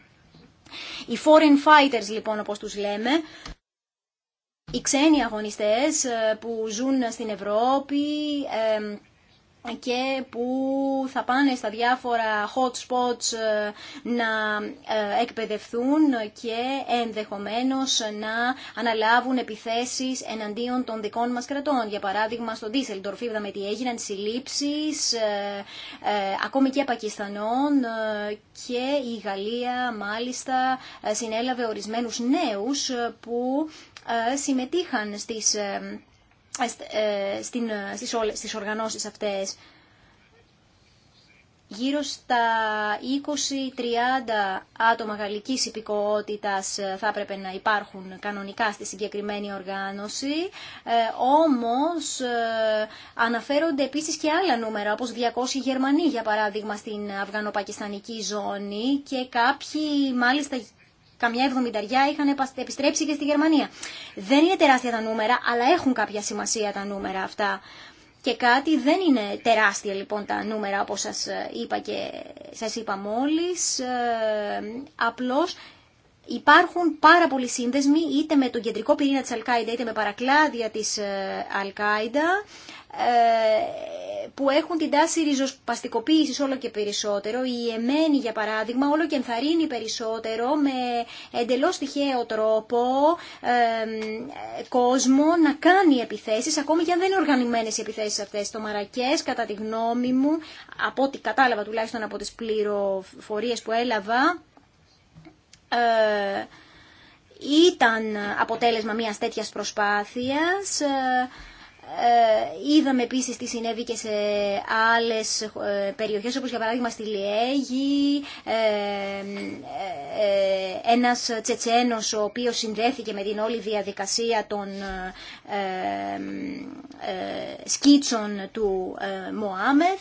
[SPEAKER 3] Οι foreign fighters λοιπόν όπως τους λέμε, οι ξένοι αγωνιστές που ζουν στην Ευρώπη, και που θα πάνε στα διάφορα hot spots ε, να ε, εκπαιδευτούν και ενδεχομένως να αναλάβουν επιθέσεις εναντίον των δικών μας κρατών. Για παράδειγμα στο Ντίσελντορφ με τι έγιναν συλλήψεις ε, ακόμη και Πακιστανών και η Γαλλία μάλιστα συνέλαβε ορισμένους νέους που συμμετείχαν στις ε, στην, ε, στις, στις οργανώσεις αυτές. Γύρω στα 20-30 άτομα γαλλικής υπηκοότητας ε, θα έπρεπε να υπάρχουν κανονικά στη συγκεκριμένη οργάνωση, όμως αναφέρονται επίσης και άλλα νούμερα, όπως 200 Γερμανοί για παράδειγμα στην Αυγανοπακιστανική ζώνη και κάποιοι μάλιστα καμιά εβδομηταριά είχαν επιστρέψει και στη Γερμανία. Δεν είναι τεράστια τα νούμερα, αλλά έχουν κάποια σημασία τα νούμερα αυτά. Και κάτι δεν είναι τεράστια λοιπόν τα νούμερα όπως σας ε, είπα και σας είπα μόλις, ε, απλώς υπάρχουν πάρα πολλοί σύνδεσμοι είτε με τον κεντρικό πυρήνα της Αλκάιντα είτε με παρακλάδια της ε, Αλκάιντα ε, που έχουν την τάση ριζοσπαστικοποίηση όλο και περισσότερο. Η Εμένη, για παράδειγμα, όλο και ενθαρρύνει περισσότερο με εντελώς τυχαίο τρόπο ε, κόσμο να κάνει επιθέσεις, ακόμη και αν δεν είναι οργανωμένες οι επιθέσεις αυτές. Το Μαρακές, κατά τη γνώμη μου, από ό,τι κατάλαβα τουλάχιστον από τις πληροφορίες που έλαβα, ε, ήταν αποτέλεσμα μιας τέτοιας προσπάθειας... Ε, ε, είδαμε επίσης τι συνέβη και σε άλλες ε, περιοχές, όπως για παράδειγμα στη Λιέγη, ε, ένας τσετσένο ο οποίος συνδέθηκε με την όλη διαδικασία των σκίτσων του Μωάμεθ.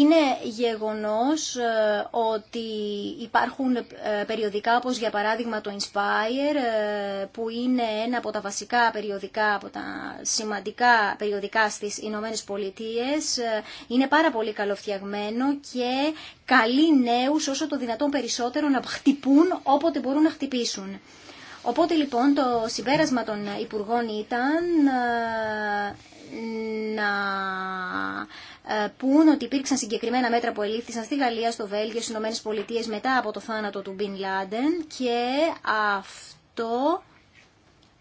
[SPEAKER 3] Είναι γεγονός ε, ότι υπάρχουν ε, περιοδικά όπως για παράδειγμα το Inspire ε, που είναι ένα από τα βασικά περιοδικά, από τα σημαντικά περιοδικά στις Ηνωμένε Πολιτείε. Είναι πάρα πολύ καλοφτιαγμένο και καλοί νέους όσο το δυνατόν περισσότερο να χτυπούν όποτε μπορούν να χτυπήσουν. Οπότε λοιπόν το συμπέρασμα των Υπουργών ήταν να ε, πούν ότι υπήρξαν συγκεκριμένα μέτρα που ελήφθησαν στη Γαλλία, στο Βέλγιο, στι Ηνωμένε Πολιτείε μετά από το θάνατο του Μπιν Λάντεν και αυτό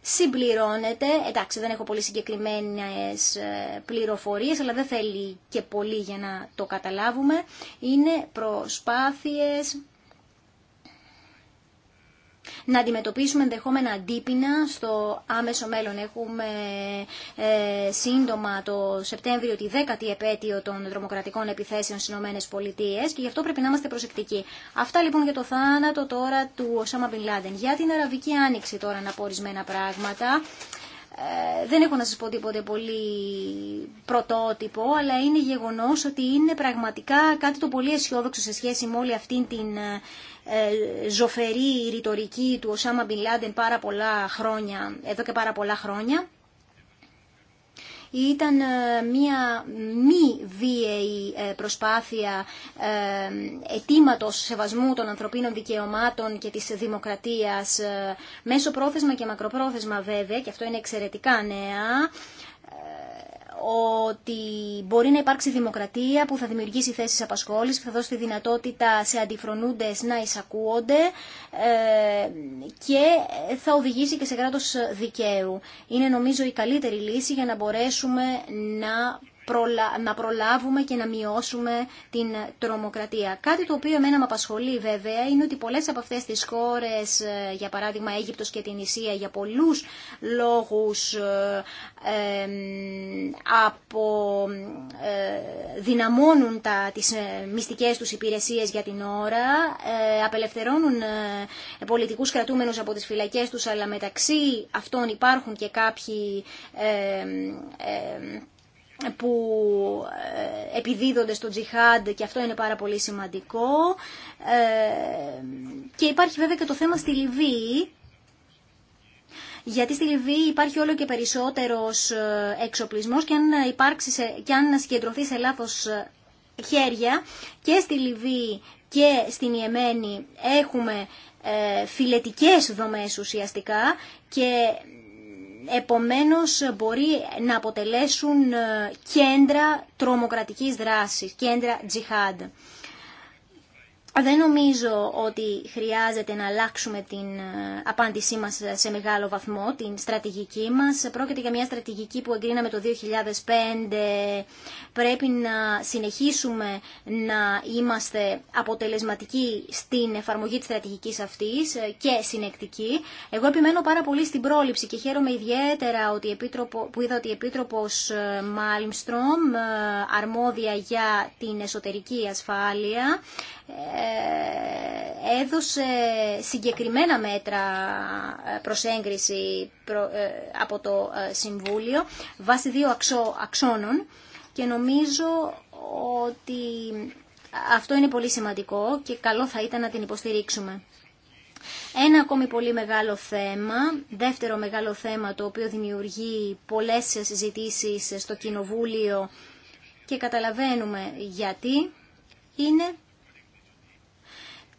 [SPEAKER 3] συμπληρώνεται, εντάξει δεν έχω πολύ συγκεκριμένε ε, πληροφορίε, αλλά δεν θέλει και πολύ για να το καταλάβουμε, είναι προσπάθειες να αντιμετωπίσουμε ενδεχόμενα αντίπεινα στο άμεσο μέλλον. Έχουμε ε, σύντομα το Σεπτέμβριο τη δέκατη επέτειο των δρομοκρατικών επιθέσεων στι ΗΠΑ και γι' αυτό πρέπει να είμαστε προσεκτικοί. Αυτά λοιπόν για το θάνατο τώρα του Οσάμα Μπιν Λάντεν. Για την Αραβική Άνοιξη τώρα να πω ορισμένα πράγματα. Ε, δεν έχω να σας πω τίποτε πολύ πρωτότυπο, αλλά είναι γεγονός ότι είναι πραγματικά κάτι το πολύ αισιόδοξο σε σχέση με όλη αυτήν την ε, ζωφερή ρητορική του Οσάμα Μπιν Λάντεν πάρα πολλά χρόνια, εδώ και πάρα πολλά χρόνια. Ήταν ε, μια μη βίαιη ε, προσπάθεια ετήματος σεβασμού των ανθρωπίνων δικαιωμάτων και της δημοκρατίας ε, μέσω πρόθεσμα και μακροπρόθεσμα βέβαια και αυτό είναι εξαιρετικά νέα ότι μπορεί να υπάρξει δημοκρατία που θα δημιουργήσει θέσεις απασχόλησης, που θα δώσει τη δυνατότητα σε αντιφρονούντες να εισακούονται ε, και θα οδηγήσει και σε κράτος δικαίου. Είναι νομίζω η καλύτερη λύση για να μπορέσουμε να προλα... να προλάβουμε και να μειώσουμε την τρομοκρατία. Κάτι το οποίο εμένα με απασχολεί βέβαια είναι ότι πολλές από αυτές τις χώρες, ε, για παράδειγμα Αίγυπτος και την Ισία, για πολλούς λόγους ε, από, ε, δυναμώνουν τα, τις ε, μυστικές τους υπηρεσίες για την ώρα, ε, απελευθερώνουν πολιτικούς κρατούμενους από τις φυλακές τους, αλλά μεταξύ αυτών υπάρχουν και κάποιοι που ε, επιδίδονται στο τζιχάντ και αυτό είναι πάρα πολύ σημαντικό. Ε, και υπάρχει βέβαια και το θέμα στη Λιβύη, γιατί στη Λιβύη υπάρχει όλο και περισσότερος ε, εξοπλισμός και αν, υπάρξει και αν συγκεντρωθεί σε λάθος χέρια και στη Λιβύη και στην Ιεμένη έχουμε φιλετικές δομές ουσιαστικά και επομένως μπορεί να αποτελέσουν ε, κέντρα τρομοκρατικής δράσης, κέντρα τζιχάντ. Δεν νομίζω ότι χρειάζεται να αλλάξουμε την ε, απάντησή μας σε μεγάλο βαθμό, την στρατηγική μας. Πρόκειται για μια στρατηγική που εγκρίναμε το 2005. Πρέπει να συνεχίσουμε να είμαστε αποτελεσματικοί στην εφαρμογή της στρατηγικής αυτής ε, και συνεκτικοί. Εγώ επιμένω πάρα πολύ στην πρόληψη και χαίρομαι ιδιαίτερα ότι που είδα ότι η Επίτροπος ε, Μάλμστρομ, αρμόδια για την εσωτερική ασφάλεια, ε, έδωσε συγκεκριμένα μέτρα ε, προς ε, από το Συμβούλιο βάσει δύο αξώνων και νομίζω ότι αυτό είναι πολύ σημαντικό και καλό θα ήταν να την υποστηρίξουμε. Ένα ακόμη πολύ μεγάλο θέμα, δεύτερο μεγάλο θέμα το οποίο δημιουργεί πολλές συζητήσεις στο Κοινοβούλιο και καταλαβαίνουμε γιατί, είναι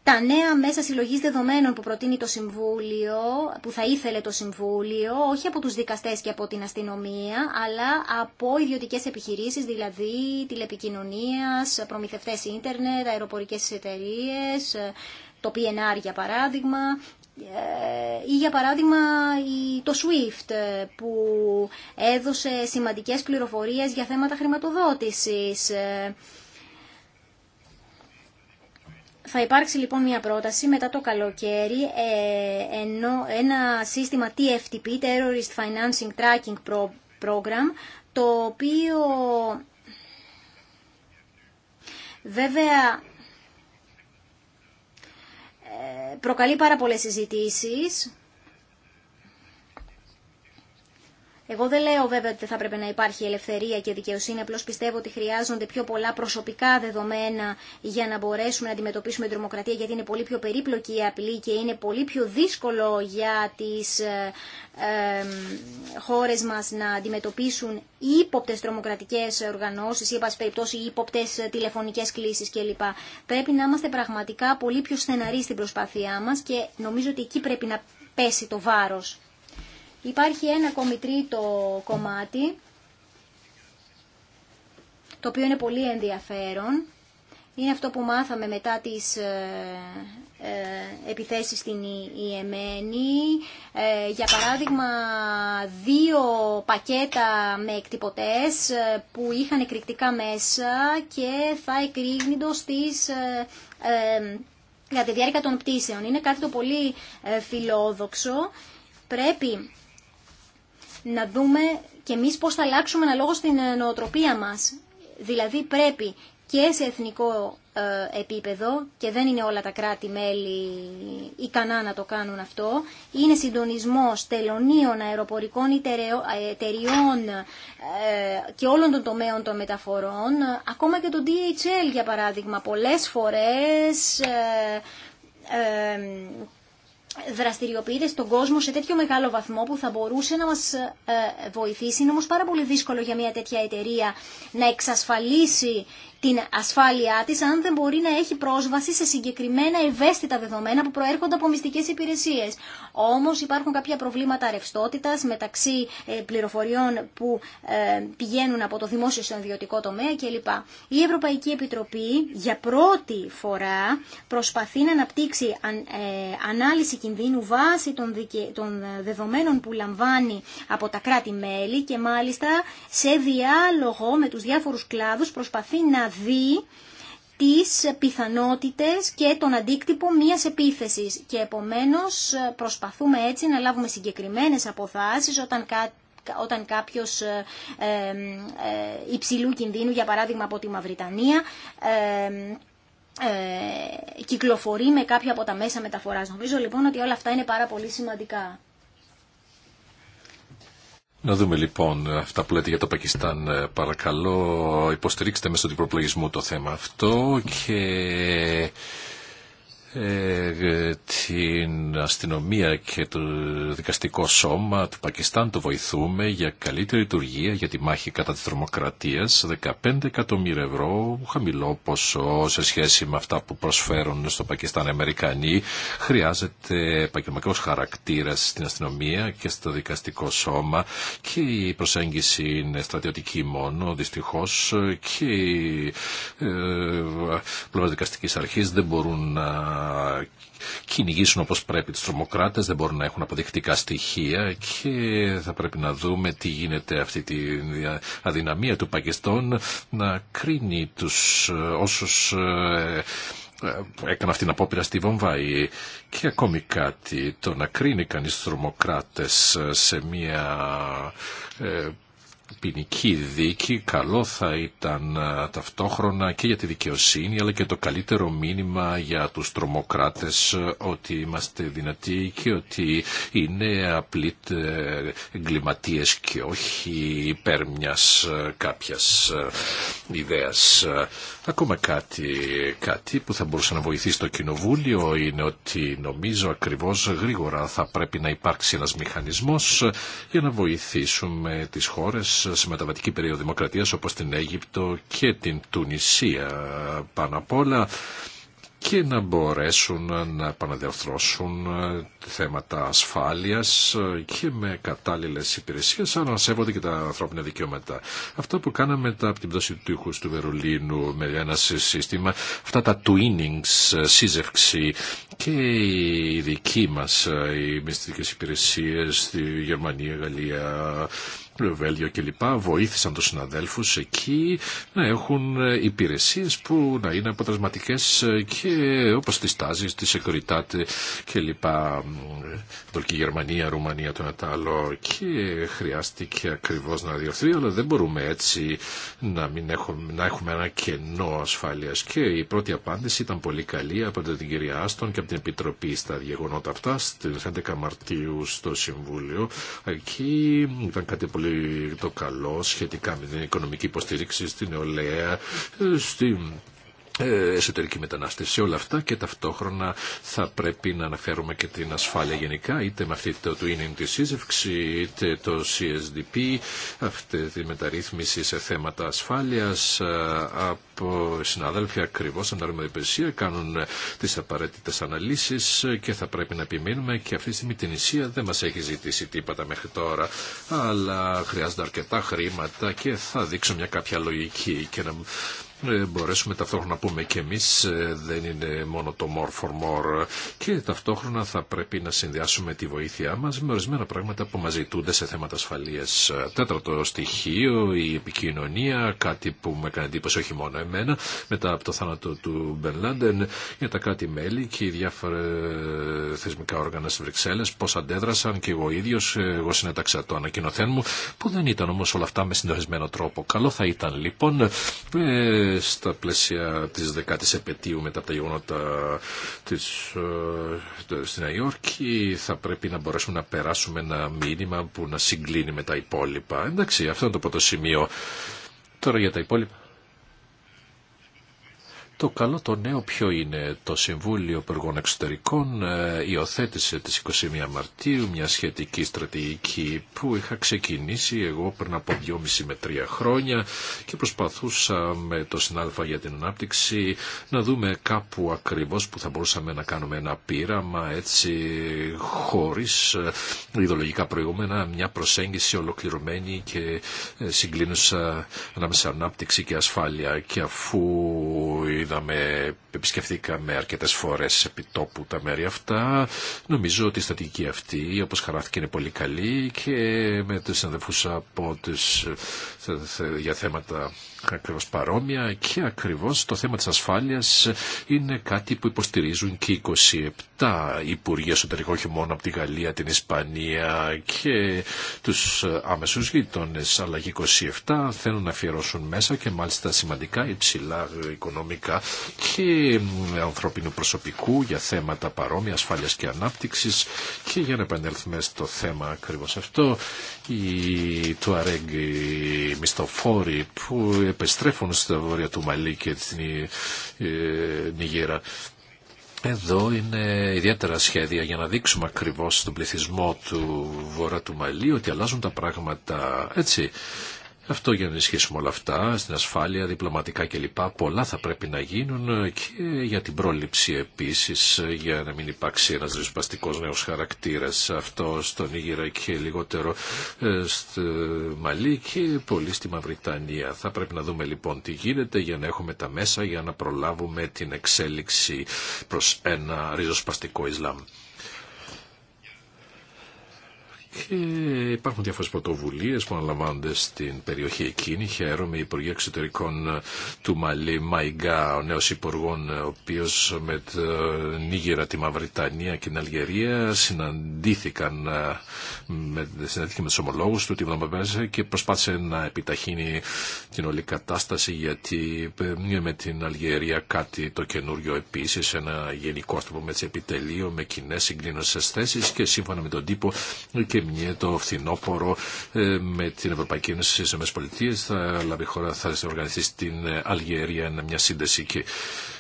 [SPEAKER 3] τα νέα μέσα συλλογής δεδομένων που προτείνει το Συμβούλιο, που θα ήθελε το Συμβούλιο, όχι από τους δικαστές και από την αστυνομία, αλλά από ιδιωτικές επιχειρήσεις, δηλαδή τηλεπικοινωνίας, προμηθευτές ίντερνετ, αεροπορικές εταιρείε, το PNR για παράδειγμα, ε, ή για παράδειγμα το SWIFT που έδωσε σημαντικές πληροφορίες για θέματα χρηματοδότησης ε, θα υπάρξει λοιπόν μια πρόταση μετά το καλοκαίρι ε, ενώ ένα σύστημα TFTP, Terrorist Financing Tracking Program, το οποίο βέβαια ε, προκαλεί πάρα πολλές συζητήσεις Εγώ δεν λέω βέβαια ότι θα πρέπει να υπάρχει ελευθερία και δικαιοσύνη, απλώ πιστεύω ότι χρειάζονται πιο πολλά προσωπικά δεδομένα για να μπορέσουμε να αντιμετωπίσουμε την τρομοκρατία, γιατί είναι πολύ πιο περίπλοκη η απειλή και είναι πολύ πιο δύσκολο για τι ε, χώρε μα να αντιμετωπίσουν ύποπτε τρομοκρατικέ οργανώσει ή, εν περιπτώσει, ύποπτε τηλεφωνικέ κλήσει κλπ. Πρέπει να είμαστε πραγματικά πολύ πιο στεναροί στην προσπάθειά μα και νομίζω ότι εκεί πρέπει να πέσει το βάρο. Υπάρχει ένα ακόμη τρίτο κομμάτι, το οποίο είναι πολύ ενδιαφέρον. Είναι αυτό που μάθαμε μετά τις ε, ε, επιθέσεις στην Ιεμένη. Ε, για παράδειγμα, δύο πακέτα με εκτυπωτές που είχαν εκρηκτικά μέσα και θα Ε, ε, για τη διάρκεια των πτήσεων. Είναι κάτι το πολύ φιλόδοξο. Πρέπει να δούμε και εμείς πώς θα αλλάξουμε αναλόγως την ε, νοοτροπία μας. Δηλαδή πρέπει και σε εθνικό ε, επίπεδο, και δεν είναι όλα τα κράτη-μέλη ικανά να το κάνουν αυτό, είναι συντονισμός τελωνίων, αεροπορικών ε, εταιριών και όλων των τομέων των μεταφορών, ακόμα και το DHL για παράδειγμα. Πολλές φορές δραστηριοποιείται στον κόσμο σε τέτοιο μεγάλο βαθμό που θα μπορούσε να μας ε, βοηθήσει. Είναι όμως πάρα πολύ δύσκολο για μια τέτοια εταιρεία να εξασφαλίσει την ασφάλειά της αν δεν μπορεί να έχει πρόσβαση σε συγκεκριμένα ευαίσθητα δεδομένα που προέρχονται από μυστικές υπηρεσίες. Όμως υπάρχουν κάποια προβλήματα ρευστότητα μεταξύ ε, πληροφοριών που ε, πηγαίνουν από το δημόσιο στον ιδιωτικό τομέα κλπ. Η Ευρωπαϊκή Επιτροπή για πρώτη φορά προσπαθεί να αναπτύξει ε, ανάλυση κινδύνου βάσει των δεδομένων που λαμβάνει από τα κράτη-μέλη και μάλιστα σε διάλογο με τους διάφορους κλάδους προσπαθεί να δει τις πιθανότητες και τον αντίκτυπο μιας επίθεσης και επομένως προσπαθούμε έτσι να λάβουμε συγκεκριμένες αποφάσεις όταν κάτι όταν κάποιος ε, ε, ε, υψηλού κινδύνου, για παράδειγμα από τη Μαυριτανία, ε, ε, κυκλοφορεί με κάποια από τα μέσα μεταφοράς. Νομίζω λοιπόν ότι όλα αυτά είναι πάρα πολύ σημαντικά.
[SPEAKER 1] Να δούμε λοιπόν αυτά που λέτε για το Πακιστάν. Ε, παρακαλώ υποστηρίξτε μέσω του προπλογισμού το θέμα αυτό και ε, την αστυνομία και το δικαστικό σώμα του Πακιστάν το βοηθούμε για καλύτερη λειτουργία για τη μάχη κατά της τρομοκρατίας 15 εκατομμύρια ευρώ χαμηλό ποσό σε σχέση με αυτά που προσφέρουν στο Πακιστάν Αμερικανοί χρειάζεται επαγγελματικός χαρακτήρας στην αστυνομία και στο δικαστικό σώμα και η προσέγγιση είναι στρατιωτική μόνο δυστυχώς και οι ε, πλευρές δικαστικής δεν μπορούν να κυνηγήσουν όπως πρέπει τους τρομοκράτες, δεν μπορούν να έχουν αποδεικτικά στοιχεία και θα πρέπει να δούμε τι γίνεται αυτή τη αδυναμία του Πακιστών να κρίνει τους ε, όσους ε, ε, έκανε αυτή την απόπειρα στη Βομβάη και ακόμη κάτι το να κρίνει κανείς τρομοκράτες σε μια ποινική δίκη καλό θα ήταν ταυτόχρονα και για τη δικαιοσύνη αλλά και το καλύτερο μήνυμα για τους τρομοκράτες ε, ότι είμαστε δυνατοί και ότι είναι απλοί ε, εγκληματίε και όχι υπέρ μιας ε, κάποιας ιδέας. Ακόμα κάτι, κάτι που θα μπορούσε να βοηθήσει το Κοινοβούλιο είναι ότι νομίζω ακριβώς γρήγορα θα πρέπει να υπάρξει ένας μηχανισμός για να βοηθήσουμε τις χώρες σε μεταβατική περίοδο δημοκρατίας όπως την Αίγυπτο και την Τουνησία πάνω απ' όλα και να μπορέσουν να επαναδιαρθρώσουν ε, θέματα ασφάλειας ε, και με κατάλληλες υπηρεσίες, αλλά να σέβονται και τα ανθρώπινα δικαιώματα. Αυτό που κάναμε μετά από την πτώση του τείχους του Βερολίνου με ένα σύστημα, αυτά τα twinnings, ε, σύζευξη και οι δικοί μας, οι μυστικές υπηρεσίες στη Γερμανία, Γαλλία, Βέλγιο κλπ. βοήθησαν τους συναδέλφους εκεί να έχουν ε, υπηρεσίες που να είναι αποτελεσματικές ε, και όπως τις τάζεις, τις εκοριτάτε κλπ. Τουρκική Γερμανία, Ρουμανία, το ένα άλλο και χρειάστηκε ακριβώς να διορθεί αλλά δεν μπορούμε έτσι να, μην έχουμε, να έχουμε ένα κενό ασφάλειας και η πρώτη απάντηση ήταν πολύ καλή από την κυρία Άστον και από την Επιτροπή στα γεγονότα αυτά στις 11 Μαρτίου στο Συμβούλιο εκεί ήταν κάτι πολύ πολύ το καλό σχετικά με την οικονομική υποστήριξη στην νεολαία, στην ε, εσωτερική μετανάστευση. Όλα αυτά και ταυτόχρονα θα πρέπει να αναφέρουμε και την ασφάλεια γενικά, είτε με αυτή το του είναι τη σύζευξη, είτε το CSDP, αυτή τη μεταρρύθμιση σε θέματα ασφάλειας ε, από συναδέλφια ακριβώς στην υπηρεσία, κάνουν τις απαραίτητες αναλύσεις και θα πρέπει να επιμείνουμε και αυτή τη στιγμή την Ισία δεν μας έχει ζητήσει τίποτα μέχρι τώρα αλλά χρειάζονται αρκετά χρήματα και θα δείξω μια κάποια λογική και να ε, μπορέσουμε ταυτόχρονα να πούμε και εμείς ε, δεν είναι μόνο το more for more και ταυτόχρονα θα πρέπει να συνδυάσουμε τη βοήθειά μας με ορισμένα πράγματα που μας ζητούνται σε θέματα ασφαλείας. Τέταρτο στοιχείο, η επικοινωνία, κάτι που με έκανε εντύπωση όχι μόνο εμένα μετά από το θάνατο του Μπεν Λάντεν για τα κράτη-μέλη και οι διάφορα ε, θεσμικά όργανα στις Βρυξέλλες πώς αντέδρασαν και εγώ ίδιος, εγώ συνέταξα το ανακοινωθέν μου που δεν ήταν όμως όλα αυτά με συντονισμένο τρόπο. Καλό θα ήταν λοιπόν στα πλαίσια της δεκάτης επαιτίου μετά από τα γεγονότα της, ε, στη Νέα Υόρκη θα πρέπει να μπορέσουμε να περάσουμε ένα μήνυμα που να συγκλίνει με τα υπόλοιπα. Εντάξει, αυτό είναι το πρώτο σημείο. Τώρα για τα υπόλοιπα. Το καλό το νέο ποιο είναι. Το Συμβούλιο Περγών Εξωτερικών ε, υιοθέτησε τις 21 Μαρτίου μια σχετική στρατηγική που είχα ξεκινήσει εγώ πριν από 2,5 με 3 χρόνια και προσπαθούσα με το συνάδελφα για την ανάπτυξη να δούμε κάπου ακριβώς που θα μπορούσαμε να κάνουμε ένα πείραμα έτσι χωρίς ε, ιδεολογικά προηγούμενα μια προσέγγιση ολοκληρωμένη και ε, συγκλίνουσα ανάμεσα ανάπτυξη και ασφάλεια και αφού είδαμε, επισκεφθήκαμε αρκετέ φορέ επί τόπου τα μέρη αυτά. Νομίζω ότι η στατική αυτή, όπως χαράθηκε, είναι πολύ καλή και με τους συναδελφού από τους για θέματα Ακριβώ παρόμοια και ακριβώ το θέμα τη ασφάλεια είναι κάτι που υποστηρίζουν και 27 υπουργοί εσωτερικών όχι μόνο από τη Γαλλία, την Ισπανία και του άμεσου γείτονε. αλλά και 27 θέλουν να αφιερώσουν μέσα και μάλιστα σημαντικά υψηλά οικονομικά και ανθρώπινου προσωπικού για θέματα παρόμοια ασφάλεια και ανάπτυξη και για να επανέλθουμε στο θέμα ακριβώ αυτό οι Τουαρέγ, οι μισθοφόροι που επεστρέφουν στα βόρεια του Μαλή και στην ε, Νιγέρα. Εδώ είναι ιδιαίτερα σχέδια για να δείξουμε ακριβώς τον πληθυσμό του βορρά του Μαλή ότι αλλάζουν τα πράγματα έτσι. Αυτό για να ενισχύσουμε όλα αυτά, στην ασφάλεια, διπλωματικά κλπ. Πολλά θα πρέπει να γίνουν και για την πρόληψη επίση για να μην υπάρξει ένα ριζοσπαστικός νέο χαρακτήρα. αυτό στον Ήγηρα και λιγότερο ε, στη Μαλή και πολύ στη Μαυριτανία. Θα πρέπει να δούμε λοιπόν τι γίνεται για να έχουμε τα μέσα για να προλάβουμε την εξέλιξη προ ένα ριζοσπαστικό Ισλάμ. Και υπάρχουν διάφορε πρωτοβουλίε που αναλαμβάνονται στην περιοχή εκείνη. Χαίρομαι η Υπουργή Εξωτερικών του Μαλή, Μαϊγκά, ο νέο υπουργό, ο οποίο με την ε, Νίγηρα, τη Μαυριτανία και την Αλγερία συναντήθηκαν ε, με, συναντήθηκε με του ομολόγου του τη Βλαμπαμπέζα και προσπάθησε να επιταχύνει την όλη κατάσταση γιατί ε, με την Αλγερία κάτι το καινούριο επίση, ένα γενικό α πούμε έτσι επιτελείο με κοινέ συγκλίνωσε θέσει και σύμφωνα με τον τύπο και Σμύρνη το φθινόπωρο ε, με την Ευρωπαϊκή Ένωση στι ΗΠΑ. Θα λάβει χώρα, θα οργανιστεί στην Αλγερία μια σύνδεση και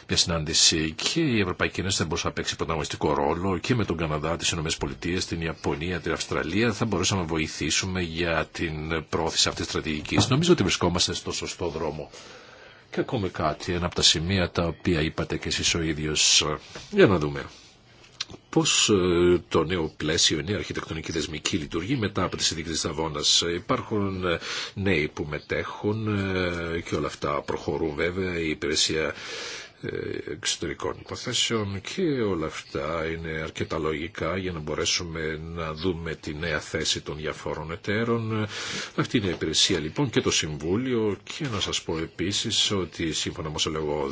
[SPEAKER 1] μια συνάντηση και η Ευρωπαϊκή Ένωση θα μπορούσε να παίξει πρωταγωνιστικό ρόλο και με τον Καναδά, τι ΗΠΑ, την Ιαπωνία, την Αυστραλία θα μπορούσαμε να βοηθήσουμε για την πρόθεση αυτή τη στρατηγική. Νομίζω ότι βρισκόμαστε στο σωστό δρόμο. Και ακόμη κάτι, ένα από τα σημεία τα οποία είπατε και εσείς ο ίδιος. Για να δούμε πώς ε, το νέο πλαίσιο, η νέα αρχιτεκτονική δεσμική λειτουργεί μετά από τη συνδική της Υπάρχουν ε, νέοι που μετέχουν ε, και όλα αυτά προχωρούν βέβαια η υπηρεσία εξωτερικών υποθέσεων και όλα αυτά είναι αρκετά λογικά για να μπορέσουμε να δούμε τη νέα θέση των διαφόρων εταίρων. Αυτή είναι η υπηρεσία λοιπόν και το Συμβούλιο και να σας πω επίσης ότι σύμφωνα με λέγω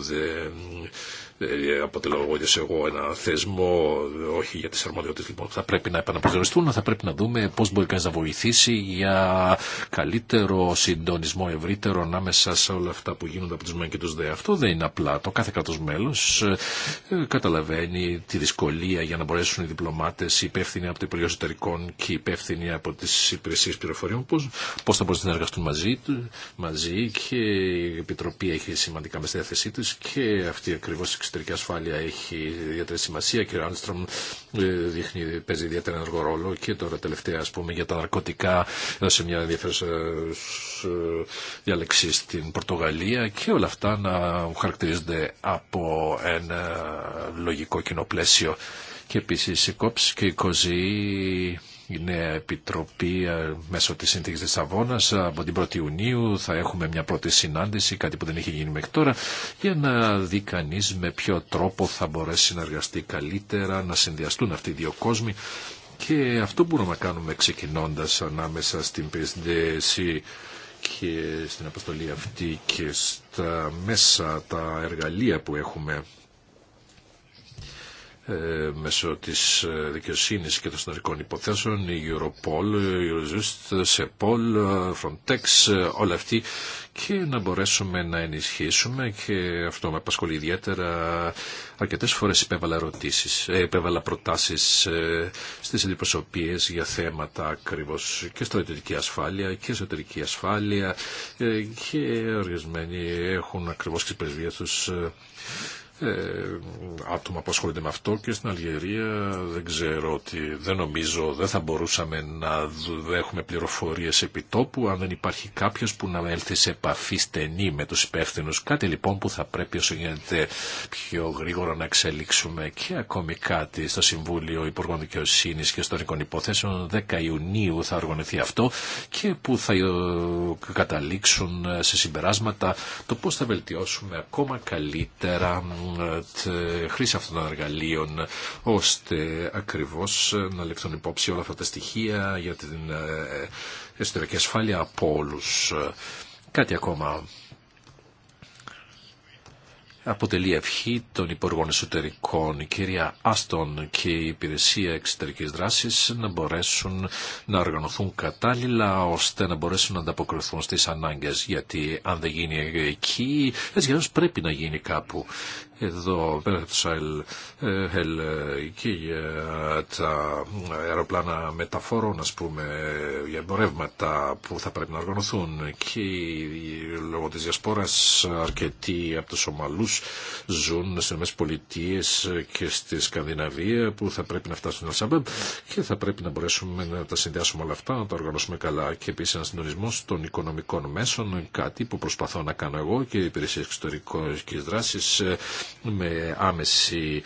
[SPEAKER 1] αποτελώ εγώ και εγώ ένα θεσμό, όχι για τις αρμοδιότητες λοιπόν, θα πρέπει να επαναπροσδιοριστούν, θα πρέπει να δούμε πώς μπορεί κανείς να βοηθήσει για καλύτερο συντονισμό ευρύτερο ανάμεσα σε όλα αυτά που γίνονται από τους μεν και του δε. Αυτό δεν είναι απλά. Το κάθε κράτος μέλος ε, καταλαβαίνει τη δυσκολία για να μπορέσουν οι διπλωμάτες, υπεύθυνοι από το Υπουργείο Εσωτερικών και υπεύθυνοι από τις υπηρεσίες πληροφοριών, πώς, θα μπορούν να συνεργαστούν μαζί, μαζί και η Επιτροπή έχει σημαντικά με και αυτή ακριβώς εξωτερική ασφάλεια έχει ιδιαίτερη σημασία και ο Άλστρομ ε, δείχνει, παίζει ιδιαίτερα ενεργό ρόλο και τώρα τελευταία ας πούμε για τα ναρκωτικά σε μια ενδιαφέρουσα ε, διάλεξη στην Πορτογαλία και όλα αυτά να χαρακτηρίζονται από ένα λογικό κοινοπλαίσιο και επίσης η κόψη και η κοζή η νέα επιτροπή ε, μέσω της Σύνθηκης της Σαββόνας ε, από την 1η Ιουνίου θα έχουμε μια πρώτη συνάντηση, κάτι που δεν έχει γίνει μέχρι τώρα, για να δει κανεί με ποιο τρόπο θα μπορέσει να εργαστεί καλύτερα, να συνδυαστούν αυτοί οι δύο κόσμοι και αυτό μπορούμε να κάνουμε ξεκινώντας ανάμεσα στην PSDC και στην αποστολή αυτή και στα μέσα, τα εργαλεία που έχουμε ε, μέσω της ε, δικαιοσύνης και των συνολικών υποθέσεων, η Europol, η Eurojust, Sepol, Frontex, ε, όλα αυτοί και να μπορέσουμε να ενισχύσουμε και αυτό με απασχολεί ιδιαίτερα αρκετές φορές υπέβαλα, ερωτήσεις, υπέβαλα προτάσεις στις αντιπροσωπείες για θέματα ακριβώ και στρατιωτική ασφάλεια και εσωτερική ασφάλεια και ορισμένοι έχουν ακριβώς τις πρεσβείες τους ε, άτομα που ασχολούνται με αυτό και στην Αλγερία δεν ξέρω ότι δεν νομίζω δεν θα μπορούσαμε να έχουμε πληροφορίες τόπου αν δεν υπάρχει κάποιος που να έλθει σε επαφή στενή με τους υπεύθυνου. κάτι λοιπόν που θα πρέπει όσο γίνεται πιο γρήγορα να εξελίξουμε και ακόμη κάτι στο Συμβούλιο Υπουργών Δικαιοσύνη και Ιστορικών Υποθέσεων 10 Ιουνίου θα οργανωθεί αυτό και που θα ε, καταλήξουν σε συμπεράσματα το πώς θα βελτιώσουμε ακόμα καλύτερα χρήση αυτών των εργαλείων ώστε ακριβώς να λεφθούν υπόψη όλα αυτά τα στοιχεία για την ε, εσωτερική ασφάλεια από όλου. Κάτι ακόμα αποτελεί ευχή των Υπουργών Εσωτερικών, η κυρία Άστον και η Υπηρεσία Εξωτερικής Δράσης να μπορέσουν να οργανωθούν κατάλληλα ώστε να μπορέσουν να ανταποκριθούν στις ανάγκες γιατί αν δεν γίνει εκεί, έτσι πρέπει να γίνει κάπου εδώ πέρα από το ε, ε, και τα αεροπλάνα μεταφορών ας πούμε για εμπορεύματα που θα πρέπει να οργανωθούν και λόγω της διασπόρας αρκετοί από τους Ομαλούς ζουν σε μέσα και στη Σκανδιναβία που θα πρέπει να φτάσουν στην και θα πρέπει να μπορέσουμε να τα συνδυάσουμε όλα αυτά, να τα οργανώσουμε καλά και επίσης ένα συντονισμό των οικονομικών μέσων, κάτι που προσπαθώ να κάνω εγώ και οι υπηρεσίες και δράσεις ε, με άμεση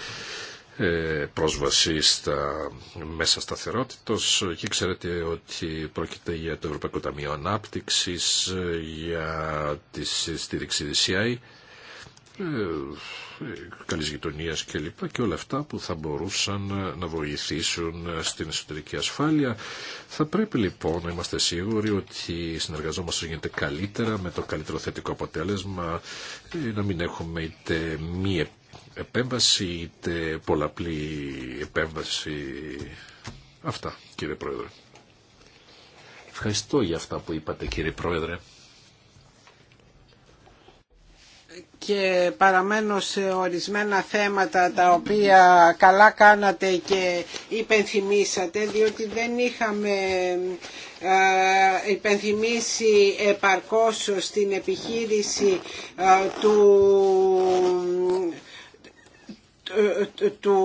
[SPEAKER 1] ε, πρόσβαση στα μέσα σταθερότητος και ξέρετε ότι πρόκειται για το Ευρωπαϊκό Ταμείο Ανάπτυξης, για τη στήριξη ε, καλής γειτονίας κλπ. και όλα αυτά που θα μπορούσαν ε, να βοηθήσουν ε, στην εσωτερική ασφάλεια. Θα πρέπει λοιπόν να είμαστε σίγουροι ότι συνεργαζόμαστε γίνεται καλύτερα με το καλύτερο θετικό αποτέλεσμα να μην έχουμε είτε μία επέμβαση είτε πολλαπλή επέμβαση. Αυτά κύριε Πρόεδρε. Ευχαριστώ για αυτά που είπατε κύριε Πρόεδρε.
[SPEAKER 2] και παραμένω σε ορισμένα θέματα τα οποία καλά κάνατε και υπενθυμίσατε διότι δεν είχαμε υπενθυμίσει επαρκώς στην επιχείρηση του του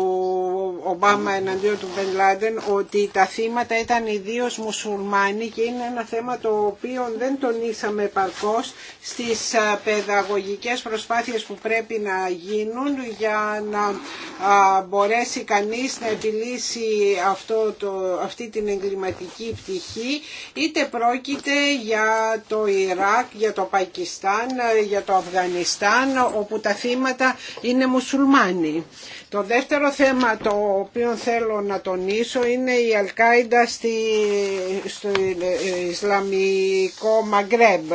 [SPEAKER 2] Ομπάμα εναντίον του Μπεν Λάντεν ότι τα θύματα ήταν ιδίω μουσουλμάνοι και είναι ένα θέμα το οποίο δεν τονίσαμε επαρκώς στις παιδαγωγικές προσπάθειες που πρέπει να γίνουν για να μπορέσει κανείς να επιλύσει αυτό το, αυτή την εγκληματική πτυχή είτε πρόκειται για το Ιράκ, για το Πακιστάν, για το Αφγανιστάν όπου τα θύματα είναι μουσουλμάνοι. Το δεύτερο θέμα το οποίο θέλω να τονίσω είναι η Αλκάιντα στη, στο Ισλαμικό Μαγκρέμπ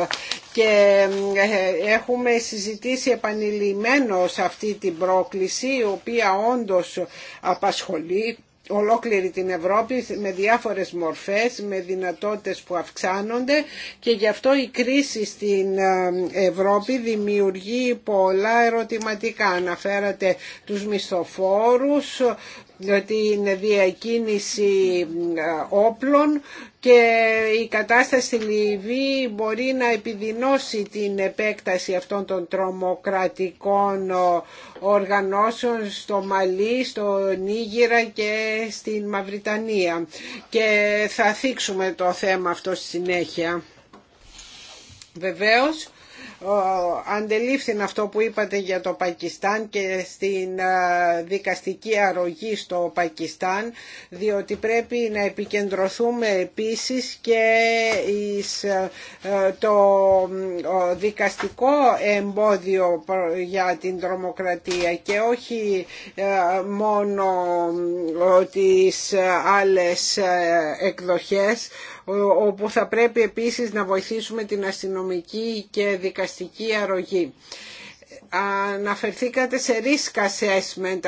[SPEAKER 2] και ε, έχουμε συζητήσει επανειλημμένως αυτή την πρόκληση η οποία όντως απασχολεί ολόκληρη την Ευρώπη με διάφορες μορφές, με δυνατότητες που αυξάνονται και γι' αυτό η κρίση στην ε, Ευρώπη δημιουργεί πολλά ερωτηματικά. Αναφέρατε τους μισθοφόρους, ε, την διακίνηση ε, όπλων και η κατάσταση στη Λιβύη μπορεί να επιδεινώσει την επέκταση αυτών των τρομοκρατικών οργανώσεων στο Μαλί, στο Νίγηρα και στην Μαυριτανία. Και θα θίξουμε το θέμα αυτό στη συνέχεια. Βεβαίως αντελήφθην αυτό που είπατε για το Πακιστάν και στην δικαστική αρρωγή στο Πακιστάν διότι πρέπει να επικεντρωθούμε επίσης και εις το δικαστικό εμπόδιο για την τρομοκρατία και όχι μόνο τις άλλες ε, εκδοχές όπου θα πρέπει επίσης να βοηθήσουμε την αστυνομική και δικαστική αρρωγή. Αναφερθήκατε σε risk assessment,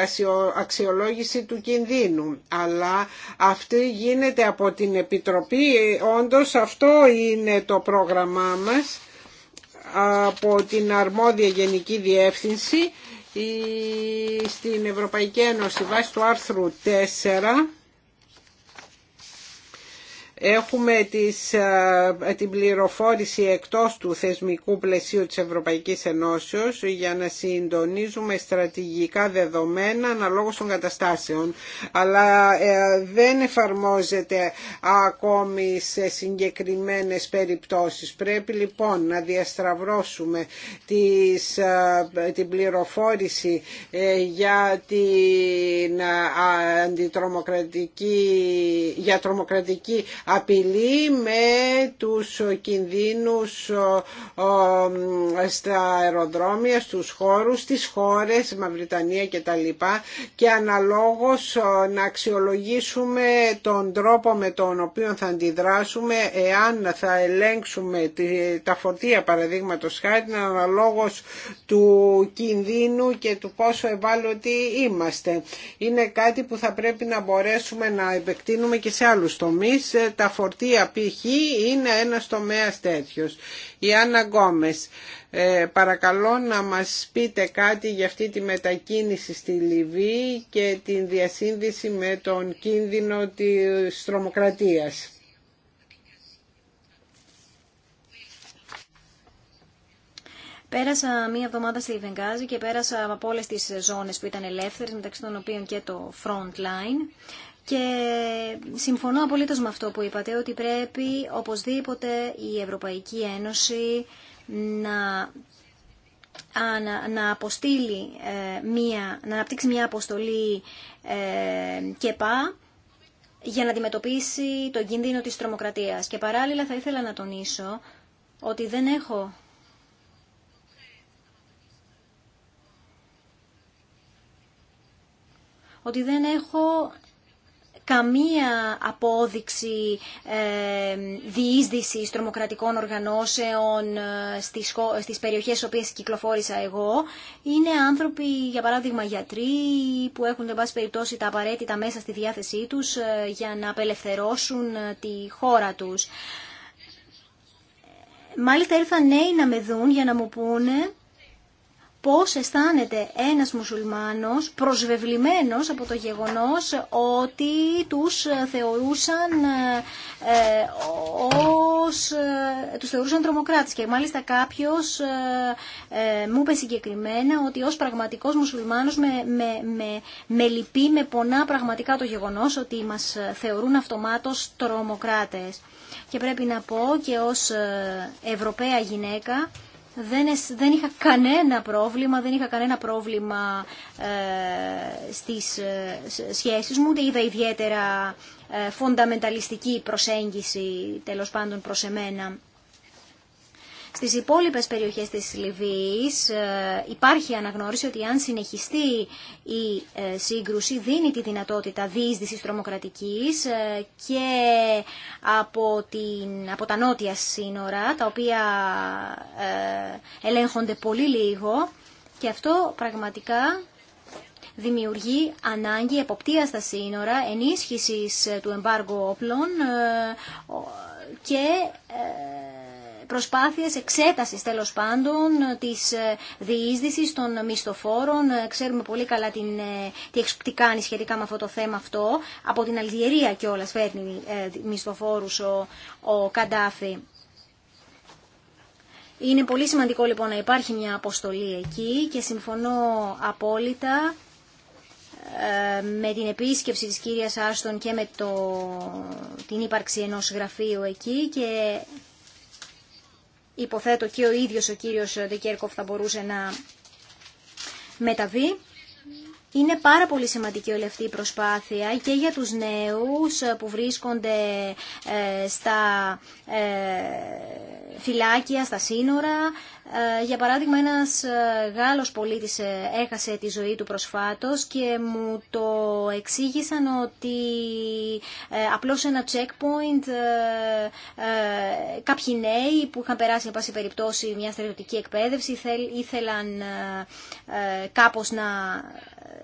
[SPEAKER 2] αξιολόγηση του κινδύνου, αλλά αυτή γίνεται από την Επιτροπή, όντως αυτό είναι το πρόγραμμά μας από την αρμόδια Γενική Διεύθυνση στην Ευρωπαϊκή Ένωση βάσει του άρθρου 4 Έχουμε τις, ε, την πληροφόρηση εκτός του θεσμικού πλαισίου της Ευρωπαϊκής Ενώσεως για να συντονίζουμε στρατηγικά δεδομένα αναλόγως των καταστάσεων. Αλλά ε, δεν εφαρμόζεται ακόμη σε συγκεκριμένες περιπτώσεις. Πρέπει λοιπόν να διαστραβρώσουμε τις, ε, την πληροφόρηση για την αντιτρομοκρατική για τρομοκρατική Απειλεί με τους κινδύνους στα αεροδρόμια, στους χώρους, στις χώρες, Μαυριτανία κτλ. Και αναλόγως να αξιολογήσουμε τον τρόπο με τον οποίο θα αντιδράσουμε εάν θα ελέγξουμε τα φορτία παραδείγματος χάρη αναλόγως του κινδύνου και του πόσο ευάλωτοι είμαστε. Είναι κάτι που θα πρέπει να μπορέσουμε να επεκτείνουμε και σε άλλους τομείς τα φορτία π.χ. είναι ένας τομέας τέτοιος. Η Άννα Γκόμες, ε, παρακαλώ να μας πείτε κάτι για αυτή τη μετακίνηση στη Λιβύη και την διασύνδεση με τον κίνδυνο της τρομοκρατίας.
[SPEAKER 3] Πέρασα μία εβδομάδα στη Βενγάζη και πέρασα από όλε τι ζώνε που ήταν ελεύθερε, μεταξύ των οποίων και το Frontline. Και συμφωνώ απολύτως με αυτό που είπατε, ότι πρέπει οπωσδήποτε η Ευρωπαϊκή Ένωση να να αποστείλει ε, μία, να αναπτύξει μία αποστολή ε, πά, για να αντιμετωπίσει τον κίνδυνο της τρομοκρατίας. Και παράλληλα θα ήθελα να τονίσω ότι δεν έχω ότι δεν έχω καμία απόδειξη ε, διείσδυσης τρομοκρατικών οργανώσεων ε, στις περιοχές στις οποίες κυκλοφόρησα εγώ. Είναι άνθρωποι, για παράδειγμα γιατροί, που έχουν εν πάση περιπτώσει τα απαραίτητα μέσα στη διάθεσή τους ε, για να απελευθερώσουν τη χώρα τους. Μάλιστα ήρθαν νέοι να με δουν για να μου πούνε πώς αισθάνεται ένας μουσουλμάνος προσβεβλημένος από το γεγονός ότι τους θεωρούσαν ε, ως, ε, τους θεωρούσαν τρομοκράτες και μάλιστα κάποιος ε, ε, μου είπε συγκεκριμένα ότι ως πραγματικός μουσουλμάνος με, με, με, με λυπεί, με πονά πραγματικά το γεγονός ότι μας θεωρούν αυτομάτως τρομοκράτες. Και πρέπει να πω και ως Ευρωπαία γυναίκα δεν, είχα κανένα πρόβλημα, δεν είχα κανένα πρόβλημα ε, στις ε, σχέσεις μου, ούτε είδα ιδιαίτερα ε, φονταμενταλιστική προσέγγιση τέλος πάντων προς εμένα. Στις υπόλοιπες περιοχές της Λιβύης ε, υπάρχει αναγνώριση ότι αν συνεχιστεί η ε, σύγκρουση δίνει τη δυνατότητα διείσδυσης τρομοκρατικής ε, και από, την, από τα νότια σύνορα, τα οποία ελέγχονται πολύ λίγο και αυτό πραγματικά δημιουργεί ανάγκη εποπτεία στα σύνορα, ενίσχυσης του εμπάργου όπλων και προσπάθειες εξέτασης τέλος πάντων της ε, διείσδυσης των μισθοφόρων. Ε, ξέρουμε πολύ καλά την, ε, τι κάνει σχετικά με αυτό το θέμα αυτό. Από την Αλγερία κιόλα φέρνει μισθοφόρους ο, ο Καντάφη. Είναι πολύ σημαντικό λοιπόν να υπάρχει μια αποστολή εκεί και συμφωνώ απόλυτα με την επίσκεψη της κυρίας Άστον και με την ύπαρξη ενός γραφείου εκεί και υποθέτω και ο ίδιος ο κύριος Δεκέρκοφ θα μπορούσε να μεταβεί. Είναι πάρα πολύ σημαντική όλη αυτή η προσπάθεια και για τους νέους που βρίσκονται ε, στα ε, φυλάκια, στα σύνορα. Ε, για παράδειγμα, ένας Γάλλος πολίτης έχασε τη ζωή του προσφάτως και μου το εξήγησαν ότι απλώς ένα checkpoint κάποιοι νέοι που είχαν περάσει, εν πάση περιπτώσει, μια στρατιωτική εκπαίδευση ήθελαν κάπως να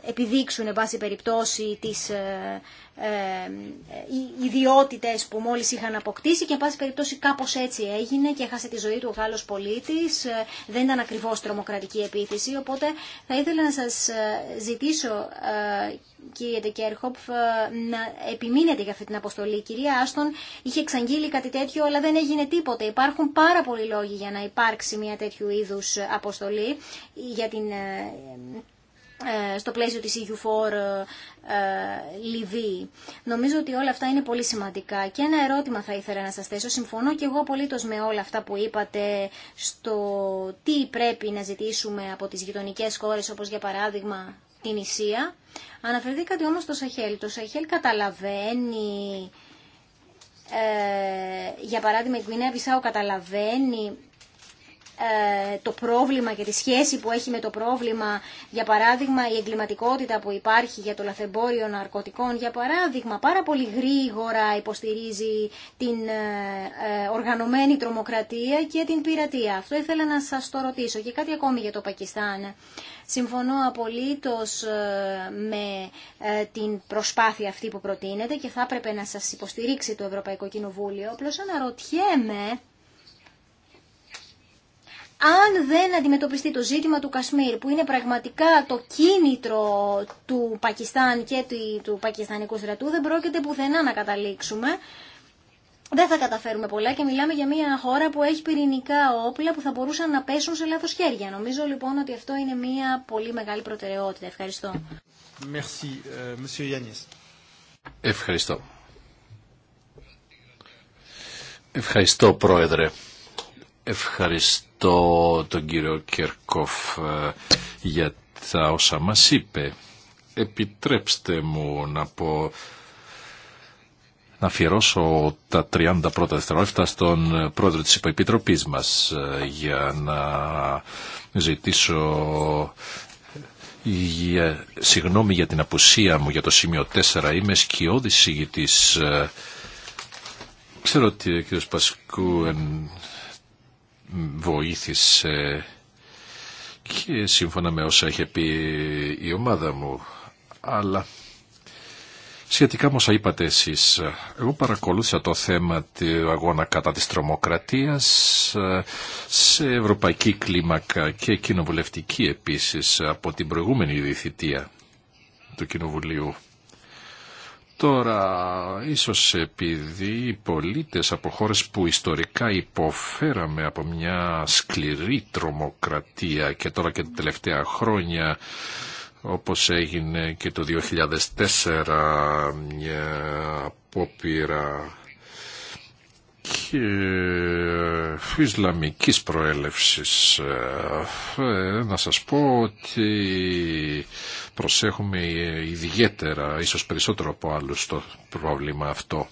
[SPEAKER 3] επιδείξουν, εν πάση περιπτώσει, τις ε, ε, ε ιδιότητες που μόλις είχαν αποκτήσει και, εν πάση περιπτώσει, κάπως έτσι έγινε και έχασε τη ζωή του ο Γάλλος πολίτης. Ε, δεν ήταν ακριβώς τρομοκρατική επίθεση, οπότε θα ήθελα να σας ζητήσω, ε, κύριε Ντεκέρχοπ, να επιμείνετε για αυτή την αποστολή. Η κυρία Άστον είχε εξαγγείλει κάτι τέτοιο, αλλά δεν έγινε τίποτε. Υπάρχουν πάρα πολλοί λόγοι για να υπάρξει μια τέτοιου είδους αποστολή για την ε, στο πλαίσιο της EU4 ε, ε, Λιβύη. Νομίζω ότι όλα αυτά είναι πολύ σημαντικά. Και ένα ερώτημα θα ήθελα να σας θέσω. Συμφωνώ και εγώ απολύτως με όλα αυτά που είπατε στο τι πρέπει να ζητήσουμε από τις γειτονικές χώρες, όπως για παράδειγμα την Ισία. Αναφερθήκατε όμως στο Σαχέλ. Το Σαχέλ καταλαβαίνει... για παράδειγμα, η Γκουινέα Βυσάου καταλαβαίνει ε, το πρόβλημα και τη σχέση που έχει με το πρόβλημα, για παράδειγμα η εγκληματικότητα που υπάρχει για το λαθεμπόριο ναρκωτικών, για παράδειγμα πάρα πολύ γρήγορα υποστηρίζει την ε, ε, οργανωμένη τρομοκρατία και την πειρατεία. Αυτό ήθελα να σας το ρωτήσω και κάτι ακόμη για το Πακιστάν. Συμφωνώ απολύτως με την προσπάθεια αυτή που προτείνεται και θα έπρεπε να σας υποστηρίξει το Ευρωπαϊκό Κοινοβούλιο. Απλώς αναρωτιέμαι αν δεν αντιμετωπιστεί το ζήτημα του Κασμίρ, που είναι πραγματικά το κίνητρο του Πακιστάν και του Πακιστανικού στρατού, δεν πρόκειται πουθενά να καταλήξουμε. Δεν θα καταφέρουμε πολλά και μιλάμε για μια χώρα που έχει πυρηνικά όπλα που θα μπορούσαν να πέσουν σε λάθος χέρια. Νομίζω λοιπόν ότι αυτό είναι μια πολύ μεγάλη προτεραιότητα. Ευχαριστώ.
[SPEAKER 1] Euh, Ευχαριστώ. Ευχαριστώ πρόεδρε. Ευχαριστώ τον κύριο Κερκόφ ε, για τα όσα μας είπε. Επιτρέψτε μου να πω να αφιερώσω τα 30 πρώτα δευτερόλεπτα στον πρόεδρο της μας ε, για να ζητήσω για, συγγνώμη για την απουσία μου για το σημείο 4. Είμαι σκιώδης συγητής. Ε. Ξέρω ότι ο κ. Πασκού βοήθησε και σύμφωνα με όσα είχε πει η ομάδα μου. Αλλά σχετικά με όσα είπατε εσείς, εγώ παρακολούθησα το θέμα του αγώνα κατά της τρομοκρατίας ε, σε ευρωπαϊκή κλίμακα και κοινοβουλευτική επίσης από την προηγούμενη διευθυντία του Κοινοβουλίου. Τώρα, ίσως επειδή οι πολίτες από χώρες που ιστορικά υποφέραμε από μια σκληρή τρομοκρατία και τώρα και τα τελευταία χρόνια όπως έγινε και το 2004 μια απόπειρα ε, Ισλαμικής προέλευσης. Ε, να σας πω ότι προσέχουμε ιδιαίτερα, ίσως περισσότερο από άλλους, το πρόβλημα αυτό.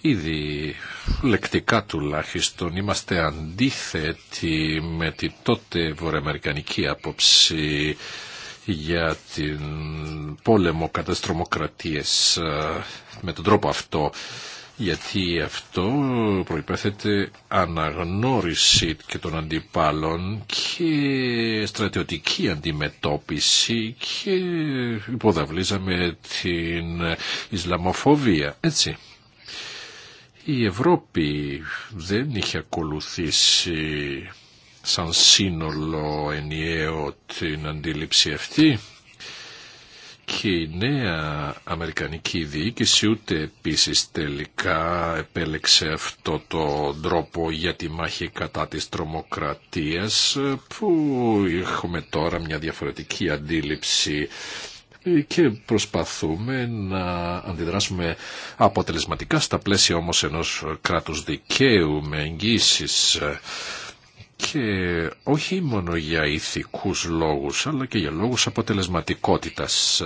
[SPEAKER 1] Ήδη λεκτικά τουλάχιστον είμαστε αντίθετοι με την τότε βορειοαμερικανική άποψη για την πόλεμο κατά ε, Με τον τρόπο αυτό γιατί αυτό προϋπέθεται αναγνώριση και των αντιπάλων και στρατιωτική αντιμετώπιση και υποδαβλίζαμε την Ισλαμοφοβία, έτσι. Η Ευρώπη δεν είχε ακολουθήσει σαν σύνολο ενιαίο την αντίληψη αυτή και η νέα Αμερικανική διοίκηση ούτε επίση τελικά επέλεξε αυτό το τρόπο για τη μάχη κατά της τρομοκρατίας που έχουμε τώρα μια διαφορετική αντίληψη και προσπαθούμε να αντιδράσουμε αποτελεσματικά στα πλαίσια όμως ενός κράτους δικαίου με εγγύσεις και όχι μόνο για ηθικούς λόγους αλλά και για λόγους αποτελεσματικότητας.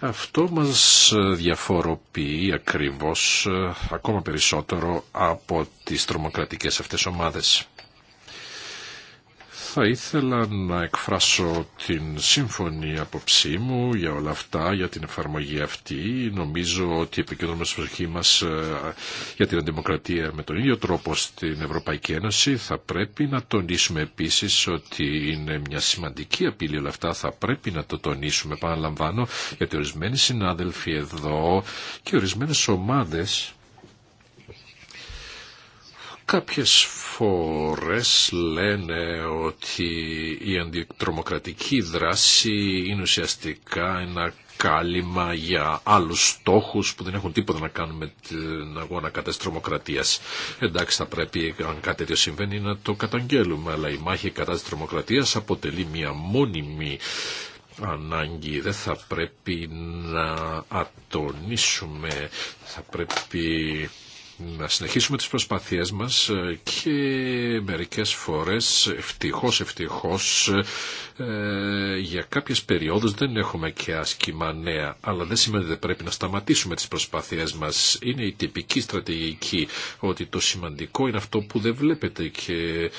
[SPEAKER 1] Αυτό μας διαφοροποιεί ακριβώς ακόμα περισσότερο από τις τρομοκρατικές αυτές ομάδες. Θα ήθελα να εκφράσω την σύμφωνη απόψή μου για όλα αυτά, για την εφαρμογή αυτή. Νομίζω ότι επικεντρώνουμε στην προσοχή μας ε, για την αντιμοκρατία με τον ίδιο τρόπο στην Ευρωπαϊκή Ένωση. Θα πρέπει να τονίσουμε επίσης ότι είναι μια σημαντική απειλή όλα αυτά. Θα πρέπει να το τονίσουμε, επαναλαμβάνω, γιατί ορισμένοι συνάδελφοι εδώ και ορισμένες ομάδες Κάποιες φορές λένε ότι η αντιτρομοκρατική δράση είναι ουσιαστικά ένα κάλυμα για άλλους στόχους που δεν έχουν τίποτα να κάνουν με την αγώνα κατά της τρομοκρατίας. Εντάξει θα πρέπει αν κάτι τέτοιο συμβαίνει να το καταγγέλουμε, αλλά η μάχη κατά της τρομοκρατίας αποτελεί μια μόνιμη ανάγκη. Δεν θα πρέπει να ατονίσουμε, θα πρέπει να συνεχίσουμε τις προσπαθίες μας ε, και μερικές φορές ευτυχώς ευτυχώς ε, για κάποιες περιόδους δεν έχουμε και άσκημα νέα αλλά δεν σημαίνει ότι πρέπει να σταματήσουμε τις προσπαθίες μας είναι η τυπική στρατηγική ότι το σημαντικό είναι αυτό που δεν βλέπετε και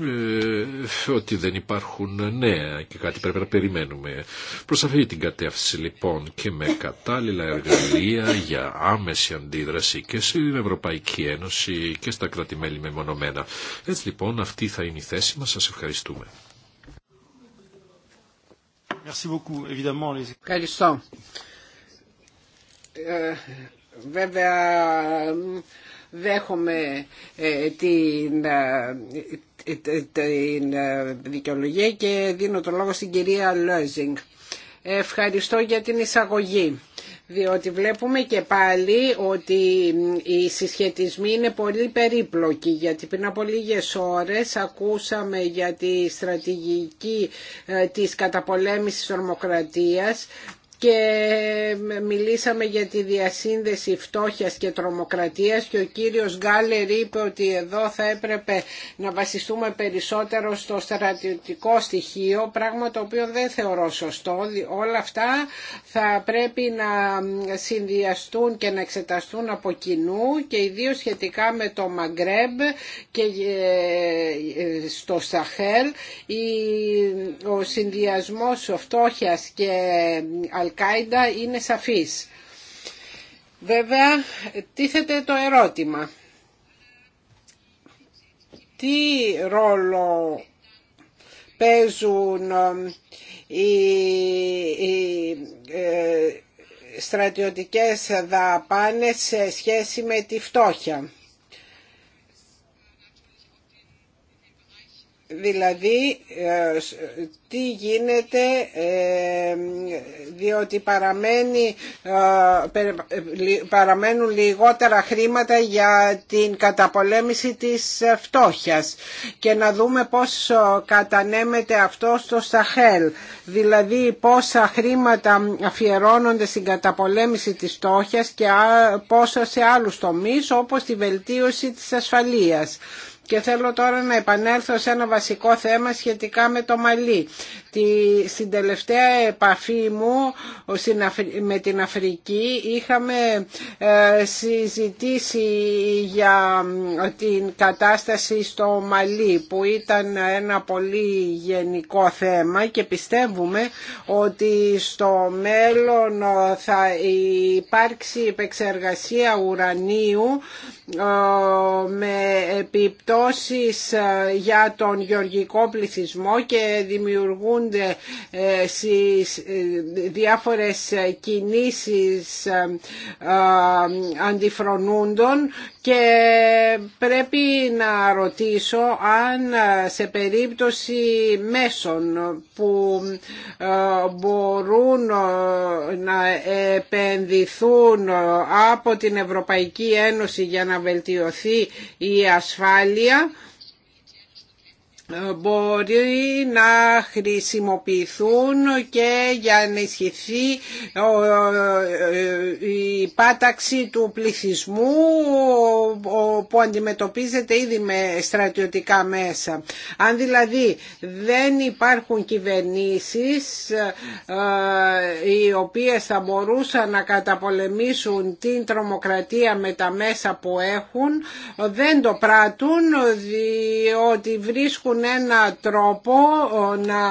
[SPEAKER 1] ε, ότι δεν υπάρχουν νέα και κάτι πρέπει να περιμένουμε προς αυτή την κατεύθυνση λοιπόν και με κατάλληλα εργαλεία για άμεση αντίδραση και στην Ευρωπαϊκή Ευρωπαϊκή Ένωση και στα κρατημέλη μεμονωμένα. Έτσι λοιπόν αυτή θα είναι η θέση μας. Σας ευχαριστούμε.
[SPEAKER 2] Ευχαριστώ. Ε, βέβαια δέχομαι ε, την, ε, την ε, δικαιολογία και δίνω το λόγο στην κυρία Λόζινγκ. Ευχαριστώ για την εισαγωγή διότι βλέπουμε και πάλι ότι οι συσχετισμοί είναι πολύ περίπλοκοι γιατί πριν από λίγες ώρες ακούσαμε για τη στρατηγική ε, της καταπολέμησης της ορμοκρατίας και μιλήσαμε για τη διασύνδεση φτώχειας και τρομοκρατίας και ο κύριος Γκάλερ είπε ότι εδώ θα έπρεπε να βασιστούμε περισσότερο στο στρατιωτικό στοιχείο, πράγμα το οποίο δεν θεωρώ σωστό. Όλα αυτά θα πρέπει να συνδυαστούν και να εξεταστούν από κοινού και ιδίω σχετικά με το Μαγκρέμπ και ε, στο Σαχέλ ο συνδυασμός φτώχειας και Αλκάιντα είναι σαφής. Βέβαια, τίθεται το ερώτημα. Τι ρόλο παίζουν οι, οι ε, στρατιωτικές δαπάνες σε σχέση με τη φτώχεια. δηλαδή ε, τι γίνεται ε, διότι παραμένει, ε, παραμένουν λιγότερα χρήματα για την καταπολέμηση της φτώχειας και να δούμε πώς κατανέμεται αυτό στο Σαχέλ δηλαδή πόσα χρήματα αφιερώνονται στην καταπολέμηση της φτώχειας και πόσα σε άλλους τομείς όπως τη βελτίωση της ασφαλείας. Και θέλω τώρα να επανέλθω σε ένα βασικό θέμα σχετικά με το μαλλί. Στην τελευταία επαφή μου με την Αφρική είχαμε ε, συζητήσει για την κατάσταση στο Μαλί που ήταν ένα πολύ γενικό θέμα και πιστεύουμε ότι στο μέλλον θα υπάρξει επεξεργασία ουρανίου ε, με επιπτώσεις ε, για τον γεωργικό πληθυσμό και δημιουργούν Δε στις ε, διάφορες κινήσεις ε, ε, αντιφρονούντων και πρέπει να ρωτήσω αν σε περίπτωση μέσων που μπορούν να επενδυθούν από την Ευρωπαϊκή Ένωση για να βελτιωθεί η ασφάλεια μπορεί να χρησιμοποιηθούν και για να ισχυθεί η πάταξη του πληθυσμού που αντιμετωπίζεται ήδη με στρατιωτικά μέσα. Αν δηλαδή δεν υπάρχουν κυβερνήσεις ε, οι οποίες θα μπορούσαν να καταπολεμήσουν την τρομοκρατία με τα μέσα που έχουν δεν το πράττουν διότι βρίσκουν ένα τρόπο να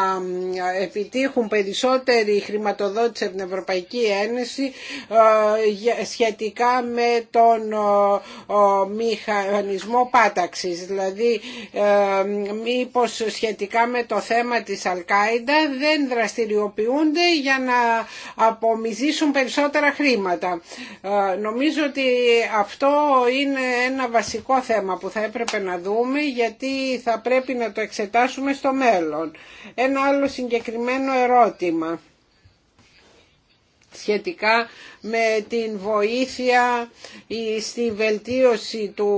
[SPEAKER 2] ε, επιτύχουν περισσότερη χρηματοδότηση από την Ευρωπαϊκή Ένωση ε, σχετικά με τον μηχανισμό πάταξης. Δηλαδή ε, μήπως σχετικά με το θέμα της Αλκάιντα δεν δραστηριοποιούνται για να απομυζήσουν περισσότερα χρήματα. Νομίζω ότι αυτό είναι ένα βασικό θέμα που θα έπρεπε να δούμε γιατί θα πρέπει να το εξετάσουμε στο μέλλον. Ένα άλλο συγκεκριμένο ερώτημα σχετικά με την βοήθεια στη βελτίωση του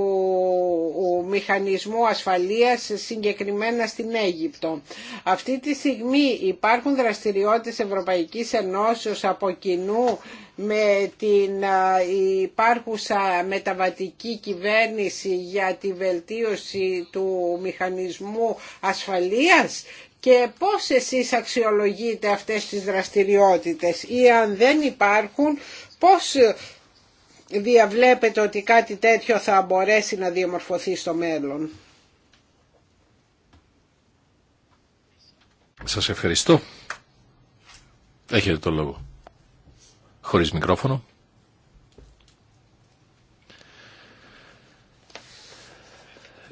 [SPEAKER 2] μηχανισμού ασφαλείας συγκεκριμένα στην Αίγυπτο. Αυτή τη στιγμή υπάρχουν δραστηριότητες Ευρωπαϊκής Ενώσεως από κοινού με την υπάρχουσα μεταβατική κυβέρνηση για τη βελτίωση του μηχανισμού ασφαλείας και πώς εσείς αξιολογείτε αυτές τις δραστηριότητες ή αν δεν υπάρχουν πώς διαβλέπετε ότι κάτι τέτοιο θα μπορέσει να διαμορφωθεί στο μέλλον.
[SPEAKER 1] Σας ευχαριστώ. Έχετε το λόγο. Χωρίς μικρόφωνο.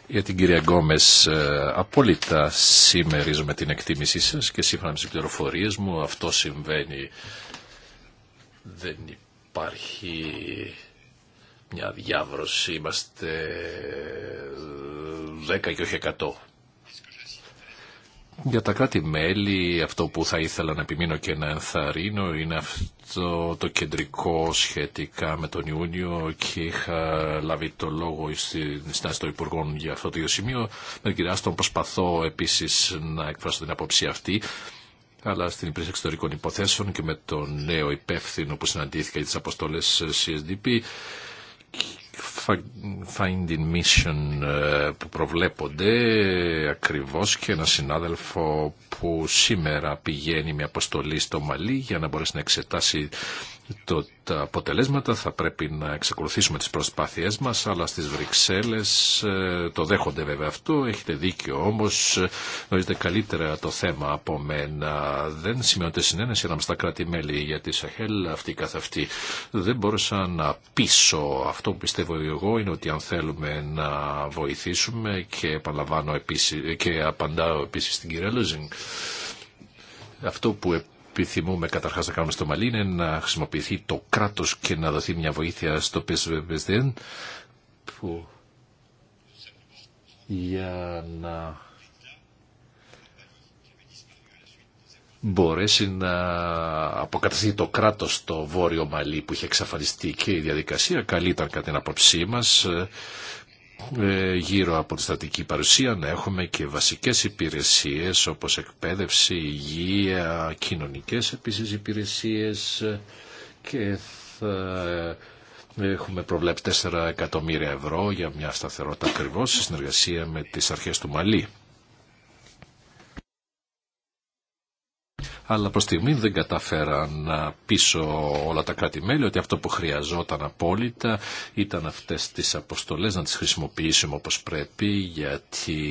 [SPEAKER 1] Για την κυρία Γκόμες, ε, απόλυτα σήμεριζομαι την εκτίμησή σας και σύμφωνα με τις πληροφορίες μου αυτό συμβαίνει. Δεν υπάρχει μια διάβρωση, είμαστε 10 και όχι 100. Για τα κράτη-μέλη αυτό που θα ήθελα να επιμείνω και να ενθαρρύνω είναι αυτό το κεντρικό σχετικά με τον Ιούνιο και είχα λάβει το λόγο στην συνάντηση των Υπουργών για αυτό το ίδιο σημείο. Με τον κυρία προσπαθώ επίσης να εκφράσω την απόψη αυτή αλλά στην υπηρεσία εξωτερικών υποθέσεων και με τον νέο υπεύθυνο που συναντήθηκα για τις αποστολές CSDP fact-finding mission ε, που προβλέπονται ακριβώς και ένα συνάδελφο που σήμερα πηγαίνει με αποστολή στο Μαλί για να μπορέσει να εξετάσει το, τα αποτελέσματα θα πρέπει να εξακολουθήσουμε τις προσπάθειές μας, αλλά στις Βρυξέλλες ε, το δέχονται βέβαια αυτό, έχετε δίκιο όμως, ε, γνωρίζετε καλύτερα το θέμα από μένα. Δεν σημειώνεται συνένεση ανάμεσα στα κράτη-μέλη για τη Σαχέλ αυτή καθ' αυτή. Δεν μπόρεσα να πείσω. Αυτό που πιστεύω εγώ είναι ότι αν θέλουμε να βοηθήσουμε και και απαντάω επίσης στην κυρία Λούζινγκ, αυτό που επιθυμούμε καταρχάς να κάνουμε στο Μαλί είναι να χρησιμοποιηθεί το κράτος και να δοθεί μια βοήθεια στο ΠΣΒΕΜ που για να μπορέσει να αποκαταστήσει το κράτος στο Βόρειο Μαλί που είχε εξαφανιστεί και η διαδικασία. Καλή ήταν κατά την απόψή μας ε, γύρω από τη στατική παρουσία να έχουμε και βασικές υπηρεσίες όπως εκπαίδευση, υγεία, κοινωνικές επίσης υπηρεσίες και θα ε, έχουμε προβλέψει 4 εκατομμύρια ευρώ για μια σταθερότητα ακριβώς σε συνεργασία με τις αρχές του Μαλή. αλλά προς στιγμή δεν καταφέραν πίσω όλα τα κράτη-μέλη ότι αυτό που χρειαζόταν απόλυτα ήταν αυτές τις αποστολές να τις χρησιμοποιήσουμε όπως πρέπει γιατί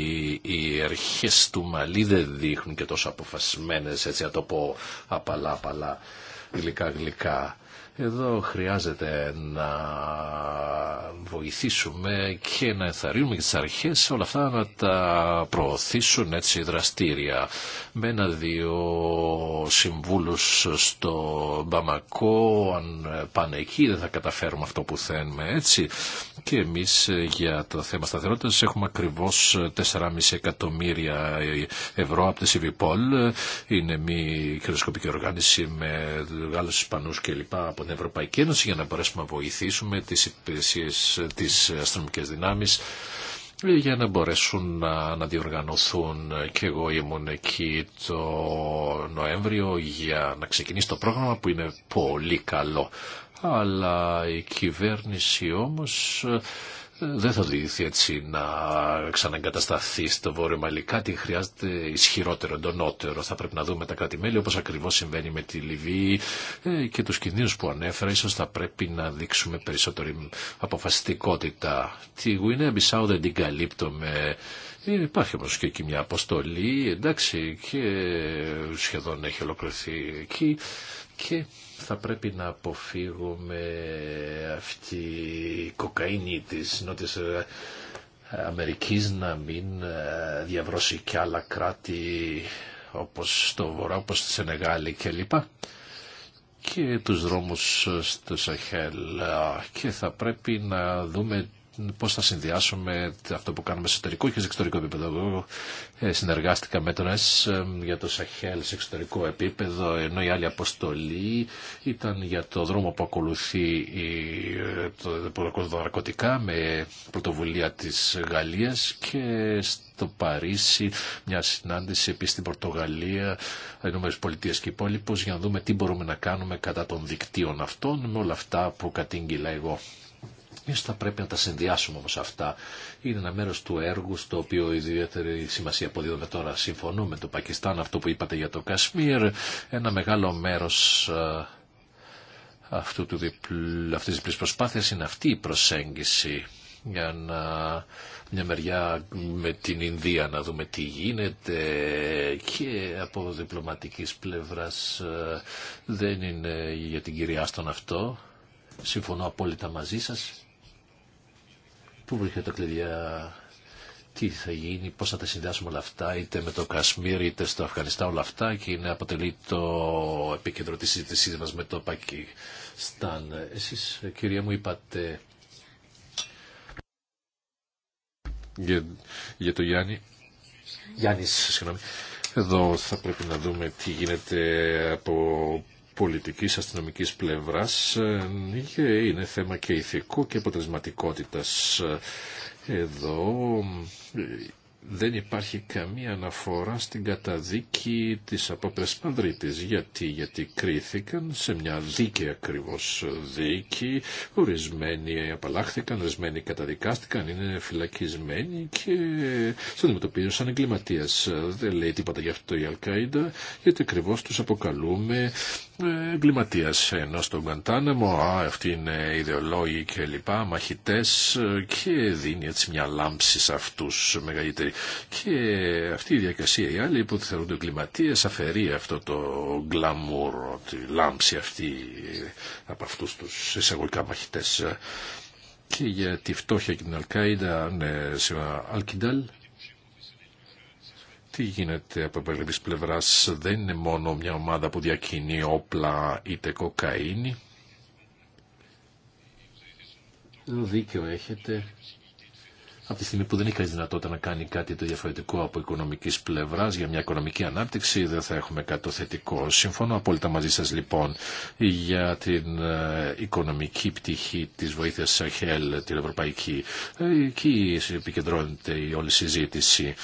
[SPEAKER 1] οι αρχές του Μαλή δεν δείχνουν και τόσο αποφασισμένες έτσι να το πω απαλά-απαλά γλυκά-γλυκά εδώ χρειάζεται να βοηθήσουμε και να ενθαρρύνουμε και τις αρχές όλα αυτά να τα προωθήσουν έτσι δραστήρια. Με ένα-δύο συμβούλους στο Μπαμακό, αν πάνε εκεί δεν θα καταφέρουμε αυτό που θέλουμε έτσι. Και εμείς για το θέμα σταθερότητας έχουμε ακριβώς 4,5 εκατομμύρια ευρώ από τη Σιβιπόλ. Είναι μη κερδοσκοπική οργάνωση με Γάλλους Ισπανούς κλπ από την Ευρωπαϊκή Ένωση για να μπορέσουμε να βοηθήσουμε τις υπηρεσίες, τις αστυνομικές δυνάμεις για να μπορέσουν να, να διοργανωθούν και εγώ ήμουν εκεί το Νοέμβριο για να ξεκινήσει το πρόγραμμα που είναι πολύ καλό αλλά η κυβέρνηση όμως δεν θα διηθεί έτσι να ξαναγκατασταθεί στο Βόρειο Μαλί. Κάτι χρειάζεται ισχυρότερο, εντονότερο. Θα πρέπει να δούμε τα κράτη-μέλη όπω ακριβώ συμβαίνει με τη Λιβύη ε, και του κινδύνους που ανέφερα. Σω θα πρέπει να δείξουμε περισσότερη αποφασιστικότητα. Τη Γουινέα Μπισάου δεν την καλύπτω ε, Υπάρχει όμω και εκεί μια αποστολή, εντάξει, και σχεδόν έχει ολοκληρωθεί εκεί και θα πρέπει να αποφύγουμε αυτή η κοκαίνη της Νότιας Αμερικής να μην ε, διαβρώσει κι άλλα κράτη όπως στο Βορρά, όπως στη Σενεγάλη κλπ και τους δρόμους στο Σαχέλ και θα πρέπει να δούμε Πώ θα συνδυάσουμε αυτό που κάνουμε σε εσωτερικό και σε εξωτερικό επίπεδο. Ε, συνεργάστηκα με τον ΕΣ ε, για το Σαχέλ σε εξωτερικό επίπεδο, ενώ η άλλη αποστολή ήταν για το δρόμο που ακολουθεί η, ε, το ναρκωτικά με πρωτοβουλία τη Γαλλία και στο Παρίσι μια συνάντηση επίση στην Πορτογαλία, Ηνωμένε Πολιτείε και υπόλοιπο για να δούμε τι μπορούμε να κάνουμε κατά των δικτύων αυτών με όλα αυτά που κατήγγειλα εγώ. Ίσως θα πρέπει να τα συνδυάσουμε όμω αυτά. Είναι ένα μέρο του έργου στο οποίο ιδιαίτερη σημασία αποδίδουμε τώρα. Συμφωνώ με το Πακιστάν, αυτό που είπατε για το Κασμίρ. Ένα μεγάλο μέρο ε, αυτού του διπλ, αυτής προσπάθειας είναι αυτή η προσέγγιση για να μια μεριά με την Ινδία να δούμε τι γίνεται και από διπλωματικής πλευράς ε, δεν είναι για την κυρία Άστον αυτό. Συμφωνώ απόλυτα μαζί σας. Πού βρίσκεται τα κλειδιά, τι θα γίνει, πώς θα τα συνδυάσουμε όλα αυτά, είτε με το Κασμίρ, είτε στο Αφγανιστάν, όλα αυτά και είναι αποτελεί το επίκεντρο τη συζητησή μας με το Πακιστάν. Εσείς, κυρία μου, είπατε για, το Γιάννη. Γιάννης, συγγνώμη. Εδώ θα πρέπει να δούμε τι γίνεται από πολιτικής αστυνομικής πλευράς ε, είναι θέμα και ηθικού και αποτελεσματικότητα ε, Εδώ ε, δεν υπάρχει καμία αναφορά στην καταδίκη της απόπειρας Μαδρίτης. Γιατί, γιατί κρίθηκαν σε μια δίκη ακριβώς δίκη, ορισμένοι απαλλάχθηκαν, ορισμένοι καταδικάστηκαν, είναι φυλακισμένοι και σε αντιμετωπίζουν σαν εγκληματίας. Δεν λέει τίποτα γι' αυτό η αλκαίδα γιατί ακριβώς τους αποκαλούμε ε, εγκληματίας. Ενώ στον Καντάνεμο, α, αυτοί είναι ιδεολόγοι και λοιπά, μαχητές ε, και δίνει έτσι μια λάμψη σε αυτούς μεγαλύτερη και αυτή η διακασία, οι άλλοι που θεωρούνται εγκληματίε, αφαιρεί αυτό το γκλαμούρ, τη λάμψη αυτή από αυτού του εισαγωγικά μαχητέ. Και για τη φτώχεια και την Αλκάιντα, ναι, σε Αλκιντάλ, τι γίνεται από επαγγελματική πλευρά, δεν είναι μόνο μια ομάδα που διακινεί όπλα είτε κοκαίνη. Δίκιο έχετε από τη στιγμή που δεν έχει δυνατότητα να κάνει κάτι το διαφορετικό από οικονομική πλευρά για μια οικονομική ανάπτυξη, δεν θα έχουμε κάτι το θετικό. Συμφωνώ απόλυτα μαζί σα λοιπόν για την ε, οικονομική πτυχή τη βοήθεια Σαχέλ, την ευρωπαϊκή. Ε, εκεί επικεντρώνεται η όλη συζήτηση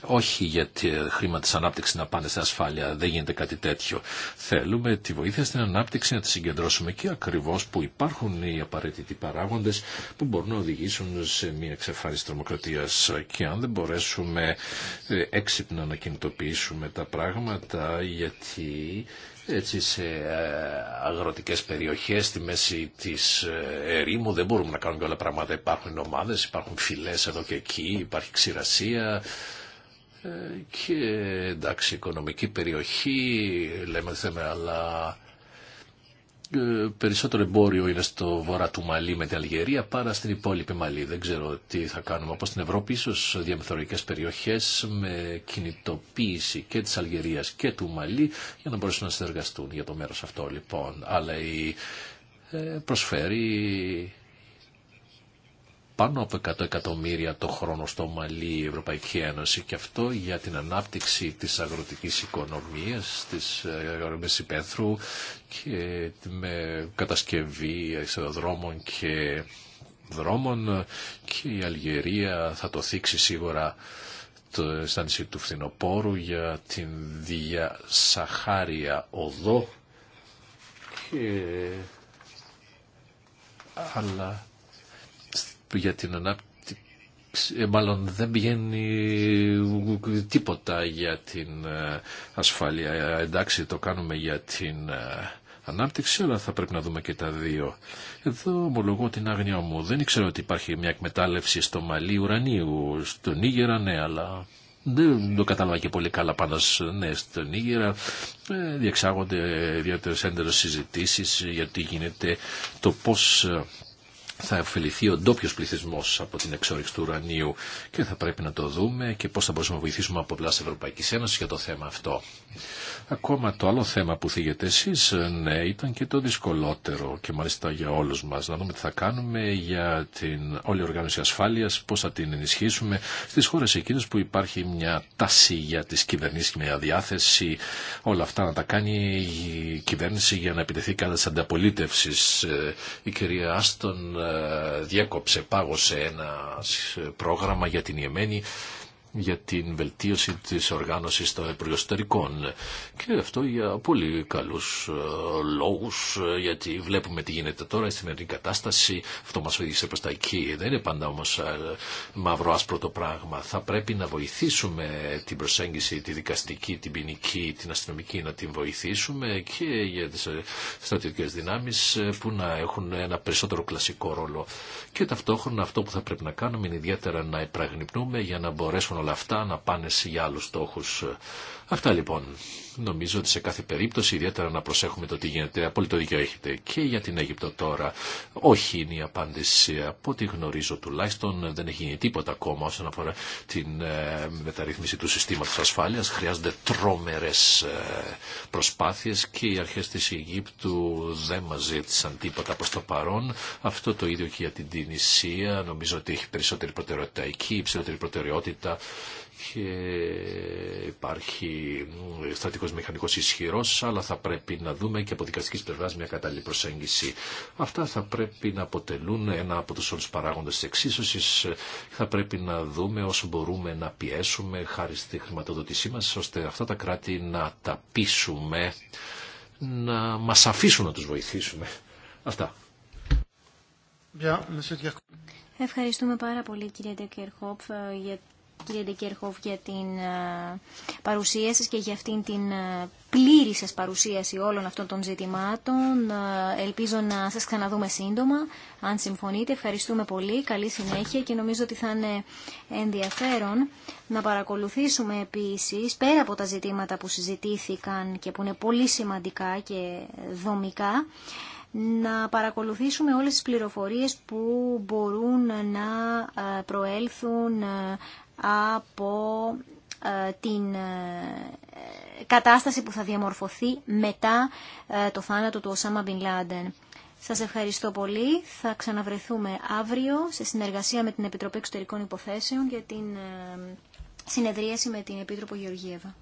[SPEAKER 1] όχι γιατί ε, χρήματα της ανάπτυξης να πάνε στην ασφάλεια, δεν γίνεται κάτι τέτοιο. Θέλουμε τη βοήθεια στην ανάπτυξη να τη συγκεντρώσουμε και ακριβώς που υπάρχουν οι απαραίτητοι παράγοντες που μπορούν να οδηγήσουν σε μια εξεφάνιση τρομοκρατίας. Και αν δεν μπορέσουμε ε, έξυπνα να κινητοποιήσουμε τα πράγματα, γιατί έτσι σε ε, αγροτικές περιοχές στη μέση της ερήμου δεν μπορούμε να κάνουμε όλα πράγματα υπάρχουν ομάδες, υπάρχουν φυλές εδώ και εκεί, υπάρχει ξηρασία ε, και εντάξει οικονομική περιοχή λέμε θέμε αλλά ε, περισσότερο εμπόριο είναι στο βορρά του Μαλή με την Αλγερία παρά στην υπόλοιπη Μαλή. Δεν ξέρω τι θα κάνουμε. Όπως στην Ευρώπη ίσως διαμεθορικές περιοχές με κινητοποίηση και της Αλγερίας και του Μαλή για να μπορέσουν να συνεργαστούν για το μέρος αυτό λοιπόν. Αλλά η, ε, προσφέρει πάνω από 100 εκατομμύρια το χρόνο στο Μαλή η Ευρωπαϊκή Ένωση και αυτό για την ανάπτυξη της αγροτικής οικονομίας, της ε, αγροτικής υπαίθρου και με κατασκευή αεροδρόμων και δρόμων και η Αλγερία θα το θίξει σίγουρα το, στάνισή του Φθινοπόρου για την διασαχάρια οδό και άλλα για την ανάπτυξη, ε, μάλλον δεν πηγαίνει τίποτα για την ε, ασφάλεια. Ε, εντάξει, το κάνουμε για την ανάπτυξη, αλλά θα πρέπει να δούμε και τα δύο. Εδώ ομολογώ την άγνοια μου. Δεν ήξερα ότι υπάρχει μια εκμετάλλευση στο Μαλί ουρανίου. στο Νίγερα, ναι, αλλά δεν το κατάλαβα και πολύ καλά πάνω ναι, στον Νίγερα. Ε, διεξάγονται ιδιαίτερε έντερε συζητήσει γιατί γίνεται το πώ θα ωφεληθεί ο ντόπιο πληθυσμό από την εξόριξη του ουρανίου και θα πρέπει να το δούμε και πώ θα μπορούμε να βοηθήσουμε από πλάση Ευρωπαϊκή Ένωση για το θέμα αυτό. Ακόμα το άλλο θέμα που θίγετε εσεί, ναι, ήταν και το δυσκολότερο και μάλιστα για όλου μα. Να δούμε τι θα κάνουμε για την όλη οργάνωση ασφάλεια, πώ θα την ενισχύσουμε στι χώρε εκείνε που υπάρχει μια τάση για τι κυβερνήσει και μια διάθεση. Όλα αυτά να τα κάνει η κυβέρνηση για να επιτεθεί κατά τη ανταπολίτευση. Ε, η κυρία Άστον ε, διέκοψε, πάγωσε ένα πρόγραμμα για την Ιεμένη για την βελτίωση της οργάνωσης των προϊστορικών. Και αυτό για πολύ καλούς ε, λόγους, ε, γιατί βλέπουμε τι γίνεται τώρα στην σημερινή κατάσταση. Αυτό μας οδήγησε προς τα εκεί. Δεν είναι πάντα όμως ε, μαύρο-άσπρο το πράγμα. Θα πρέπει να βοηθήσουμε την προσέγγιση, τη δικαστική, την ποινική, την αστυνομική, να την βοηθήσουμε και για τις στρατιωτικές δυνάμεις που να έχουν ένα περισσότερο κλασικό ρόλο. Και ταυτόχρονα αυτό που θα πρέπει να κάνουμε είναι ιδιαίτερα να επραγνυπνούμε για να μπορέσουν όλα αυτά να πάνε σε άλλους στόχους. Αυτά λοιπόν. Νομίζω ότι σε κάθε περίπτωση ιδιαίτερα να προσέχουμε το τι γίνεται. Απόλυτο δίκιο έχετε. Και για την Αίγυπτο τώρα. Όχι είναι η απάντηση. Από ό,τι γνωρίζω τουλάχιστον δεν έχει γίνει τίποτα ακόμα όσον αφορά την ε, μεταρρύθμιση του συστήματος ασφάλειας. Χρειάζονται τρόμερες ε, προσπάθειες και οι αρχές της Αιγύπτου δεν μας ζήτησαν τίποτα προς το παρόν. Αυτό το ίδιο και για την Τινησία. Νομίζω ότι έχει περισσότερη προτεραιότητα εκεί, υψηλότερη προτεραιότητα και υπάρχει στρατικό μηχανικό ισχυρό, αλλά θα πρέπει να δούμε και από δικαστική πλευρά μια κατάλληλη προσέγγιση. Αυτά θα πρέπει να αποτελούν ένα από τους όλου παράγοντε τη εξίσωσης. Θα πρέπει να δούμε όσο μπορούμε να πιέσουμε χάρη στη χρηματοδοτησή μα ώστε αυτά τα κράτη να τα πείσουμε, να μα αφήσουν να του βοηθήσουμε. Αυτά.
[SPEAKER 3] Ευχαριστούμε πάρα πολύ κύριε Ντεκερχόπ ε, για κύριε Ντεκέρχοφ για την ε, παρουσία και για αυτήν την ε, πλήρη σας παρουσίαση όλων αυτών των ζητημάτων. Ε, ελπίζω να σας ξαναδούμε σύντομα. Αν συμφωνείτε, ευχαριστούμε πολύ. Καλή συνέχεια και νομίζω ότι θα είναι ενδιαφέρον να παρακολουθήσουμε επίσης, πέρα από τα ζητήματα που συζητήθηκαν και που είναι πολύ σημαντικά και δομικά, να παρακολουθήσουμε όλες τις πληροφορίες που μπορούν να προέλθουν από ε, την ε, κατάσταση που θα διαμορφωθεί μετά ε, το θάνατο του Οσάμα Μπιν Λάντεν. Σας ευχαριστώ πολύ. Θα ξαναβρεθούμε αύριο σε συνεργασία με την Επιτροπή Εξωτερικών Υποθέσεων για την συνεδρίαση με την Επίτροπο Γεωργίευα.